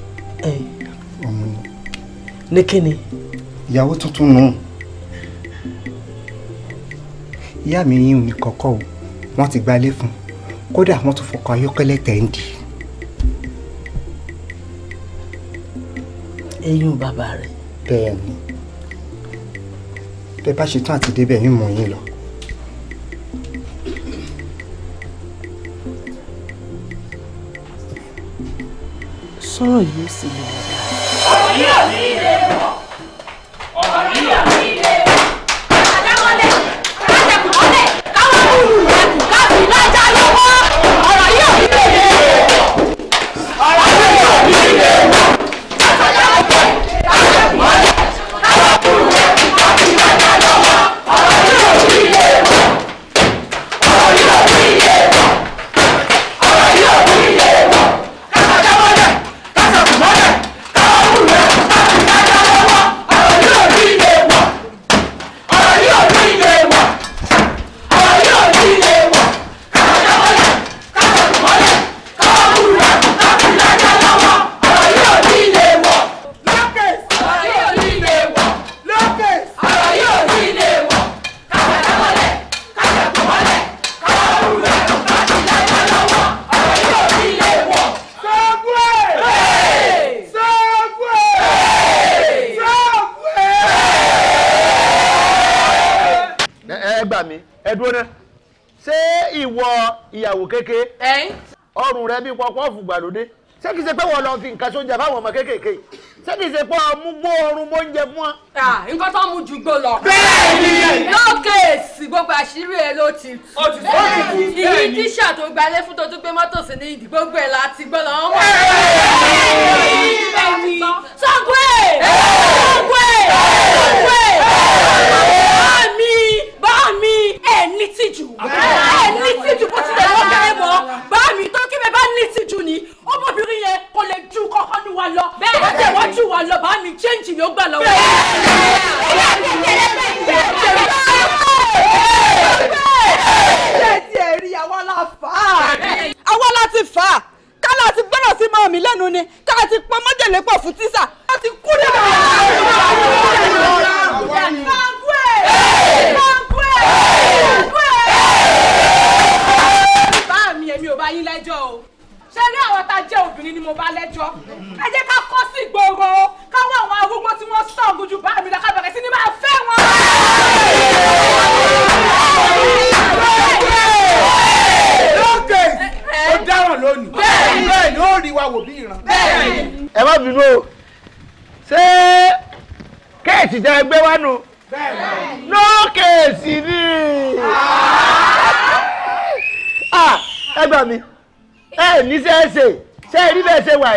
ọmọ ni. ní kíni. ìyàwó tuntun nù. ìyá mi yín ní kọ́kọ́ o wọ́n ti gbalé fún un kódà wọ́n tún fọkọ̀ ayọ́kẹ́lẹ́ tẹ̀ eyín bàbá rẹ̀. bẹ́ẹ̀ ni tẹ bá ṣe tán àti débẹ̀ ń mú yín lọ. sọ̀rọ̀ yìí ó sì lè ọ̀rọ̀ yìí ò ní ilé wọ̀ ọ̀rọ̀ yìí ò gọ́ọ̀fù gbàlódé ṣé kìí ṣe pé wọ́n lọ fi nǹkan sóúnjẹ fáwọn ọmọ kéékèèké ṣé kìí ṣe pé ọmú gbó oorun mọ́ oúnjẹ fún wọn. nǹkan tó mú ju gbó lọ. bẹ́ẹ̀ni. lókèèsì gbogbo àṣírí ẹ ló ti tú. ó ti tó ti tú bẹ́ẹ̀ni. ìyí tíṣà tó gbalẹ̀ fún tó tún gbé mọ́tò sí ní ìdí gbogbo ẹ̀ láti gbọ́ lọ́wọ́ wọn. bẹ́ẹ̀ni. sọgbẹ́ sọgbẹ́ sọgbẹ́. ní tìjú ẹ ní tìjú bó tilẹ̀ lọ́gà ẹ mọ́ bá mi tó kí bẹ́ẹ̀ bá ní tìjú ni ọmọbìnrin yẹn kò lè ju kọ́kọ́ ní wa lọ bẹ́ẹ̀ bá tẹ̀ wọ́n jù wa lọ bá mi chẹ́ǹjì yóò gbà lọ́wọ́. ṣé ti ẹ̀ rí àwa la fà á. àwa la ti fà á ká la ti gbọ́dọ̀ sí mọ́ mi lẹ́nu ni ká ti pọn mọ́jèlé pọ̀ fún tíṣà ká ti kú nínú bá mi èmi ò bá yín lẹ́jọ́ o ṣé ní àwọn tá a jẹ́ obìnrin ni mo bá lẹ́jọ́ ẹ jẹ́ ká kọ́ sí ìgboro káwọn àwọn arúgbó tí wọ́n sọ̀gùn ju bá mi lọ ká bẹ̀rẹ̀ sí ni máa fẹ́ wọn. lókè ó dáràn lónìí bẹ́ẹ̀ ni ó rí wa wò bí ìran. ẹ má bínú o ṣé kéètì jẹ́ ẹgbẹ́ wánu. lókè sídì. ẹ gbà mí ẹ ní sẹ́ẹ̀sẹ̀ se ẹ rí bẹ́ẹ̀ ṣe wà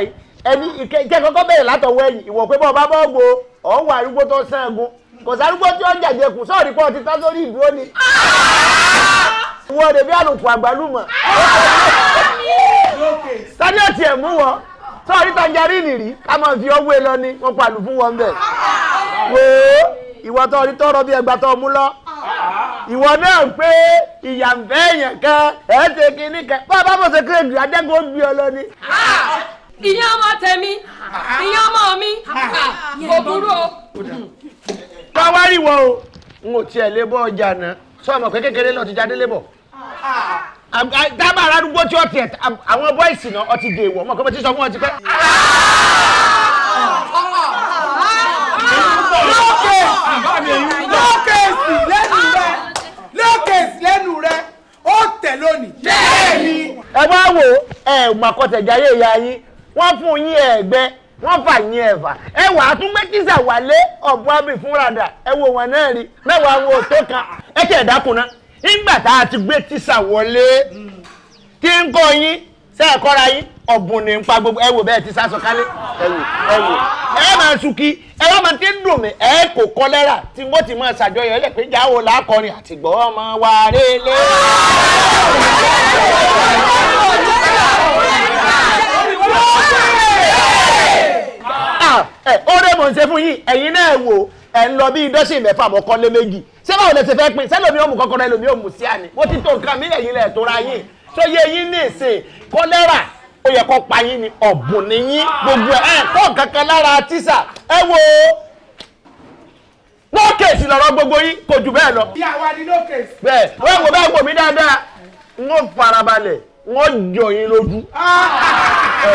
emi ẹni ìkẹ́ kọ́kọ́ bẹ̀rẹ̀ látọ̀wọ́ ẹ̀yìn ìwọ̀ pé bọ́ọ̀ bá bọ́ gbo ọ̀ ń wà arúgbó tó sangun kò sárúgbó tí ó ń jàjẹkù sọ́ọ̀rí pọ̀ ti tán sórí ìdúró ni. sani ọ̀tí ẹ̀ mú wọn sọ́ọ̀rí tanjarí nìrí ká máa fi ọwọ́ ẹ lọ ni ìwọ tó rí tọrọ bí ẹgbà tó mú lọ ìwọ náà ń pé ìyà ń fẹ́ èèyàn kan ẹ̀ ṣe kínní kan bá a bá mọ̀ ṣe kírèdì adẹ́gbẹ́ ó gbé ọ lọ ni. ìyẹn ọmọ tèmi ìyẹn ọmọ mi kò burú o. káwá rí wọ o n ò tiẹ̀ lé bọ́ ọjà náà sọ ọmọ pé kékeré lọ ti jáde lébọ̀ dábàá aládùúgbò tí ọtí ẹ àwọn bọ́ìsì náà ọtí dèèwọ̀ ọmọ kọ́mọ tí sọ fún ọtí pẹ́. lókèsì lẹ́nu rẹ lókèsì lónìí. ẹ bá wo ẹ ya yín wọ́n fún yín ẹgbẹ wọ́n fà yín ẹfà. ẹ wà á tún gbé wà wálé ọ̀bùn abì fúnradà ẹ wo wọn náà kan ẹ nígbà tá a ti gbé ọ̀bùn ní npa gbogbo ẹ wò bẹ́ẹ̀ ti sásọ kálé ẹ wò ẹ wò ẹ máa sunkí ẹ wá máa ti ń dùn mí ẹ kò kọlẹ́rà tí mo ti máa ṣàjọyọ̀ ẹ lè pé jáwọ́ làákọrin àtìgbọ́ ọmọ wa rélé. ọ̀rẹ́ mò ń ṣe fún yín ẹ̀yin náà wò ẹ̀ ń lọ bí dọ́sìn mẹ́fà mọ́kànlé méjì ṣé báwo lẹ ṣe fẹ́ pín sẹ́lómi òmù kọ́kọ́rọ́ ẹlòmí òmù sí àná mo ti tó nǹkan mílẹ̀ yín lẹ̀ tó ra yín tó yẹ yín ní ìsìn kọ́lẹ́rà ó yẹ kó pa yín ni ọ̀bùn ni yín gbogbo ẹ̀ kọ́ kankan lára tíṣà ẹ wo lókèsì lọ́rọ̀ gbogbo yín kò jù bẹ́ẹ̀ lọ. bẹ́ẹ̀ wọ́n wò bẹ́ẹ̀ wò mí dáadáa n ó farabalẹ̀ n ó jọ yín lójú. Ah!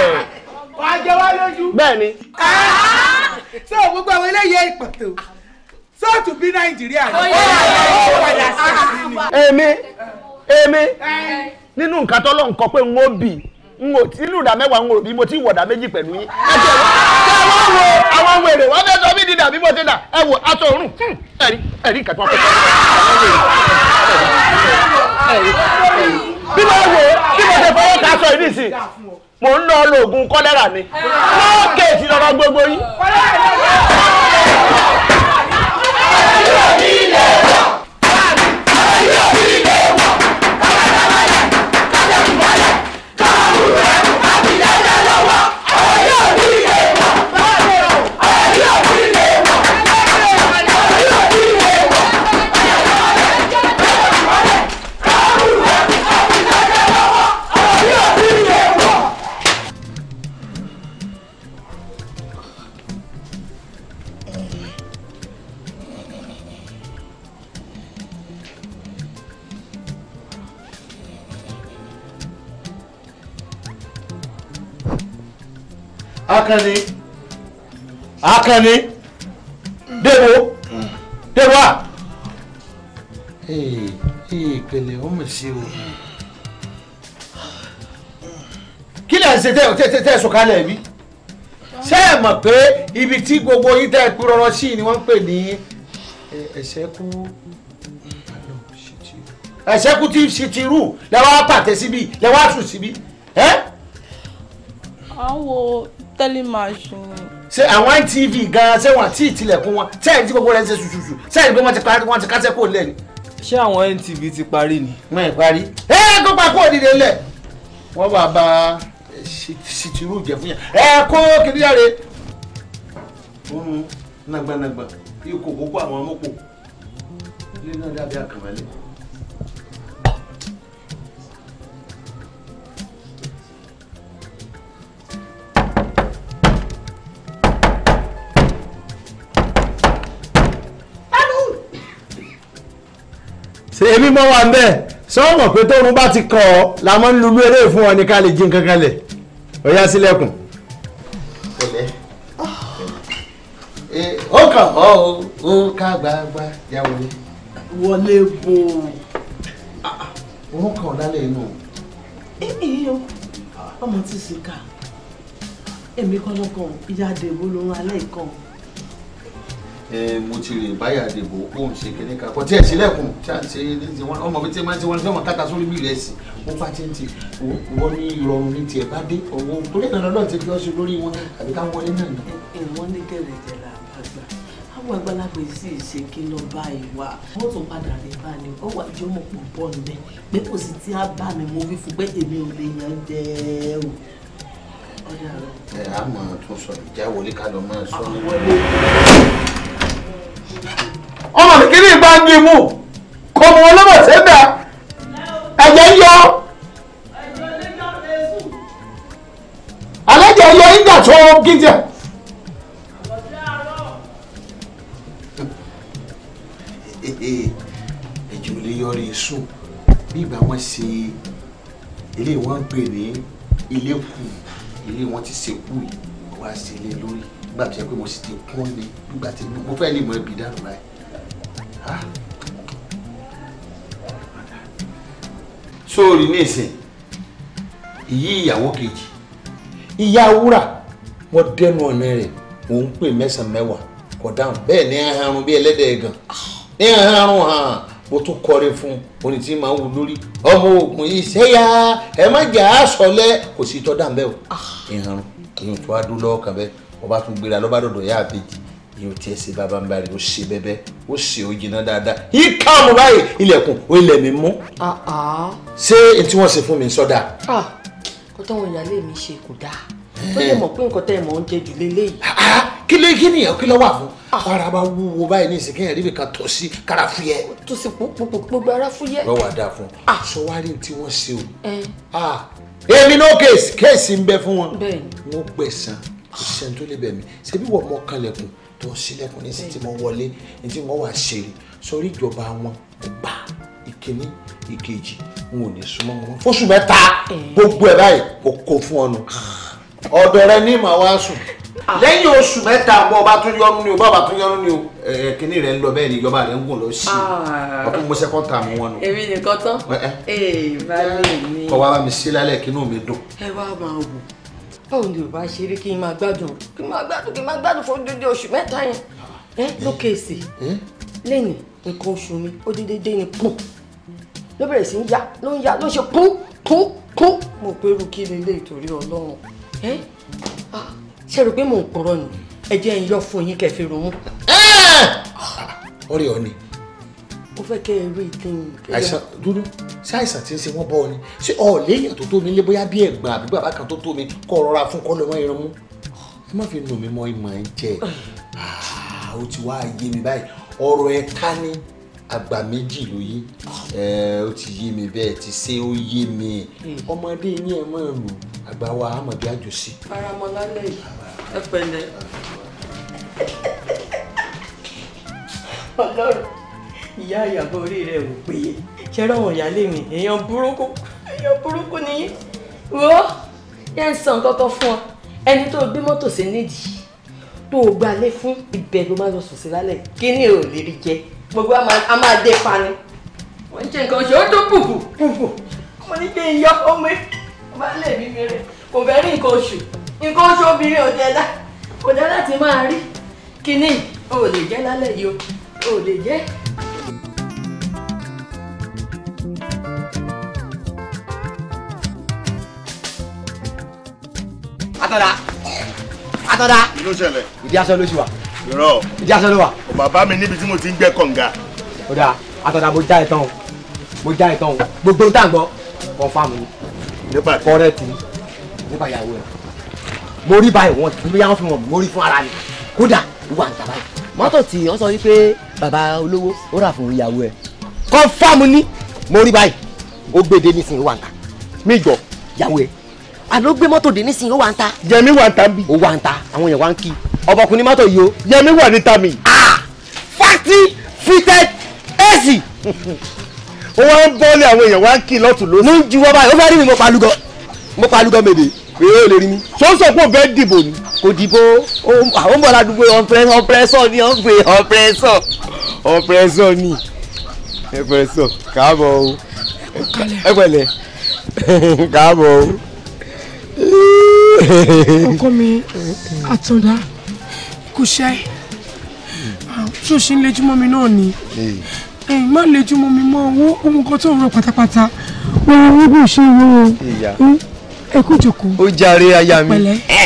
wà á jẹ wá lójú. bẹ́ẹ̀ ni. ṣé ah! o gbogbo àwọn eléyìí ìpàtó sóòtù bí nàìjíríà ni. èmi èmi eh. nínú nǹkan tó lọ́nkọ pé n ó bì í n ò tí lùdà mẹ́wàá n ò rí mo ti wọ̀dà méjì pẹ̀lú yín. àwọn wèrè wọn fẹ́ sọ mí dídà bí mo ti dà ẹ wò aṣọ òórùn ẹ̀rí ẹ̀rí kẹtọ́ pẹ̀lú. bí mo wò bí mo ṣe fọwọ́ ká aṣọ ìdí sí mo ń lọ lo oògùn kọ́lẹ́rà ni lọ́ọ̀kẹ́ ti lọ́ba gbogbo yín. kọ́lẹ́rà ni wọ́n ti lọ́ọ̀ Akanni Akanni Debo Debo a. ìpele ó mọ̀ sí o. kí lẹ̀ ń ṣe tẹ́ ẹ̀sùn kalẹ̀ bí? ṣé ẹ mọ̀ pé ibi tí gbogbo yín tẹ́ ẹ pín rọrọ sí ni wọ́n ń pè ní ẹ̀ṣẹ́kú ẹ̀ṣẹ́kú tí ṣe ti rú lẹ́wọ́ pàtẹ síbi lẹ́wọ́ àtún síbi. ẹ. àwọn tẹ́límàṣù. ṣé àwọn tv gan-an ṣé wọn àti ìtìlẹ̀kùn wọn sẹ́yìn tí gbogbo rẹ̀ ń ṣe ṣùṣùṣù sẹ́yìn pé wọ́n ti parí wọ́n ti kásẹ̀ kó lẹ̀ ni. ṣé àwọn ntv ti parí ni. wọn ì parí. ẹ ẹ kó pa kó òdìdè lẹ. wọn bá ba ṣìtìrú jẹ fún yẹn. ẹ kó kiri yàrá. oorun nàgbànàgbà ikò kókó àwọn ọmọkò ilé náà dàbí àkàmọ́lé. Ebi mọ́ wa bẹ́ẹ̀ sọ́ọ̀mọ̀ pé tóorun bá ti kọ̀ ọ́ la máa ń lulú eré fún ọ ní ká lè jí nǹkan kan lẹ̀ ó yá sílẹ̀kùn. Ah. Eh, ó kàn ọ́ ó ká gbàgbà yà wọlé. wọlé bò ó. Ah, ah, òun kàn lálẹ́ inú. ọmọ tí sì ká èmi kọ́ lọ́kàn ìyá àdèbó ló ń alẹ́ ìkan mo ti rìn báyà dìbò òun ṣe kíní kan kò tí ẹ sílẹ̀kùn tí a ṣe ní ti wọn ọmọ mi tí wọn ti wọn fẹ́ràn kátà sórí bí ìrẹsì ó bá ti ń ti wọn ní ìrọ̀rùn ní tiẹ̀ bá dé owó torí ìlànà náà ti fi ọ́ lórí wọn àbí ká wọlé náà nà. ìwọ ní tẹ̀lé tẹ̀lé àgbàgbà àwọn àgbàlagbà sì ṣe kí lọ bá ìwà wọn tún padà rí bá ní ó wà jọmọ pọ̀ pọ̀ nbẹ pé kò sí tí a bá mi mo fi fún pé èmi ò lè yan jẹ o. ẹ àmọ̀ tó sọ ìjà wọlé ká lọ máa sọ ọmọ kékeré ìgbà ń gbé mú kọ́ mọ ọlọ́mọ sẹ́dá ẹ̀jẹ̀ ń yọ alẹ́jẹ̀ ń yọ nígbà tó gíjẹ. ẹ̀jẹ̀ ò lè yọrí èso bí ìgbà wọn ṣe ilé wọn gbé ní ilé kù ilé wọn ti ṣe kù yìí wọn á ṣe ilé lórí nígbà tó yẹ pé mo sì ti kún ni nígbà tí mo fẹ́ lè mọ ibi dànù báyìí. sóòrì ní ìsìn ìyí ìyàwó kejì ìyá wúrà wọn dẹnu ọ̀nà rẹ̀ mò ń pè mẹ́sàn-án mẹ́wàá kò dáhùn bẹ́ẹ̀ ní ẹ̀hánrún bíi ẹlẹ́dẹ̀ gan ní ẹ̀hánrún hàn mo tún kọrin fún un oní tí màá wù lórí ọmọ ogun ìṣẹ́yà ẹ má jà á sọlẹ̀ kò sí tọ́ dáhùn bẹ́ẹ̀ o ẹ̀hánrún kì í tún adúlọ́ kan bẹ́ẹ̀ ọba tún gbéra lọ́ba dọ̀dọ̀ yá àbèjì yóò tiẹ̀ ṣe bàbá ń bari ó ṣe bẹ́bẹ́ ó ṣe òjìnà dáadáa yíká ọmọ báyìí ilẹ̀kùn ó ilẹ̀ mi mú. Ah, ah. ṣé n tí wọ́n ṣe fún mi sọ́dà. Ah, kó tọ́wọ́ ìyáálé mi ṣe kò dáa ó lè eh. mọ̀ pé nǹkan tẹ́ ẹ̀ mọ̀ ń jẹ jù lélẹ́yìí. kí ló kí nìyẹn kí ló wà fún. ara bá wúwo báyìí ní ìsìnkú yẹn rí nìkan tó sí kára fúyẹ́. tó sì pòpò gbogbo ara fúyẹ́. lọ́wọ́ àdá fún sọ tí wọ́n ṣe o. Eh. èmi náà kéèsì ń bẹ fún wọn. bẹ́ẹ̀ gbẹ̀sán kò sẹ́ni tó lè bẹ̀ mí ṣebí wọ́n mọ kanlẹ̀kùn tó ṣílẹ̀kùn ní sí tí mo wọlé ní tí wọ́n wà ṣe sórí ìjọba wọn kò ìkíní ìkejì n ò ní súnmọ́ wọn fóṣù mẹ́ta gbogbo ẹ̀ báyìí kò kó fún ọ nù ọ̀dọ̀ rẹ ní màá wá sùn ah. lẹ́yìn oṣù mẹ́ta bọ́ ọba tún yọnu ni o bọ́ ọba tún yọnu ni o kínní rẹ̀ ń lọ bẹ́ẹ̀ ni ìjọba rẹ̀ ń gùn lọ sí i ah. ọkùnrin mo ṣe kọ́ ta wọn èmi nìkan tán. ẹ ẹ eh, balẹ̀ mi. kọ́ wa bá mi sí lálẹ́ kí mi dùn. ẹ wá máa wò báwo ni yorùbá ṣe rí kí n máa gbádùn kí n máa gbádùn kí n máa gbádùn fún odidi oṣù mẹ́ta yẹn ẹ lókè èsì lẹ́nu nǹkan oṣù mi ó dín déédéé ni pọ́n ló bẹ̀rẹ̀ sí ń ya ló ń ya ló ń ṣe pọ́n pọ́n pọ́n mo pé irú kí ni ilé ìtòrí ọlọ́run ẹ ṣe rò pé mò ń pọ̀rọ̀ ni ẹ jẹ́ ń yọ fún yín kẹfì ròmú. ọ̀rẹ́ ọ ni mo fẹ́ kẹ́ ẹ rí ìdín. àìsàn dúdú ṣé àìsàn tí ń ṣe wọ́n bọ́ ọ ni ṣé ọ léèyàn tó tó mi lé bóyá bí ẹ̀gbà àbí bàbá kan tó tó mi kọ́ rọra fún kọ́ lọ́mọ irun mú ẹ má fi nù mí mọ́ ìmọ̀ ẹ jẹ́ ah, ó ti wá yé mi báyìí ọ̀rọ̀ ẹ ká ní àgbà méjì ló yé ẹ ó ti yé mi bẹ́ẹ̀ ti ṣe ó yé mi hmm. ọmọdé yín ẹ máa rù àgbà wa àmọ̀ bí àjò sí. faramọ lálẹ́ ẹ ìyá ìyàbọ̀ orí rẹ̀ ò pé ṣẹ́rọ̀ wọ̀n ìyálé mi èèyàn burúkú èèyàn burúkú ni wo yẹn ń san kọ́kọ́ fún ọ ẹni tó gbé mọ́tò sí nídìí tó o gbalé fún ibẹ̀ ló máa lọ sùn sí lálẹ́ kí ni ò lè rí jẹ gbogbo a máa dé pani wọ́n jẹ́ nǹkan ṣe ó tó pùpù pùpù mo ní kí n yọ ọmọ ẹ bá lè rí mi rẹ kò fẹ́ rí nǹkan oṣù nǹkan oṣù obìnrin ò dẹ́ lá kò dẹ́ láti máa rí kíní ò lè jẹ́ lálẹ́ yìí o ò lè jẹ́. àtọ̀dá àtọ̀dá. kí ló ṣẹlẹ̀. ìdí aṣọ ló ṣì wà. irọ́ ìdí aṣọ ló wà. kò bàbá mi níbi tí mo ti ń gbẹ́ kànga. ó dáa àtọ̀dá mo já ìtàn o mo já ìtàn o gbogbo tá à ń gbọ́ kọ́fàmù ni. nípa kí kọ́rẹ́ẹ̀tì ni nípa ìyàwó rẹ̀ mo rí báyìí wọn bí wọn fi wọn mo rí fún ara mi kódà wà ń tàbáyì. mọ́tò tí wọ́n sọ wípé bàbá olówó ó rà fún ìyàwó ẹ̀ kọ́fàmù ni mo rí báyìí ó gbèdé nísìnyí wà ń tà mí jọ ìyàwó ẹ̀ àló gbé mọ́tò dé nísìnyí ó wà ń ta. yẹmi wà ń ta mi. ó wà ń ta àwọn yẹn wà ń kí ọmọkùnrin mọ́tò yìí o. yẹmi wà ní ta mi. ah fati fitted ac. o wá ń bọ́ọ̀lì àwọn èèyàn wá ń kí lọ́tún lóṣù. ní juwọ́ báyìí ó fẹ́ rí mi mo palugọ mo palugọ mèdè èyí ò lè rí mi. sọ́sọ́ kò bẹ́ẹ̀ dìbò ni. kò dìbò àwọn bọ̀dà àdúgbò ọ̀pẹ̀sọ̀ ni ọ̀pẹ̀sọ̀ ọ̀pẹ̀sọ̀ ni ọ̀pẹ̀sọ̀ káàbọ̀ o ẹ káàbọ̀ o ọkọ mi àtọ̀dá kò ṣẹ́ tí ò ṣe ń lejú mi náà ni ẹ̀yìn má lejú mọ́ mi mọ́ owó ohun kan tó ń rọ pátápátá wọ́n rọ owó bó ṣe wọ́ o hmm? ẹ kú jòkó. ó jàre aya mi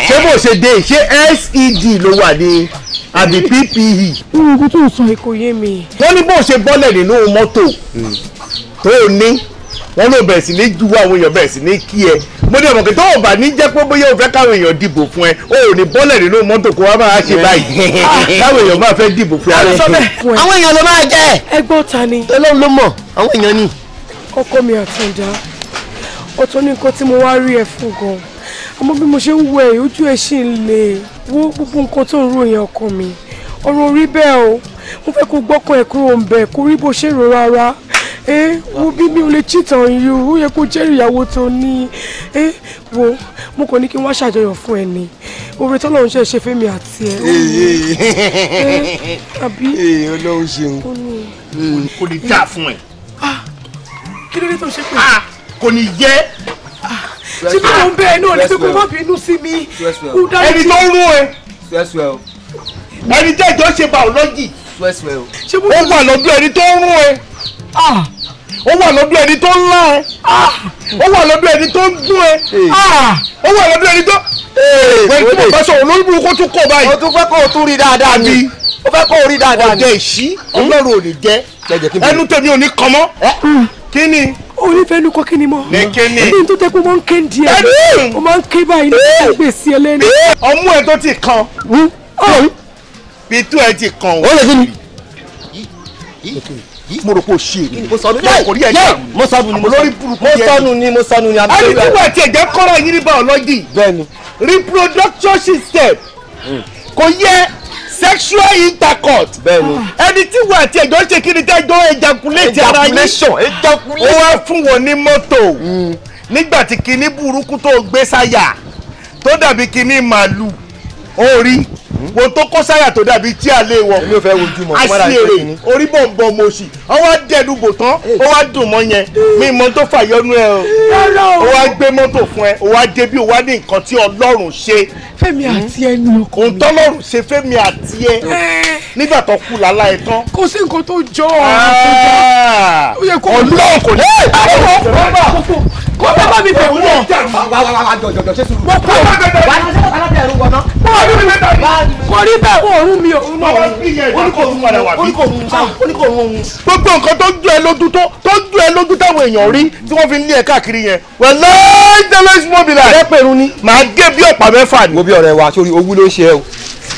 ṣé bó ṣe dé ṣé SED ló wà ní àbí PPE. ohun kan tó ń sọ èkó yé mi. wọ́n ní bó ṣe bọ́lẹ̀ nínú mọ́tò hmm. tó ní wọ́n ló bẹ̀rẹ̀ sí ní ju àwọn èèyàn bẹ̀rẹ̀ sí ní kí ẹ mo ní ọmọkè tó o bá ní jẹ́ pé bóyá o fẹ́ káwọn èèyàn dìbò fún ẹ o ò ní bọ́lẹ̀ nínú mọ́tò kó wá máa ṣe báyìí ah. káwọn èèyàn máa fẹ́ dìbò fún ẹ. àwọn èèyàn ló máa jẹ ẹgbọ́n ta ni. ọlọ́run ló mọ̀ àwọn èèyàn ni. ọkọ mi àtàndá ọ̀tọ̀ ní nǹkan tí mo wá rí ẹ fún gan àmọ́ bí mo ṣe ń wọ ẹ̀ ojú ẹ̀ ṣì ń le wo gbogbo nǹkan tó ń ròyìn ọkọ mi ọ̀rọ̀ orí bẹ́ẹ̀ o mo fẹ́ kó gbọ́kàn ẹ̀ kúrò ń bẹ̀ kó rí bó ṣe rò rárá ẹ eh, wo bí mi ò lè cheat on you ó yẹ kó jẹ́rìí ìyàwó tó ní ẹ eh, wo mo kàn ní kí wọ́n ṣàjọyọ̀ fún ẹ ni oore tọ́lọ̀ ń ṣe ṣe fún mi àti ẹ. Eh, àbí ọlọ́run ṣeun kò ní dà fún ẹ. Ah, kí ló dé tó ṣe pé. Ah, kò ní yẹ. tí ah, mo ń bẹ inú ọ̀nà tí kò má bínú sí mi kú dájú. ẹni tó ń rún ẹ ẹni tẹ́ ìjọ ṣe bá ọ lọ́jì ó wà lọ́dún ẹni tó ń rún ẹ ó wà lọ́dún ẹni tó ń lá ẹ ah! ó wà lọ́dún ẹni tó ń gún ẹ ah! ó wà lọ́dún ẹni tó pẹ̀lú tí mo bá sọ̀rọ̀ lórí burúkú tún kọ̀ báyìí. o tún fẹ́ kó o tún rí dáadáa ni o fẹ́ kó o rí dáadáa ni. ọ̀dẹ̀ ìṣí hmm? ọlọ́run ò ní jẹ́ ẹnu tèmi ò ní kàn mọ́ hmm. kí ni. onífẹ́ nu kọ́ kí ni mọ́. ní kí ni. ẹni tó tẹ́ pé o máa ń ké díẹ̀ o máa ń ké báyìí ní ìgbésí ẹlẹ́ni. ọmú ẹ tó ti kan pitú ẹ ti kan o. ó lè kí ni mo rò pé o ṣe èmi mo sọnù ní mo sọnù ní mo sọnù ní mo sọnù ní. a ní nígbà tí ẹ̀jẹ̀ kọ́ra yín ní biology reproduction system hmm. kò yẹ sexual intercourse. bẹ́ẹ̀ni. ẹni tí wọn àti ẹjọ ṣe kí ni tẹjọ ejaculate ara yín. ejaculation ejaculation. ó wá fún wọn ní mọ́tò. Hmm. nígbà tí kinní burúkú tó gbé sáyà tó dàbí kinní màálù ó wo tó kọ́ sáyà tó dàbí tí a lè wọ àṣìírè orí bọ̀m̀bọ̀ mo sì ọ wá dẹnu bò tán ó wá dùn mọ́ yẹn mi mọ tó fàyọnu ẹ o ó wá gbé mọ́tò fún ẹ ó wá débi ó wá ní nǹkan tí ọlọ́run ṣe. fẹ́mi àti ẹ ni ọkọ mi. òun tọ́lọ́run ṣe fẹ́mi àti ẹ nígbà tó kú làlá ẹ tán. kò sí nǹkan tó jọ ọ́ ọ̀rọ̀ tó jọ ọ́ ọ̀lọ́ kò ní kó bá bá mi fẹ́ wọ́n. wà wà wà jọ jọ jọ ṣe sùúrù. mo kọ́ wà á ṣe alábẹ́ ẹ̀rú wọ̀nà. bọ́ọ̀lù mi bẹ́ẹ̀ bẹ́ẹ̀ kò rí bẹ́ẹ̀ wọ òun mi òun náà oníkòòrùn òun. gbogbo nǹkan tó ju ẹ lójú tó tó ju ẹ lójú táwọn èèyàn rí tí wọ́n fi ń lé ẹ káàkiri yẹn wẹ̀ láì délé mobile. ẹ pẹ̀rù ni. màá gé bí ọ̀pá mẹ́fà ni. mo bí ọ̀rẹ́ wa sórí owó ló ń ṣe ẹ o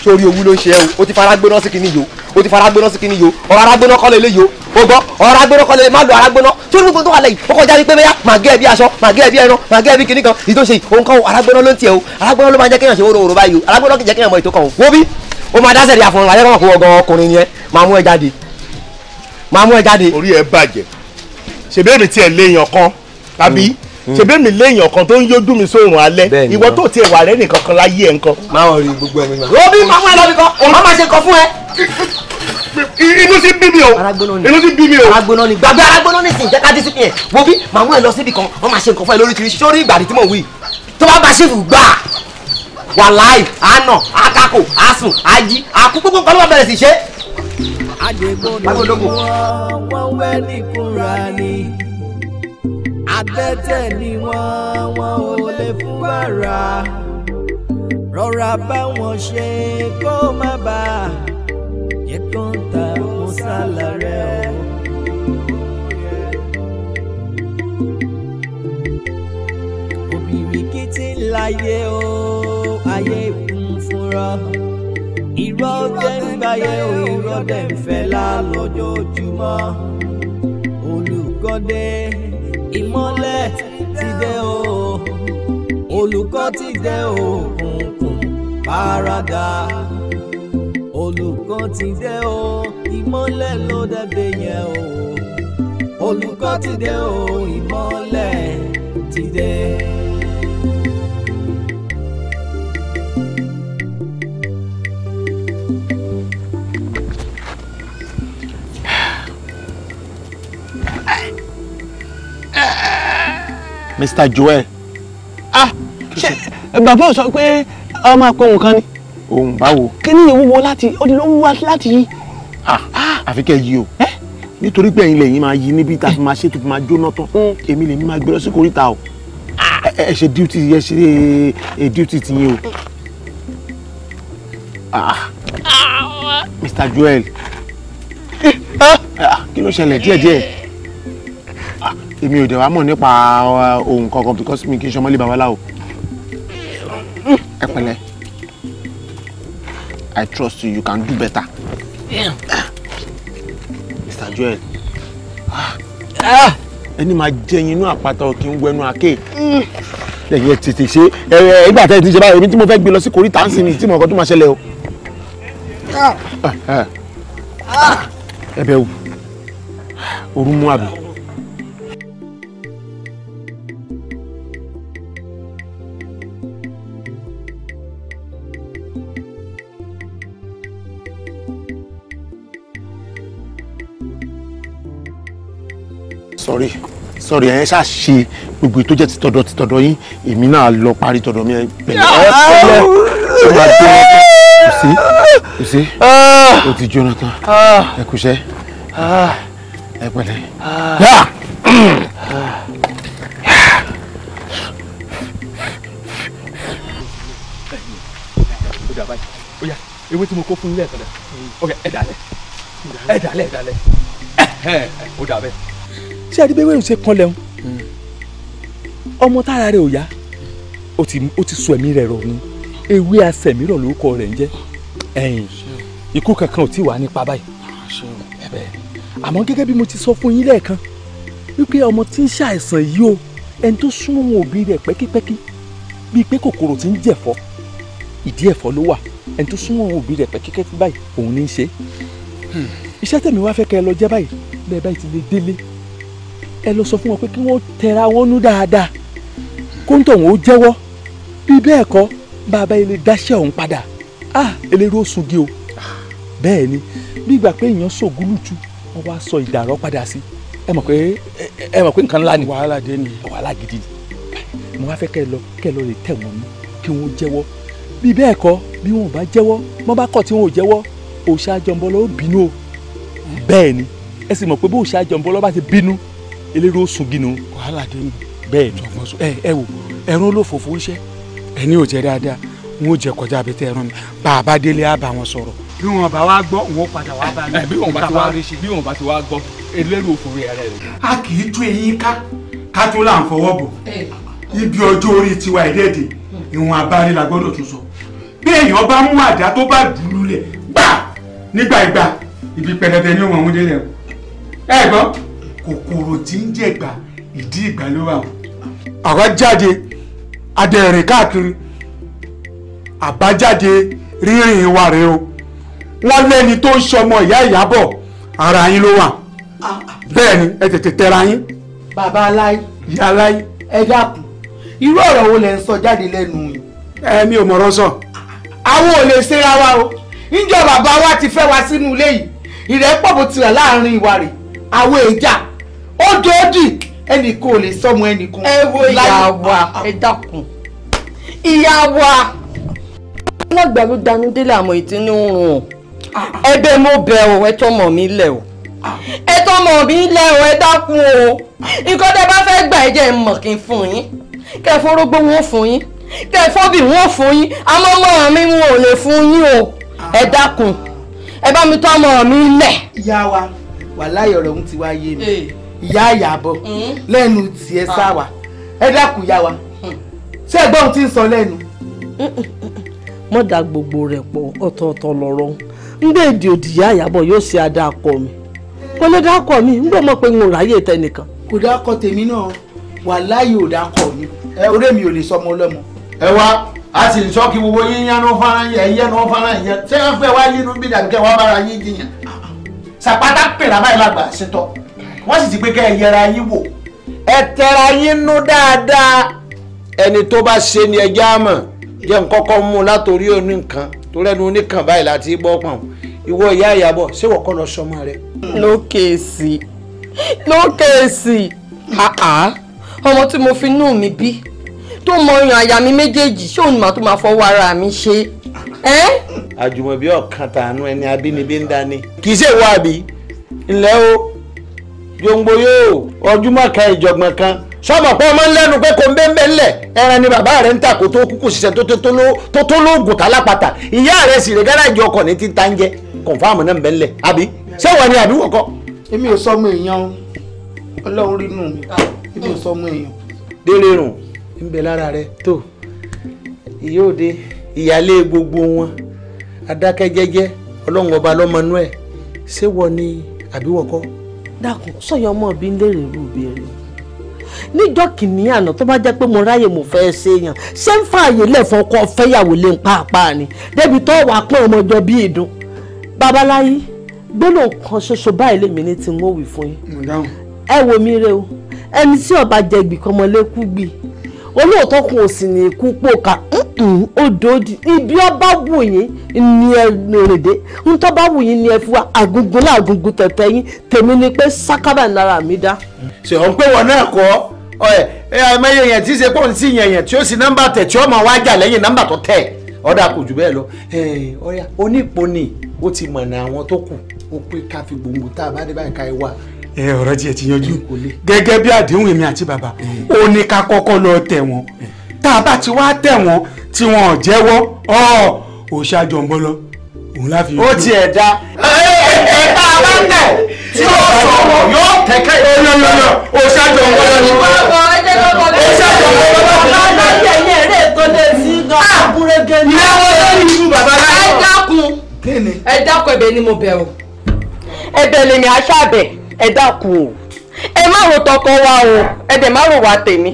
sórí owú ló ń ṣe ẹ o o ti fara gbóná sí kinní yo o ti fara gbóná sí kinní yo ọ̀rọ̀ arágbóná kọ́ lè lé yo o gbọ́ ọ̀rọ̀ arágbóná kọ́ lè lé má lo arágbóná sórí gbogbo tó wà lẹ́yìn ó kọjá wípé bẹ́yà màá gé ẹbí aṣọ màá gé ẹbí ẹran màá gé ẹbí kinní kan èyí tó ṣe yìí òun kan o arágbóná ló ń tiẹ̀ o arágbóná ló máa jẹ́ kéèyàn ṣe wóró wóró báyìí o arágbóná kì í jẹ́ kéèyàn mọ ètò kan o wo bí o máa dáṣẹ̀ rí àfọ̀nrún ayé kan kó wọ gan ọkùnrin yẹn máa mú ẹ jáde máa mú ẹ jáde. orí ẹ bàjẹ́ ṣèbéèrè tiẹ̀ léèyàn kan tàbí hmm. Mm. ṣebí mi léèyàn kan tó ń yójú mi sórun alẹ́ ìwọ tó tiẹ̀ wà rẹ́ nìkan kan láyé ẹ̀ ńkọ́. máa rí gbogbo ẹ̀mí máa. robi máa wá lọ́bí kan máa máa ṣe kọ fún ẹ. inú sí bí mi o inú sí bí mi o. aragbóná ni gbàgbé aragbóná ni sìn jẹ́ ká dísí yẹn wo bí màá mú ẹ lọ síbi kan wọ́n máa ṣe nǹkan fún ẹ lórí kiri sórí ìgbàdí tí mò ń wí tó bá bá ṣèfù gbà wàláì àánà àkàkò àsùn àjí àkúkúkú kan ló wà bẹ̀rẹ̀ sí ṣe. àdègbò ló ń wọ́ wọ́n wẹ́ nìkúra ni. Adẹ́tẹ̀ ni wọ́n wọn ò lè fún wàrà rọra bá wọn ṣe kó má bà á yẹ kó ń ta mọ́sálà rẹ̀ o. òbìrìkìtì láyé o ayé kún fúnra irọ́ dẹ̀ ń gbáyé o irọ́ dẹ̀ ń fẹ́ lá lójoojúmọ́ olùkọ́dé ìmọ́lẹ̀ ti dé o olùkọ́ ti dé òkùnkùn paradà olùkọ́ ti dé o ìmọ́lẹ̀ ló dẹ́dẹ́ yẹn o olùkọ́ ti dé o ìmọ́lẹ̀ ti dé. Mr. Joel. ah ṣe bàbá ò sọ pé ọmọ akọ òun kan ni. òun báwo. kíní yìí wúwo láti ó di ló wúwa láti yí. Ah, ah. àfi kẹ́ ẹ yí o nítorí pé ẹ̀yin lẹ́yìn máa yí níbi tá a fi máa ṣe tó fi máa jóná tán hmm. èmi lèmi máa gbé lọ sí koríta o ah. ẹ ṣe duty ẹ ṣe duty ti yín o Mr. Hmm. Joel kí ló ṣẹlẹ̀ díẹ̀díẹ̀ èmi ò dẹ̀ wá mọ̀ nípa uh, ohun kankan because mi kì í ṣọmọlé babaláwo ẹ pẹ̀lẹ́ I trust you you can do better Mr. Joel ẹni máa jẹyin inú àpáta kí n wẹnu àké lẹ́yìn tètè ṣe ẹ ìgbà tẹ ti ṣe báyìí èmi tí mo fẹ́ gbé lọ sí kòríta ń sinmi tí mo kàn tó máa ṣẹlẹ̀ o ẹ bẹ wù ooru mú àbí. Sorry, sọ̀rí ẹ̀ ṣáà ṣe gbogbo tó jẹ́ ti tọ̀dọ̀ ti tọ̀dọ̀ yín èmi náà lọ parí tọ̀dọ̀ mi pẹ̀lú ẹ̀ pẹ̀lú ẹ̀ máa dé kò sí kò sí o ti jóná tán ẹ kúṣẹ́ ẹ pẹ̀lẹ́. ewé tí mo kó fún ilé ẹ̀kọ́ dẹ̀ ọ̀kẹ́ ẹ̀dálẹ̀ ẹ̀dálẹ̀ ẹ̀dálẹ̀ ó dà ṣé àdìbẹ́ wẹ́rù ṣe kan lẹ́hún hmm. ọmọ tára rẹ̀ ò yá ó ti sọ ẹ̀mí rẹ̀ rọ̀ ni ewé asẹ̀mírọ̀ lórúkọ rẹ̀ ń jẹ́ ẹ̀yìn ikú kankan ò tí wà nípa báyìí ẹ̀bẹ̀ àmọ́ gẹ́gẹ́ bí mo ti sọ fún yín lẹ́ẹ̀kan wípé ọmọ tí ń ṣàìsàn yìí o ẹni tó súnmọ́ wọn òbí rẹ̀ pẹ́kípẹ́kí bíi pé kòkòrò ti ń jẹ̀fọ́ ìdí ẹ̀fọ́ ló wà ẹni tó súnmọ́ wọn òbí rẹ̀ pẹ́kípẹ́kí báyìí òun ní í ṣe hmm. iṣẹ́ tẹ̀mí wá fẹ́ kẹ́ ẹ lọ jẹ́ báyìí bẹ́ẹ̀ báyìí ti lè délé ẹ lọ sọ fún wọn pé kí wọ́n tẹra wọn nú dáadáa kóńtò wọn ó jẹ́wọ́ bí bẹ́ẹ̀ kọ́ bàbá ilé dáṣẹ́ ọ̀hún padà ah eléru ó sungi o bẹ́ẹ̀ ni bí ìgbà pé èèyàn sògúlùtù wọ́n wá sọ ìdàrọ́ padà sí ẹ mọ̀ pé ẹ mọ̀ pé nǹkan ńlá ni wàhálà dé ni wàhálà gidi ni mo wá fẹ́ kẹ́ ẹ lọ kẹ́ ẹ lọ lè tẹ̀ wọ́n mú kí wọ́n jẹ́wọ́ bí bẹ́ẹ̀ kọ́ bí wọn ò bá jẹ́wọ́ mọ́ bá kọ̀ tí wọn ò jẹ́wọ́ òṣà jọ̀ǹbọ̀lọ́ bínú o bẹ́ẹ̀ ni ẹ sì mọ̀ pé bó òṣà jọ̀ǹbọ̀lọ́ bá ti bínú eléré ó sun gínú. wàhálà dé mi. bẹ́ẹ̀ ni ẹ ẹ wò ẹran ló fòfò ń ṣe ẹni ò jẹ dáadáa wọn ò jẹ kọjá àbí tẹ ẹran mi bàbá délé á bá wọn sọ̀rọ̀. bí wọn bá wá gbọ́ wọn padà wá bá mi. bí wọn bá ti wá bí wọn bá ti wá gbọ́ eléré òfòrè ẹrẹ rẹ. a kì í tú eyín ká ká tó là ń fọwọ́ bò ibi ọjọ́ orí tiwa ẹ̀dẹ́ẹ̀dẹ̀ ìwọ̀n abáre la gbọ́dọ̀ tún sọ bí èèyàn bá mú àdá tó bá dùn lulẹ̀ gbà nígbà ìgbà ibi pẹ̀lẹ́tẹ̀ ni wọn mú délẹ̀ ẹ gbọ́ kòkòrò tí ń jẹ̀gbà ìdí ìgbà ló wà o. àwa jáde adẹ̀rìn káàkiri àbájáde rírìn ìwà rẹ o wọ́n lẹ́ni tó ń ṣọmọ ìyá ìyábọ̀ ara yín ló wà ah, ah. bẹ́ẹ̀ ni ẹ tètè tẹra yín. bàbá aláì. ìyá aláì. ẹ dákun irú ọ̀rọ̀ wo lẹ ń sọ jáde lẹ́nu yìí. ẹ mi ò mọ̀rọ̀ sọ. àwọn ò lè ṣera wa o níjọ́ bàbá wa ti fẹ́ wa sínú ilé yìí ìrẹ́pọ̀ bó tirẹ̀ láàrin ìwà rẹ̀ àwọn èèjà ó dòódì ẹnìkan ò lè sọmọ ẹnìkan. ẹ wo ìyá wa ẹ dákun ìyá wa alágbà ló danú délé àmọ́ ìtinú rùn ah. ẹ̀bẹ̀ mo bẹ̀ o ẹ tọmọ mi lẹ̀ o ah. ẹ tọmọ mi lẹ̀ o ẹ dákun o nǹkan tẹ́ bá fẹ́ gbà ẹ jẹ́ ẹ mọ̀ kí n fún yín kẹ́ ẹ fọ́rọ́gbó wọn fún yín kẹ́ ẹ wọn fún yín àmọ́ ọmọ mi wọn ò lè fún yín o ah. ẹ dákun ẹ bá mi tọmọ mi lẹ̀. ìyá wa wàláyọ̀rọ̀ ń ti wá yé mi. Eh. ìyá ìyàbọ̀ hmm? lẹ́nu tiẹ̀ ah. ẹ wa hmm. ṣé ẹgbọ́n ohun ń sọ lẹ́nu. mo hmm, gbogbo rẹ̀ pọ̀ ọ̀tọ̀ọ̀tọ̀ lọ́rọ̀ ngbé èdè òdì ìyá àyàbọ̀ yóò ṣe adakọ̀ mi kò lè dákọ̀ mi ngbọ́ pé n ò ráyè kò tèmi náà láyé ò mi orí mi ò lè a sì ń sọ kí gbogbo yín yánú fara yánú fara ṣé wọn wá bí dàbí bára wọ́n sì ti pé kẹ́ ẹ yẹra yín wò. ẹ tẹra yín nú dáadáa ẹni tó bá ṣe ni ẹjẹ́ àmọ̀ jẹ́ nkọ́kọ́ mú látòrí òní nǹkan tó rẹ́nu oníkan báyìí láti bọ́ pọ̀n ìwọ ìyá ìyàbọ̀ ṣé wọ́n kọ́ lọ sọmọ rẹ. lókèsì lókèsì ọmọ tí mo fi nú mi bí tó mọ ọyàn àyà mi méjèèjì ṣé òun màá tó máa fọwọ́ ara mi ṣe. àjùmọ̀bí ọ̀kan tàánú ẹni abínibí ń dání. kì í ṣèwọ́ àbí ńlẹ́ o yòǹgbò yóò ọjúmọ̀ kan ìjọ̀gbọ̀n kan sọ́mọ̀ pé ọmọ ńlẹ́nu pé kò ń bẹ́ẹ̀ bẹ́ẹ̀ lẹ̀ ẹran ni bàbá rẹ̀ ń ta kó tó kúkú ṣiṣẹ́ tó tó lóògùn tálápàtà ìyá rẹ̀ sì rẹ̀ gáràjì ọkọ̀ ní títa ń jẹ́ kọ̀ǹfàmù náà ń bẹ́ẹ̀ lẹ̀ àbí ṣé wọ́n ni àbí wọ́n kọ́. èmi ò sọ ọmọ èèyàn ọlọ́run rí nù mí èmi ò sọ ọmọ èèyàn. délé rùn ń bẹ lára rẹ tó ìyóòde ìyálé gbogbo wọn adákẹ́jẹ́jẹ́ ọlọ́run ọba lọ́mọ nú ẹ̀ ṣé wọ́n ni àbí wọ́n kọ́ dákun sọyọ ọmọ bí léèrè irú ìbéèrè níjọ́ kìnìún àná tó bá jẹ́ pé mo ráyè mo fẹ́ ṣe yàn ṣé ń fààyè lẹ́fọn kọ́ fẹ́yàwó lé ń pàápàá ni débi tó wàá pọ́n ọmọ jọ bí ìdun babaláyé gbólóhùn kan ṣoṣo báyìí lèmi ní ti ń wò wí fún yín ẹ wò mí re o ẹni tí ọba jẹ gbìkan ọmọ gbìí olóòótọ́ kan ò sì ní ikú pò ká odòdì ibi ọba wù yín ni ẹ rèdè ntọ́ bá wù yín ni ẹ fi wá àgùngùn náà àgùngùn tẹ̀tẹ̀ yín tèmi ni pé sákábà nára mi dá. ṣe ò ń pè wọ́n náà kọ́ ẹ ẹ mẹyẹ yẹn tí ṣe pọ́n sí yẹn yẹn tí ó sì nọ́mbà tẹ̀ tí ó mọ̀ wá jà lẹ́yìn nọ́mbà tó tẹ̀ ọ̀dà kò jù bẹ́ẹ̀ lọ ọ̀yà onípò ni ó ti mọ̀nà àwọn tó kù ó pé ká fi gbòǹgbò tá a bá dé báyìí ká ẹ wá ẹ ọ̀rọ̀ tiẹ̀ ti yanjú gẹ́gẹ́ bí àdéhùn èmi àti bàbá ó ní ká kọ́kọ́ lọ tẹ̀ wọ́n tá a bá ti wá tẹ̀ wọ́n tí wọn ò jẹ́wọ́ ọ̀ ò ṣàjọ ń bọ́ lọ òun láfi. ó ti ẹ̀ da ẹ̀ bá a bá tẹ̀ tí ó sọ̀rọ̀ yóò tẹ̀kẹ́ yọ̀yọ̀yọ̀ ò ṣàjọ ń bọ́ lọ ní. ó ṣàjọ ń bọ́ lọ ní. bàbá yẹn eré tó lè sí gan àbúrẹ́gẹ́ ní. ìyá wọn lórí ìlú bàbá náà. ẹ dákun ẹ dákun ẹ̀bẹ̀ ni mo bẹ̀ o ẹ̀bẹ̀ lèmi àṣà bẹ̀. ẹ ẹ má tọkọ wa o ẹ dẹ̀ má rò wá tèmi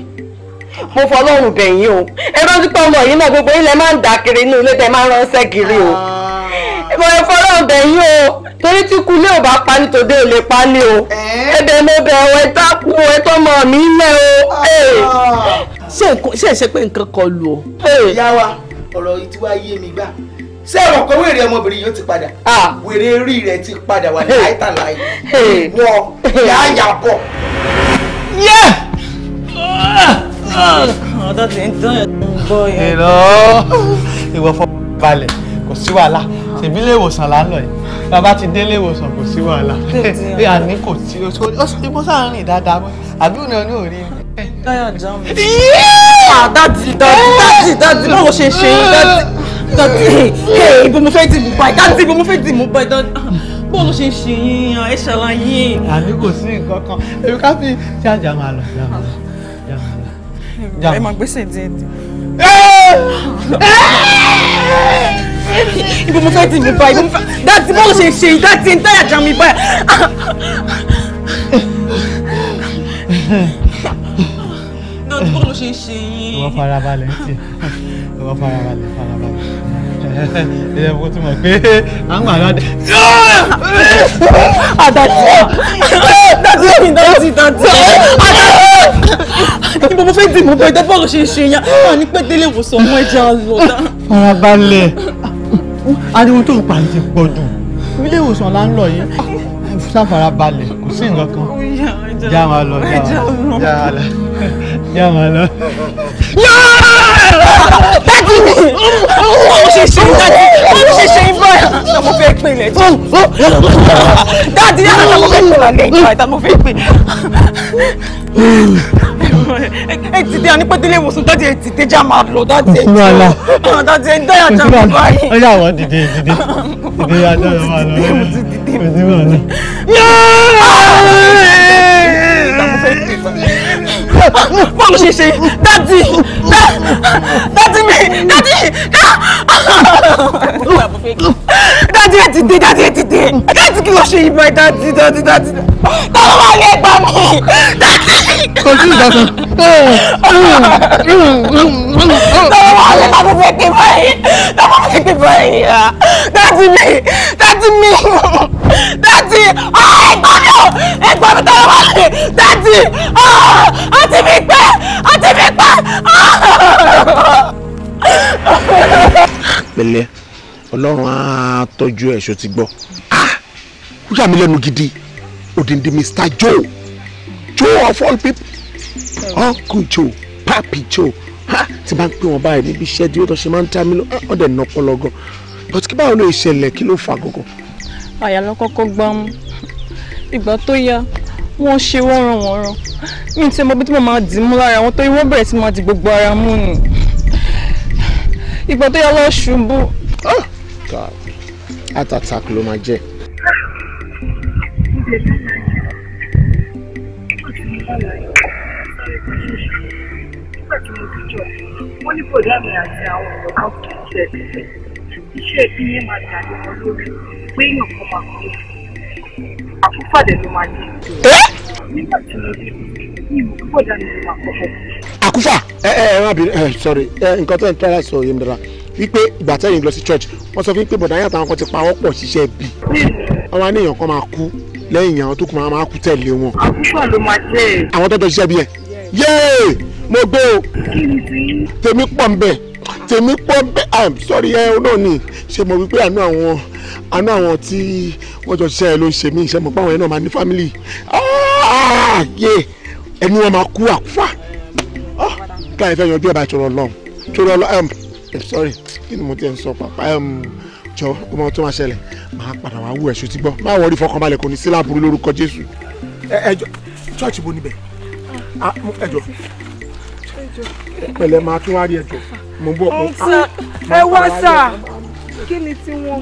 mo fọlọ́run o ẹ ọmọ yìí náà gbogbo ilẹ̀ máa ń dà kiri inú ilé tẹ máa ń ránṣẹ́ o ah. mo fọlọ́run o torí tí pa ní tòde pa ní eh? o ẹ mo bẹ̀ ọ ẹ ah. Eh. Ah. ẹ mi o. ṣé ẹ ṣe pé nǹkan kọ ọ. ìyá eh. wa ọ̀rọ̀ ṣé ẹ̀wọ̀n kan wèrè ọmọbìnrin yóò ti padà ah. wèrè rí rẹ̀ ti padà wà láìtàláì wọ́n yáyà bọ̀. ọ̀dọ́ ti ń dán ẹ̀ tó ń bọ̀ yẹn. ìlọ ìwọ fọ balẹ̀ kò sí wàhálà tèmi ilé ìwòsàn là ń lọ yìí bàbá ti dé ilé ìwòsàn kò sí wàhálà bí àní kò sí ó sì mú sáà dáadáa mọ́ àbí òun náà òrí mi. dáyọ̀ jẹun mi. dáàdì báwo ṣe ṣe yín dáàdì ibo mo fẹ́ ti mú báyìí dáńtì ibo mo fẹ́ ti mú báyìí dáńtì ah, bọ́ọ̀lù ṣe ń ṣe yíyan ah, ẹ ṣàlàyé. àbí kò sí nǹkan kan èmi ká fi ṣe àjà máa lọ jà máa lọ. ẹ máa gbèsè díẹ̀ díẹ̀. ibo mo fẹ́ ti mú báyìí dáńtì bọ́ọ̀lù ṣe ń ṣe yín dáńtì ń táyà jà mí báyìí. dáńtì bọ́ọ̀lù ṣe ń ṣe yín. ìwọ farabalẹ̀ ń tì ìwọ farabalẹ̀ farabalẹ̀. ẹ mo tún mọ̀ pé à ń wà ládé. àtàtì àtàtì àtàtì àtàtì àtàtì níbo mo fẹ́ dì mo bọ̀ ìdá bọ́ọ̀lù ṣe ṣe yẹn wà ní pẹ́tẹ́lẹ̀ ìwòsàn ọmọ ẹja lọ. farabalẹ̀ ariwo tó ń pa ti pọ̀ jù ilé ìwòsàn là ń lọ yìí ṣàfarabalẹ̀ kò sí nǹkan kan já máa lọ já máa lọ já máa lọ daddy, mi ó ṣe ṣe dájú ó ṣe ṣe ibà náà mo fẹ́ pè lẹ́ dájú yàrá náà mo fẹ́ pè lálẹ́ ìgbà ìta mo fẹ́ pè. ẹ ti dé àní pẹ́tẹ́lẹ̀ ìwòsàn dájú ẹ ti dé já máa lọ dájú ẹ ti lọ dájú ẹ ń dáyà já mi báyìí. ó yà wọ́n dìde dìde dìde yà já mi máa lọ mo ti dìde mo bọ́ọ̀ mo ṣe ṣe dátì dátì mi dátì dátì ẹ ti dé dátì ẹ ti dé dátì kí ló ṣe yìí báyìí dátì dátì dátì táwọn wà lé gbà mí dátì. kò sí ìdásọ. táwọn wà lé bá gbogbo ẹgbẹ́ báyìí táwọn wà lé gbogbo ẹgbẹ́ báyìí dátì mi dátì mi dati ah, ẹ̀gbọ́n mi o ẹ̀gbọ́n mi tọrọ wà lẹ dati àti mi pẹ àti mi pẹ. Ah. pẹ̀lẹ́ Ọlọ́run á tọ́jú ẹ ṣó ti gbọ́ ah, ó yà mí lẹ́nu gidi odindi Mr. Joe Joe of all people uncle Joe papi Joe ti bá ń pè wọn báyìí níbi iṣẹ́ di ó tọ́ ṣe máa ń tẹ́ mi lọ ọ̀dẹ̀ nà ọpọlọ gan but kí báwo ló ṣẹlẹ̀ kí ló fà gangan àyà lọ kọ́kọ́ gbámú ìgbà tó yá wọ́n ṣe wọ́ran wọ́ran mi tí mo bí tí mo máa dì mú lára wọn torí wọ́n bẹ̀rẹ̀ sí máa di gbogbo ara mú nù ìgbà tó yá lọ ṣubú. Ah! heart ló máa jẹ́. wọ́n ní kò dá mi àti àwọn ọ̀rọ̀ kan kì í ṣe ẹ̀bí iṣẹ́ máa dà lórí pé èèyàn kan máa kú àfúfàdé ló máa ní ìjọ nígbà tí mo rí mi ò gbọ́dọ̀ dání mo máa kọ́kọ́. àkúfà ẹ ẹ ẹ rábìrì ẹ sorry ẹ eh, nǹkan tó ń tẹ́lá sọ church wọ́n sọ fún mi pé bọ̀dá yàtọ̀ àwọn kan ti pa wọ́pọ̀ ṣiṣẹ́ bí àwọn aníyàn kan máa kú lẹ́yìn àwọn tó kù máa máa kú tẹ̀lé wọn. àkúfà ló máa jẹ́ ẹ̀. àwọn tó jọ ṣiṣẹ́ bí ẹ mo gbé o tèmi pọ̀ ń bẹ̀ tèmi pọ̀ bẹ́ẹ̀ i'm sorry ẹ ọ náà ni ṣe mo wípé àánú àwọn àánú àwọn tí wọ́n jọ ṣiṣẹ́ ló ń ṣe mí ṣe mo báwọn yẹn náà máa ní family ah, yé ẹni wọn máa kú àkúfà ah, ká ẹ fẹ́ yanjú ẹ̀ bá tọrọ lọ́n tọrọ lọ́n sorry kí ni mo ti ń sọ pàpà um, jọ ọmọ tó máa ṣẹlẹ̀ máa padà wá wú ẹ̀ṣọ́ ti gbọ́ máa wọrí fọkànbalẹ̀ kò ní sí láàbùrú lórúkọ Jésù. ẹ ẹ jọ ṣọ́ọ̀ṣì bo níbẹ̀ ah, ẹ jọ pẹ̀lẹ́ máa tún wá rí ẹ jọ mo bọ̀ pé. ọ̀nkà ah, ẹ wá sà kí ni tí wọ́n.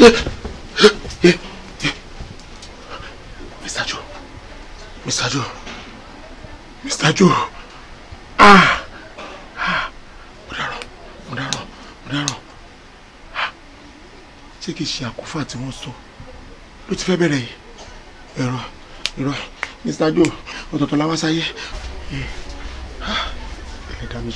Yeah! tí wọ́n sọ ló ti fẹ́ bẹ̀rẹ̀ yìí ẹ̀rọ ẹ̀rọ mr joe ọ̀tọ̀ọ̀tọ̀ la wá sáyé eh, ah, ẹ̀ẹ́dá mi.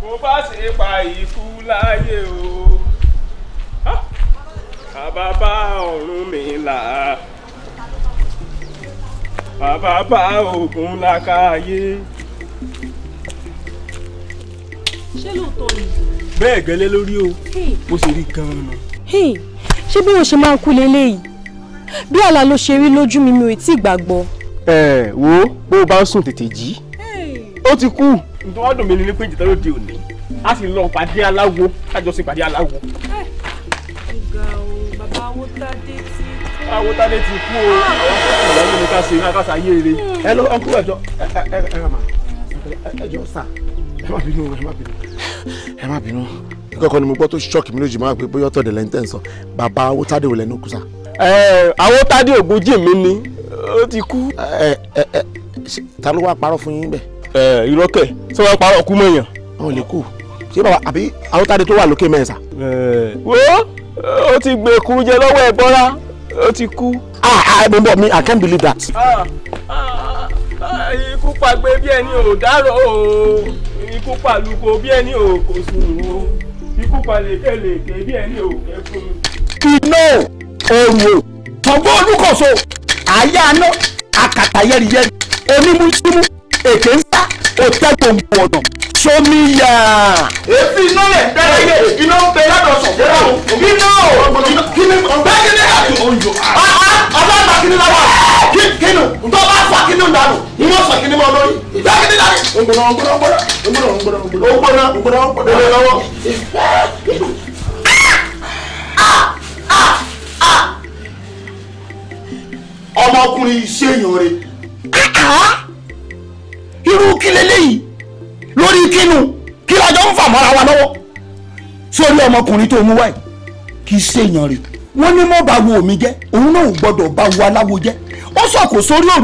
kò bá ṣe pa ikú láyé o ah, bàbá bá ọ̀run mi là á bàbá bá ògùn lákàáyé ṣé lóòótọ́ ni. bẹ́ẹ̀ gẹ́lẹ́ lórí o mo sì rí gan-an nù. ṣé bí mo ṣe máa ń kú leléyìí bí àlá ló ṣe rí lójú mi mi ò tí ì gbàgbọ́. ẹ wo bó o bá ń sùn tètè jí ó ti kú. nítorí wàá dùn mí ní pé ìjìtá ló di òní a sì lọ pàdé aláwo kájọ sí pàdé aláwo. ọ̀gá o bàbá awótádé ti kú. awótádé ti kú o àwọn akẹ́kọ̀ọ́ lọ́wọ́ ni ká ṣe iná ká ṣe ẹ lọ ọkùnrin ẹ̀jọ́ ẹ ẹ ẹ ẹ mà ẹjọ́ sà ẹ má bínú ẹ má bínú. ẹ má bínú ìkọ̀kọ̀ ni mo gbọ́ tó ṣọ́ọ̀kì mi lójijì máa pé bóyá ọ̀tọ̀ dẹ̀lẹ́ ń tẹ̀ ń sọ bàbá awótádé ò lẹ́nu kú sà. ẹ awótádé ògbójì mi ni ó ti kú. ẹ ẹ ẹ ta ló wá parọ́ fún yín bẹ́ẹ̀. ẹ ìrọ́kẹ̀ ṣé wọ́n parọ́ kú mọ̀yàn. wọn ò lè kú ṣé bàbá àbí awótádé tó wà lókè mẹ́ẹ̀sà. wo ó ti gbèkú jẹ lọ́wọ́ ẹ̀ bọ́ra ó ti kú. ah ah mo bọ̀ mi i can't believe that. Ah ikú pàgbé bí ẹni ò dárò o ikú pàlùkò bí ẹni ò kò sùn o ikú pàlèkèlèkè bí ẹni ò kẹfún. iná òòrùn tọgbọ́n olúkọ̀ọ́sọ àyà aná àkàtà yẹriyẹri onímúsímú èké ń òtẹ́tò ń bọ̀ ọ̀dàn sómi yà. èéfì iná rẹ̀ bẹ́rẹ̀ yẹ iná bẹ lọ́dọ̀ sọ̀gbọ́n o iná o kíni bẹ́ẹ̀ ni àti oyo ọlọ́gbà kíni lọ́wọ́ kí kíni tó bá fà kíni dànù ni wọ́n sọ kíni mọ́ lórí ìgbà kíni dànù. ògbóná ògbóná ògbóná ògbóná ògbóná ògbóná ògbóná lọ́wọ́. ọmọkùnrin ṣéyàn rẹ̀. irú kí leléyìí lórí kínú kí lájọ ń fà mọ́ra wa lọ́wọ́ sórí ọmọkùnrin tó mú wáyé kì í ṣèyàn rè wọ́n ní mọ́ bá wo omi jẹ́ òun náà ò gbọ́dọ̀ bá wo aláwo jẹ́ ó sọ̀kò sórí ìwà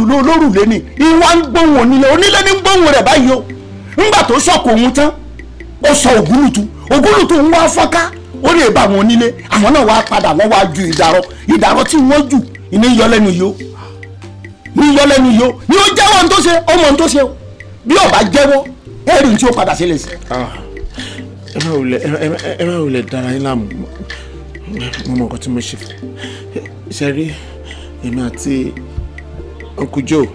ń gbóhùn o ńgbà tó sọ̀kò òun tán ó sọ ògúrùtù ògúrùtù ń wá ó lè náà wàá padà wọ́n ju ìdàrọ́ ìdàrọ́ tí wọ́n yìí ó yìí ó bí ó bá jẹ́wọ́ ẹ̀rí tí ó padà sílẹ̀ sí. Ah, ẹ má wulẹ̀ ẹ má wulẹ̀ dára yín láàmú mo mọ nǹkan tí mo ṣe ṣe rí èmi àti uncle joe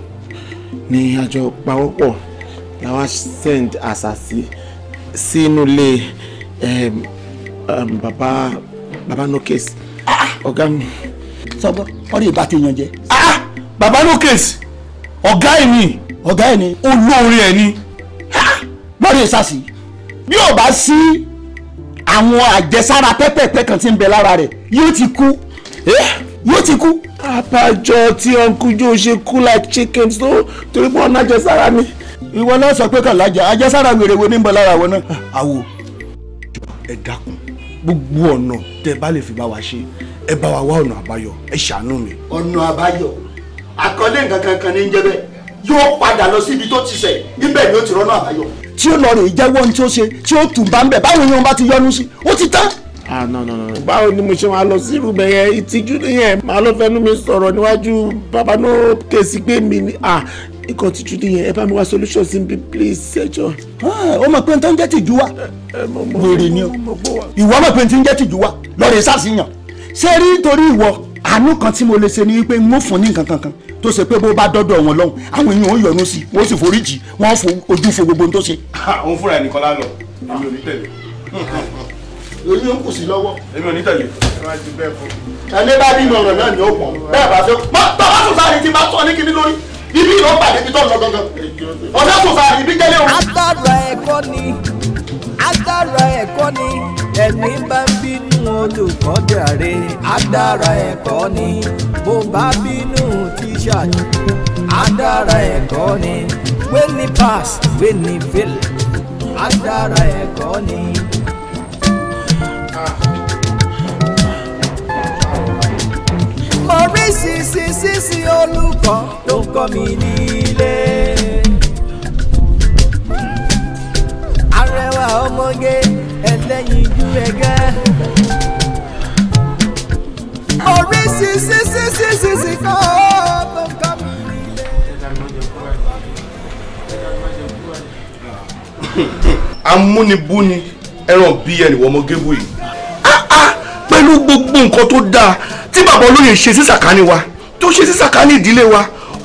ní àjọ pawọ́pọ̀ làwọn send àṣàṣì sínú ilé bàbá bàbá no case ah, ah. ọ̀gá mi. sọgbọ́n ọ̀rẹ́ ìbá ti yan jẹ. bàbá no case ọ̀gá ẹ̀ mi ọ̀gá ẹ̀ ni. olórin ẹ̀ ni. lórí ìsàsì bí ò bá sí àwọn àjẹsára pẹ́pẹ́pẹ́ kan tí ń bẹ lára rẹ̀ yóò ti kú yóò ti kú. àbájọ tí ọkùnjọ ṣe kú like chicken so? torí pé ọ̀nà àjẹsára ni. ìwọ náà sọ pé kàn lájà àjẹsára wèrèwé ní bẹ lára wọn náà. Ah, àwò ẹ dákun gbogbo ọ̀nà tẹ bá lè fi bá wa ṣe ẹ bá wa wá ọ̀nà àbáyọ ẹ ṣàánú mi. ọ̀nà àbáyọ àkọlé nǹkan kankan ní jẹ́ bẹ́ẹ̀ yóò padà lọ síbi tó ti ṣẹ̀ níbẹ̀ ni ó ti rọ́nà àbáyọ. tí ó lọ rè jẹ́wọ́ ní tí ó ṣe tí ó tù bá ń bẹ̀ báwo ni wọn bá ti yọnu sí ó ti tán. ah no no no báwo ni mo ṣe máa lọ sí irú bẹ̀yẹ ìtìjú nìyẹn màá lọ fẹnu mi sọ̀rọ̀ níwájú bàbá náà kèsì pé mi ni ah ikọ̀ tìjú nìyẹn ẹ bá mi wá solution sí mi please ẹjọ́. Ah, ó mọ̀ pé n tó ń jẹ́ tìjú wa wèrè ni ìwọ mọ̀ pé n ti ń jẹ́ tìjú wa lọ́ọ̀rẹ́ sàṣìyàn ṣé rí àánú kan tí mo lè ṣe ni wípé n ó fún ní nǹkan kankan tó ṣe pé bó bá dọ́dọ̀ wọn lọ́hùn àwọn èèyàn ò yọ́nú sí wọ́n sì foríjì wọ́n fo ojú fo gbogbo ohun tó ṣe. òun fúnra ẹ̀ nìkan lálọ́ èmi ò ní tẹ̀lé. èmi ò ń kù sí lọ́wọ́. èmi ò ní tẹ̀lé. ẹni bá bímọ ọ̀rọ̀ náà ni ó pọ̀ bẹ́ẹ̀ bá ṣe bàbá tó sáré tí bá tọ́ ní kíní lórí ibi ìlú pàdé ibi tó ń lọ gangan ọ̀dọ́ tó sáré ẹni bá bínú odò kọ́ dàre adára ẹ̀kọ́ ni bó bá bínú tíṣà adára ẹ̀kọ́ ni wẹ́ni pass wẹ́ni fail adára ẹ̀kọ́ ni. oríṣiríṣiríṣi olùkọ́ ló kọ́ mi nílé. arẹwà ọmọge lẹ́yìn ju ẹ̀gẹ́. orí sísí sísí sísí kan tó ń kọ́ mi nílé. amúnibúni ẹran bíi ẹnìwọ ọmọ gébù yìí ah, ah, pẹ̀lú gbogbo nǹkan tó dáa tí bàbá olóyè ṣe sí sàkání wa tó ṣe sí sàkání ìdílé wa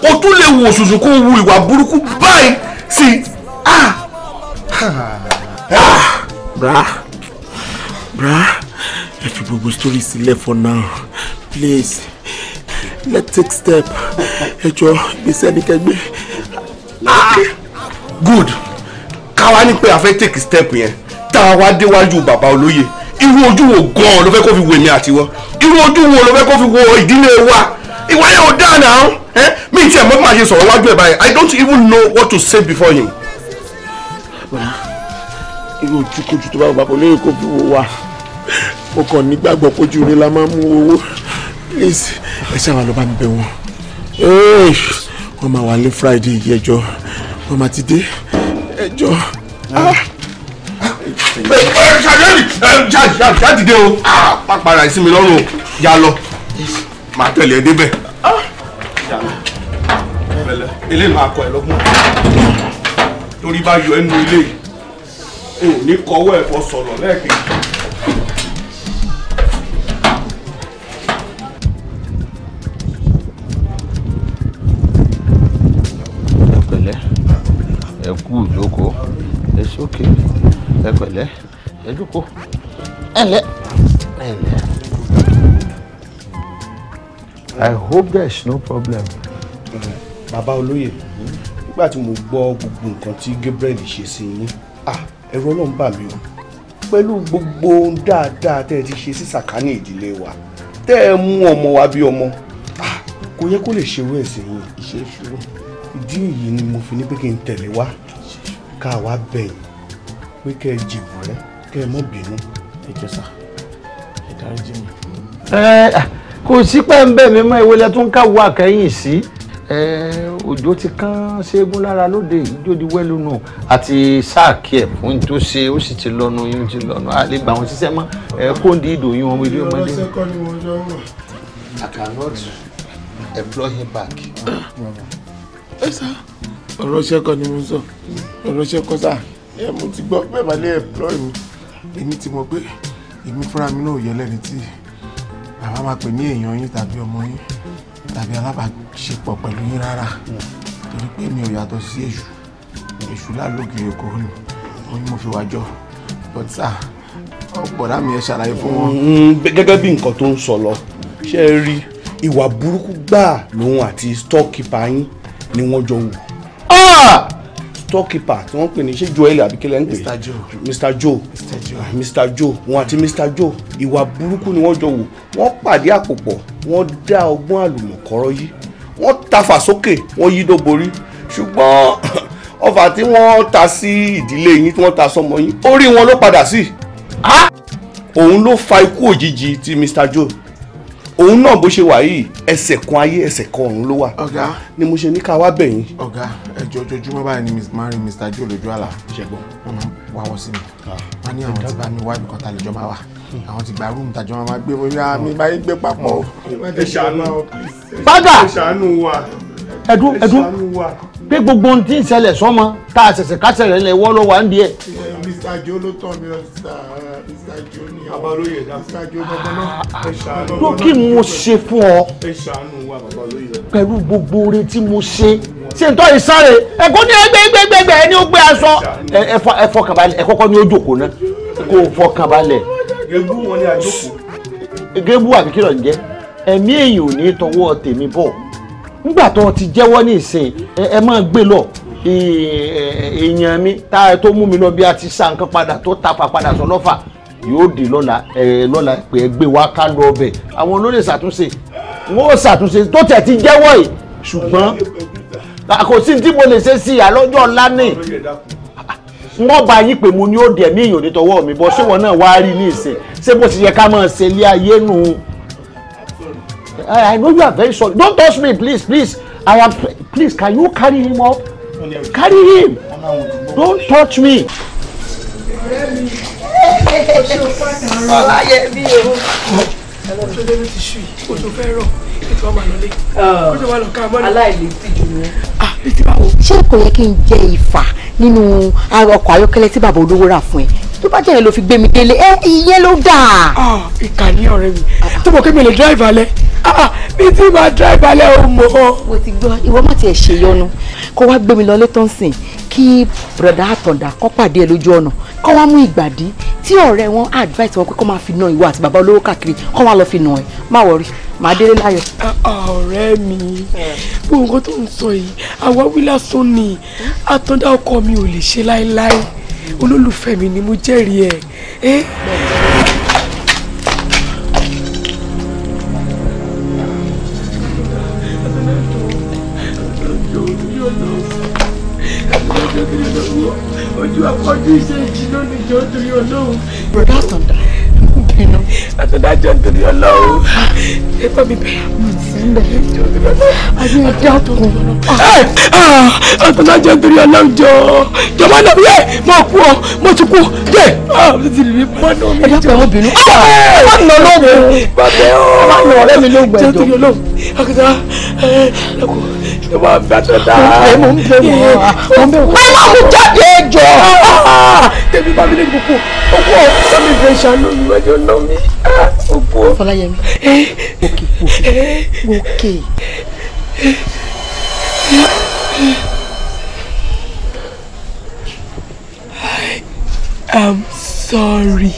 o tún lè wo òṣùṣù kó wu ìwà burúkú báyìí sí i. Ah. Ah. Ah. Ah. Bruh, ẹ put gbogbo story sílẹ̀ for now. Please, let's take step. Ẹ jọ ìgbésẹ̀ ní Ah, Good. Káwa ní pé a fẹ́ take step yẹn. Tá a wá baba bàbá Iwo Irú ojú wo gan-an ló fẹ́ kó fi wo èmi àti wọ́? Irú ojú wo ló fẹ́ kó fi wo ìdílé wa? Ìwà yẹn ò dáa náà. Mi ti ẹ̀ mọ́ máa ṣe sọ̀rọ̀ wájú ẹ̀ báyìí. I don't even know what to say before him. Irú ojúkojú tó bá wà pọ̀ lóye kó fi wo wa mo kàn nígbàgbọ́ pójú rẹ la máa mú owó please ẹ ṣáà wà ló bá mi bẹ̀ wọ́n wọ́n máa wà lé friday yìí ẹjọ́ wọ́n máa ti dé ẹjọ́. jáde ah. ah. o ah, pàpàrà ìsinmi lọ́rùn o yà lọ màá tẹ̀lé ẹ débẹ̀ eléyìí máa kọ ẹ lọ́gbọ́n torí bá yọ ẹnu ilé yìí n ò ní kọwọ́ ẹ̀fọ́ sọ̀rọ̀ lẹ́ẹ̀kejì. ẹ̀lẹ́ ẹ jókòó ẹ̀lẹ́ I hope there is no problem. Bàbá olóyè, nígbà tí mo gbọ́ gbogbo nǹkan tí Gabriel ṣe sí yín, ẹ̀rọ Ọlọ́run bà mí o. Pẹ̀lú gbogbo ohun dáadáa tẹ́ ẹ ti ṣe sí sàkání ìdílé wa, tẹ́ ẹ mú ọmọ wa bí ọmọ, kò yẹ kó lè ṣerú ẹ̀ sí yín. Ìdí èyí ni mo fi ní pé kí n tẹ̀lé wá, ká wá bẹ̀yìn pé kẹ́ ẹ jìbù rẹ kẹ́ ẹ mọ̀ bínú ẹ jẹ́ sà kò sí pẹ́ńbẹ́ mi mọ́ ìwélẹ̀ tó ń káwọ́ àkẹ́yìn sí òjò ti kán ṣẹ́gun lára lóde ìjó di wẹ́lúnù àti sáàkì ẹ̀ fún tó ṣe ó sì ti lọ́nu yín ti lọ́nu a lè ṣiṣẹ́ mọ́ ẹ kó ń di ìdòyún wọn ilé ọmọdé. I cannot employ him back. ẹ sá ọ̀rọ̀ ṣẹ́kọ̀ ni mo sọ ọ̀rọ̀ ṣẹ́kọ̀ sáà ẹ mo ti gbọ́ bẹ́ẹ̀ bá lé employ èmi ti mọ̀ pé èmi fúnra mi náà yẹ lẹ́ni tí bàbá máa pè ní èèyàn yín tàbí ọmọ yín tàbí alábàáṣepọ̀ pẹ̀lú yín rárá torí pé mi ò yàtọ̀ sí èṣù èṣù lálógì èkó ni òun ni mo fi wájọ bọ́tà ọ̀pọ̀dá mi ẹ ṣàlàyé fún wọn. Mm-hmm. gẹ́gẹ́ bí nǹkan tó ń sọ lọ ṣe é rí ìwà burúkú gbáà lòun àti stock keeper yín ni wọ́n jọ wù. Ah! storekeeper tí wọ́n pè ní ṣé joel abikele ń pè mr joe mr joe ah, wọn àti mr joe ìwà burúkú ni wọ́n jọ wò wọ́n pàdé àpòpọ̀ wọ́n dá ọgbọ́n àlùmọ̀kọ́rọ́ yìí wọ́n tafà sókè wọ́n yí dóborí ṣùgbọ́n ọfà tí wọ́n ta sí ìdílé yín tí wọ́n ta sọmọ yín orí wọn ló padà sí ah! òun ló fa ikú òjijì ti mr joe òun náà bó ṣe wà yìí ẹsẹ̀ kan ayé ẹsẹ̀ kan ọ̀run ló wà. ọ̀gá ni mo ṣe ní ká wá bẹ̀ yín. ọ̀gá ẹjọ́ ojoojúmọ́ báyìí ni máa rí Mr. Joe lójú àlá. ṣẹ̀gbọ́n wọn wá wọ sí mi ah. wọn ní àwọn tí bá mi wá ibi kan tàlejò máa wà hmm. àwọn ti gba rúùmù tàjọ máa gbé wọlé àmì báyìí gbé papọ̀. ẹ ṣàánú bàdà ẹ ṣàánú wa ẹ ṣàánú wa pé gbogbo ohun tí ń ṣẹlẹ̀ sọ́mọ tá a ṣẹ̀ṣẹ̀ kásẹ̀ rẹ̀ lẹ̀ wọ́ ló wà ń bí ẹ̀. Mr. Jo ló tọ̀ mí lọ Mr. Jo ní abalóye Mr. Jo dandanná. tó kí mo ṣe fún ọ pẹ̀lú gbogbo oore tí mo ṣe ṣe ń tọ́ ìsáré ẹ̀kọ́ ní ẹgbẹ́gbẹ́gbẹ́ ẹni ó gbé aṣọ ẹ fọkàn balẹ̀ ó jòkó náà kó fọkàn balẹ̀. gébú wọn ni àjòkó. gébú àbíkí lọ ń jẹ ẹ̀mí èèyàn ò ní tọwọ́ tèmi bọ̀ nígbà tó ti jẹ́wọ́ ní ìsìn ẹ máa gbé lọ èèyàn mi tá tó mú mi lọ bí a ti sa nǹkan padà tó tapa padà sọ lọ́fà yóò dé lọ́la ẹ lọ́la pé ẹ gbé wa ká lọ ọbẹ̀ àwọn olóyè ṣàtúnṣe wọn ò ṣàtúnṣe tó tẹ̀ ti jẹ́wọ́ yìí ṣùgbọ́n kò sí tí mo lè ṣe sí i àlọ́jọ́ ọ̀la ní wọ́n bá yín pé mo ní ó dẹ̀ mí èèyàn ní tọwọ́ mi bọ́ ṣé wọn náà wá rí ní ìsìn ṣé bó ti yẹ ká máa ṣe ilé ayé nù. I, I know you are very sorry. Don't touch me, please, please. I am. Please, can you carry him up? Carry him. Don't touch me. Ọláyẹmí o. Ọlọ́run tó dé ló ti ṣù yìí, kò tó fẹ́ rọ̀ kọ́ máa lọlé ó ti wá lọ ká mọ́ni. ah etí bá wo. ṣé kò yẹ kí n jẹ ìfà nínú ọkọ̀ ayọ́kẹ́lẹ́ tí bàbá olówó rà fún ẹ tó bá jẹ́ yẹn ló fi gbé mi délé ẹ ìyẹn ló dáa. ah ìkànnì ọ̀rẹ́ mi ah, ah. tó mọ̀ kí mi lè drive alẹ́ ah mi ah, ti máa drive alẹ́ o mọ̀. mo ti gbọ́ ìwọ má tiẹ̀ ṣèyọnu kó wá gbé mi lọ létọ́nsìn kí broda àtọ̀dà kọ́ pàdé ẹ lójú ọ̀nà kọ́ wá mú ìgbàdí tí ọ̀rẹ́ wọn advice wọn pé kọ́ máa fi na ìwọ àti bàbá olówó káàkiri kọ́ wá lọ fi nà ẹ má wọrí màá délé láyọ̀. ọ̀rẹ́ mi gbogbo nǹkan tó ń sọ yìí àwa wílà sóni àtọ̀dà ọkọ mi ò lè ṣe láéláé olólùfẹ́ mi ni mo jẹ́rìí ẹ̀ ojúṣe ìjì lónìí jọ torí ọlọ́run. bọ̀dá àtàndá bẹ̀rẹ̀ àtàndá jọ torí ọlọ́run. ẹ̀fọ́ mi bẹ̀rẹ̀ mo ti ń bẹ̀rẹ̀ jọ torí ọlọ́run. àbí ẹ̀dá ọ̀tún. àtàndá jọ torí ọlọ́run jọ jọba náà yẹ mo kú ọ mo ti kú dé ah, mo ti lè mọ náà mi jọ. ẹ̀dá pẹ̀lú obìnrin. ọ̀nà lóògùn. bàbá ọ̀rẹ́ mi lóògùn ẹ̀jọ̀ akita ẹkọ ṣe máa bẹ àtẹ̀dá. mo ń bẹ wọ mo ń bẹ wọ. ẹ máa mú jáde jọ. tẹ̀mí bá mi ní gbogbo owó ọ̀sán mi bẹ ṣàánú I am sorry.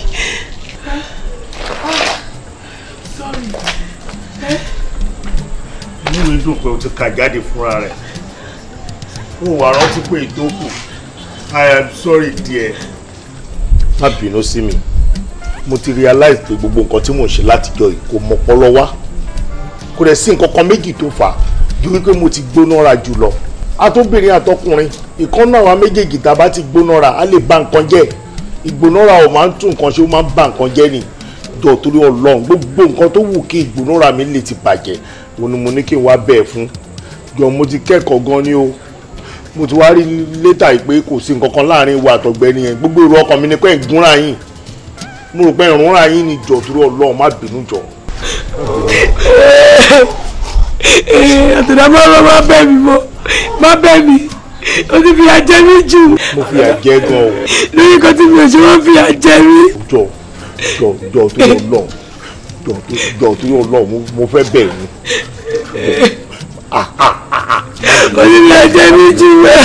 dùn pé o ti kà jáde fúnra rẹ̀ o wà rántí pé ìtókù i am sorry dear. má bínú sí mi mo ti realize pé gbogbo nǹkan tí mò ń ṣe látijọ́ yìí kò mọpọlọ wá kò dẹ̀ sí nǹkan kan méjì tó fà á ju wípé mo ti gbóná ra jù lọ atóbìnrin àtọkùnrin ìkan náà wa méjèèjì tá a bá ti gbóná ra á lè bà nǹkan jẹ́ ìgbóná ra ò máa ń tún nǹkan ṣe ó máa ń bà nǹkan jẹ́ ni jọ torí Ọlọ́run gbogbo nǹkan tó wù kí ìgbóná ra mi lè ti bàjẹ́ òun ni mo ní kí n wá bẹ́ẹ̀ fún jọ mo ti kẹ́kọ̀ọ́ gan ni o mo ti wá rí létà yìí pé kò sí nǹkan kan láàrin ìwà àtọ̀gbẹ́ni yẹn gbogbo èrò ọkàn mi ni pé ìgúnra yín mo rò pé ìrúnra yín ni jọ torí ọlọ́run má bínú jọ. àtọ̀dá máa ń má bẹ́ẹ̀ mi mọ́ má bẹ́ẹ̀ mi o ti fi àjẹ́ mi jù. mo fi àjẹ́ gan o. lórí kan tí mi ò ṣe wọ́n fi àjẹ́ mi. jọ jọ jọ torí ọlọ́run jọ tó yọ lọ mo fẹ́ bẹ̀ ni. onílé ajé mi jù mẹ́.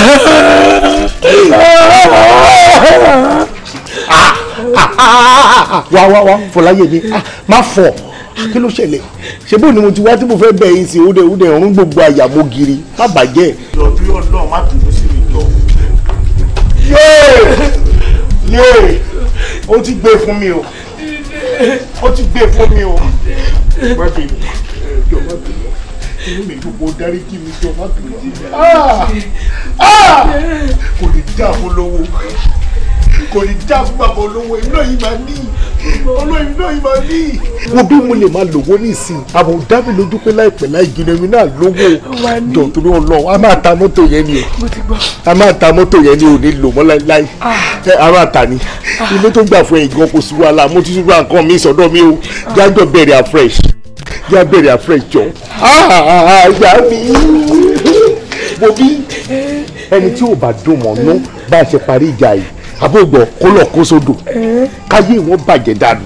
wá wá wá fọláyé mi ah, má fọ kí ló ṣẹlẹ̀ ṣe bó ni mo ti wá tí mo fẹ́ bẹ̀ yín sí òde òde ọ̀run gbogbo àyà mo giri má bàjẹ́. jọ tó yọ lọ má bínú sí mi jọ. yéè yéè o ti gbé fún mi o ó ti gbé e fún mi o má bínú jọ má bínú inú mi gbogbo dáríjì mi jọ má bínú ah! Ah! kò lè dá fún lówó kò lè dá fún bàbá olówó iná yìí máa ní olóyìn náà yìí máa ní. wo bí mo lè máa lówó nísìn àmọ́ dá mi lójú pé láìpẹ́ láì jìnnà èmi náà lówó dọ̀tún ọlọ́run a máa ta mọ́tò yẹn ni o a máa ta mọ́tò yẹn ni o ní lò mọ́ láíláí ara ah. ta ni ah. ilé tó gbà fún ẹ̀gbọ́n kò sí wàhálà mo ti tún ra nǹkan mi sọ́dọ̀ mi o jájọ́ ah. bẹ̀rẹ̀ afresh já bẹ̀rẹ̀ afresh jọ gbà mí wo bí eh. ẹni tí ò bá dùn mọ́ nú bá a ṣe parí ìjà yìí àbó gbọ́ kó lọ kó sódò káyé wọn bàjẹ́ danu.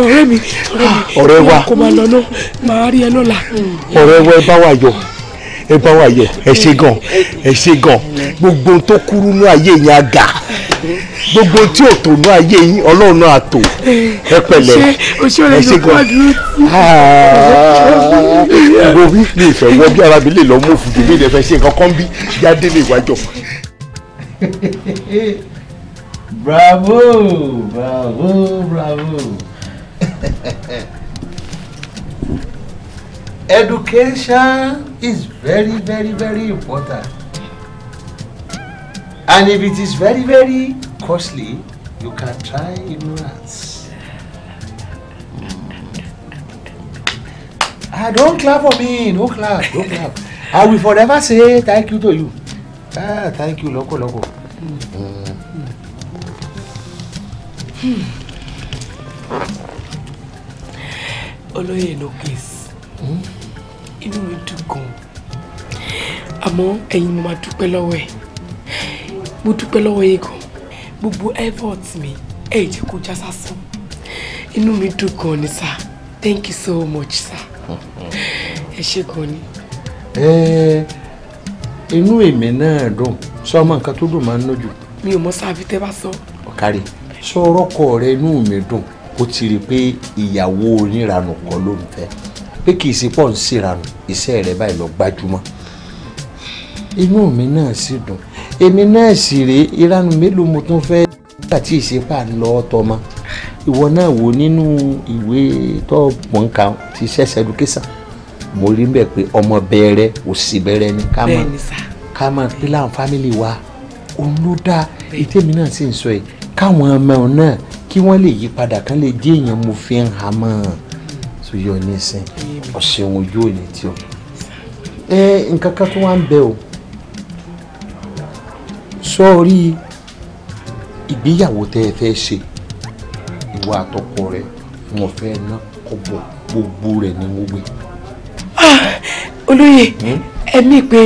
ọ̀rẹ́ mi ọ̀rẹ́ ah, wa kò máa lọ lọ máa rí ẹ lọ́la. ọ̀rẹ́ wa ẹ bá wa yọ ẹ bá wa yẹ ẹ ṣe gan ẹ ṣe gan gbogbo tó kúrú ní ayé yẹn á ga gbogbo tí ò tó ní ayé yín ọlọ́run náà tó ẹ pẹ̀lẹ́ ẹ ṣe gan gbogbo mi ní ìfẹ́ wọ bí ara mi lè lọ mú òfin mi lè fẹ́ ṣe nǹkan kan bí yá délé ìwájọ bravo bravo bravo. Education is very very very important and if it is very very costly you can try ignorance. Ah, don't clap for me no clap no clap I will forever say thank you to you ah thank you lọ́kọ̀lọ́kọ̀. Mm. Mm olóyè lókèsì inú mi dùn gan àmọ́ ẹ̀yin mo máa dúpẹ́ lọ́wọ́ ẹ̀ mo dúpẹ́ lọ́wọ́ yín gan gbogbo effort mi ẹ̀ jẹ́ kó já sásán inú mi dùn gan ni sá thank you so much sá ẹ ṣé gan ni. inú èmi náà dùn sọ ọmọ nǹkan tó dùn máa ń nájú. mi ò mọ sáà fi bá sọ. ọ̀kárí. So sọ̀rọ̀kọ rẹ inú mi dùn ó ti rí i pé ìyàwó oníranù kan ló ń fẹ́ pé kì í ṣe pọ̀ ń ṣèranù iṣẹ́ rẹ báyìí lọ gbájúmọ́ inú mi náà sì dùn èmi náà sì rèé ìranù mélòó mo tún fẹ́ nígbà tí ìṣepà lọ tọmọ ìwọ náà wò nínú ìwé tó pọ̀nká ti sex education mo rí bẹ́ẹ̀ pé ọmọ bẹ̀rẹ̀ òsì bẹ̀rẹ̀ ni ká mọ̀ ká fámìlì wa òun ló dáa ètè mi náà sì ń sọ yìí káwọn ọmọ náà kí wọ́n lè yí padà kán lè jẹ́ èèyàn mo fi ń ha mọ́ ọ tó yọ nísìn ọ̀sẹ̀ wọn yóò ní tí o. ẹ nǹkan kan tó wá ń bẹ o sọ́ọ́rí ìgbéyàwó tẹ́ ẹ fẹ́ ṣe ìwà àtọkọ rẹ wọn fẹ́ ná kọ́bọ̀ gbogbo rẹ̀ ní gbogbo. Ah, olóyè hmm? ẹ̀mí pé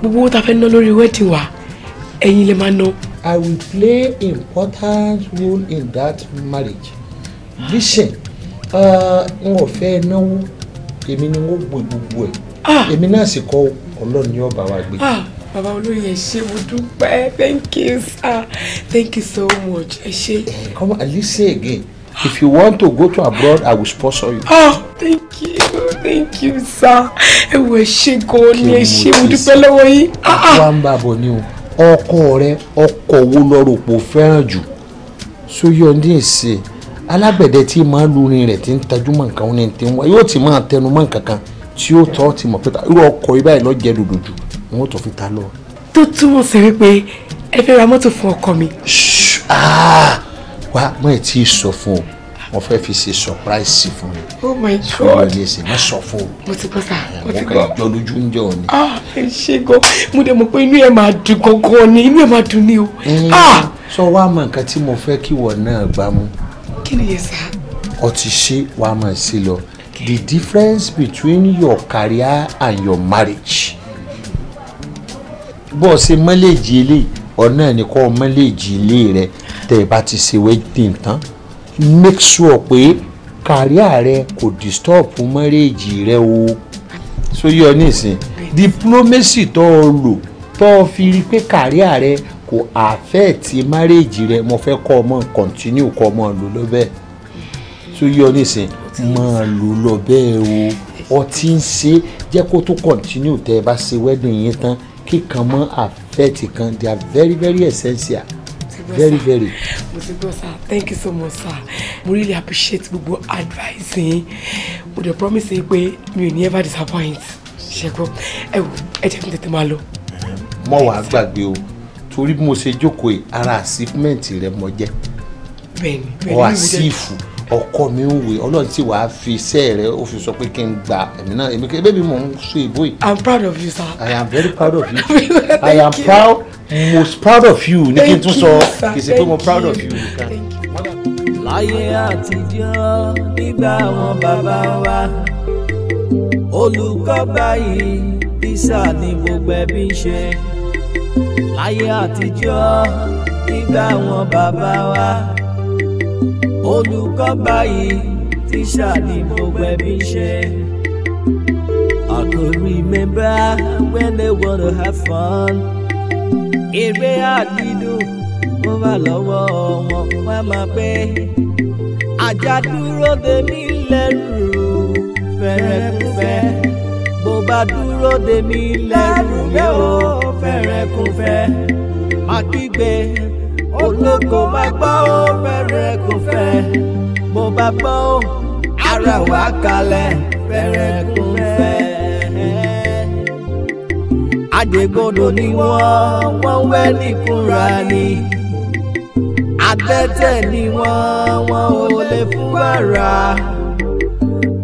gbogbo owó ta fẹ́ ná lórí wedding wa ẹ̀yin lè máa ná. I will play important role in that marriage. Listen, uh, n ò fẹ́ náwó, èmi ni wọ́n gbé gbogbo ẹ̀. Ah! Èmi náà sì kọ́ Ọlọ́run ní ọba wa gbé. Ah! Bàbá olóyè ṣe mo dúpẹ́, thank you sir, thank you so much, ẹ ṣe. Come on, listen again. If you want to go to abroad, I will sponsor you. Oh, thank you, thank you, sir. Ẹ wo ẹ ṣe gan-an ni ẹ ṣe, mo dúpẹ́ lọ́wọ́ yín. Wọ́n ń bá a bọ̀ ni o ọkọ rẹ ọkọ wo lọ́rọ̀ pò fẹ́ràn jù sóyọ ní èsè alágbẹ̀dẹ tí máa lurin rẹ̀ ti ń tajú mọ́ nǹkan ní ti ń wá yóò ti máa tẹnu mọ́ nǹkan kan tí ó tọ́ ti mọ̀ pé ta irú ọkọ̀ ibà yìí lọ́ọ́ jẹ́ dòdò jù ni wọ́n tó fi ta lọ. tó túmọ̀ sí wípé ẹ fẹ́ ra mọ́tò fún ọkọ mi. Ah, wá mọ̀ ẹ̀ tí ì sọ fún o mo fẹ́ fi ṣe surprise sí fún mi. oh my god fún mi lè ṣe má sọ fún mi. mo ti gbọ́ sá mo ti gbọ́. ẹ̀wọ̀n lójú ń jẹ́ òní. ah ṣe gan mo dẹ̀ mọ̀ pé inú ẹ̀ máa dùn gangan ni inú ẹ̀ máa dùn ni o. Ah! sọ wá mọ nǹkan tí mo fẹ́ kí wọ́n náà gbá mú. kí ni yẹn sá. ọtí ṣe wàá máa ṣe lọ the difference between your career and your marriage bó o ṣe mọ́lẹ́jì eléyìí ọ̀nà ni kó o mọ́lẹ́jì ilé rẹ tẹ̀ bá ti ṣe wedding tán make sure pé kàríà rẹ kò disturb mọ́rẹ́ẹ̀jì rẹ o so yọ nísìn diplomacy tó o lò tó o fi rí pé kàríà rẹ kò àfẹ́ẹ̀tì mọ́rẹ́ẹ̀jì rẹ mo fẹ́ kọ́ ọ mọ́ continue kọ́ ọ mọ́ lò lọ bẹ́ẹ̀ so yọ nísìn mọ́ lò lọ bẹ́ẹ̀ o ọtí ń ṣe jẹ́ kó tó continue tẹ́ ẹ bá ṣe wedding yín tán kíkan mọ́ àfẹ́ẹ̀tì kan they are very very essential very very. mo ti gbọ́ sir thank you so much sir mo really appreciate gbogbo advice yín mo dey promise yín pé mi ò ní ever disappoint ṣẹ́gun ẹ wò ẹ jẹ́ kí n tètè máa lọ. mo wàá gbàgbé o torí bí mo ṣe jókòó yìí ara achievement rẹ mo jẹ ọ àsìfù ọkọ mi ń wè ọlọ́run tí wàá fi iṣẹ́ rẹ ó fi sọ pé kí n gba èmi náà èmi kébé mi mò ń so ìbò yìí. i'm proud of you sir. i am very proud of you i am proud most proud of you ní kí n tún sọ kì pé mo proud of you nìkan. láyé àtijọ́ nígbà àwọn bàbá wa olùkọ́ báyìí tíṣà ni gbogbo ẹbí ń ṣe láyé àtijọ́ nígbà àwọn bàbá wa olùkọ́ báyìí tíṣà ni gbogbo ẹbí ń ṣe. I could remember when they wanna have fun èrè àdídùn mo bá lọ́wọ́ wọn wọ́n máa pé ajá de mí lẹ́rù fẹ̀rẹ̀kúfẹ̀ bó bá dúró de mí lẹ́rù mi ò fẹ̀rẹ̀kúfẹ̀ má kígbe olóko má gbọ́ ó fẹ̀rẹ̀kúfẹ̀ bó bá gbọ́ ó ara wà kalẹ̀ fẹ̀rẹ̀kúfẹ̀ àgbègbodò ni wọ́n wọ́n wẹ́ níkúnra ni adẹ́tẹ̀ ni wọ́n wọ́n ò lè fún bàrà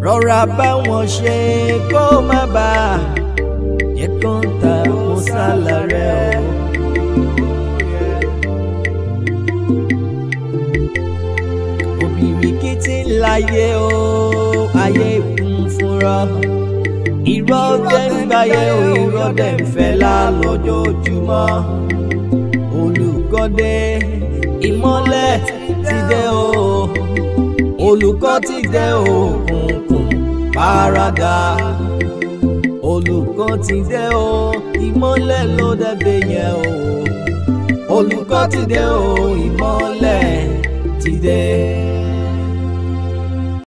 rọra bá wọn ṣe kó má bà á jẹ́ kọ́ńtà mọ́sálà rẹ̀ o. òbí rìkìtì láyé o ayé ìkún fúnra irọ́ tẹ́ ń gbáyé o irọ́ tẹ́ ń fẹ́ lálọ́jọ́júmọ́ olùkọ́dé ìmọ́lẹ̀ ti dé o olùkọ́ ti dé o kùnkùn paradà olùkọ́ ti dé o ìmọ́lẹ̀ ló dẹ́gbẹ́ yẹn o olùkọ́ ti dé o ìmọ́lẹ̀ ti dé.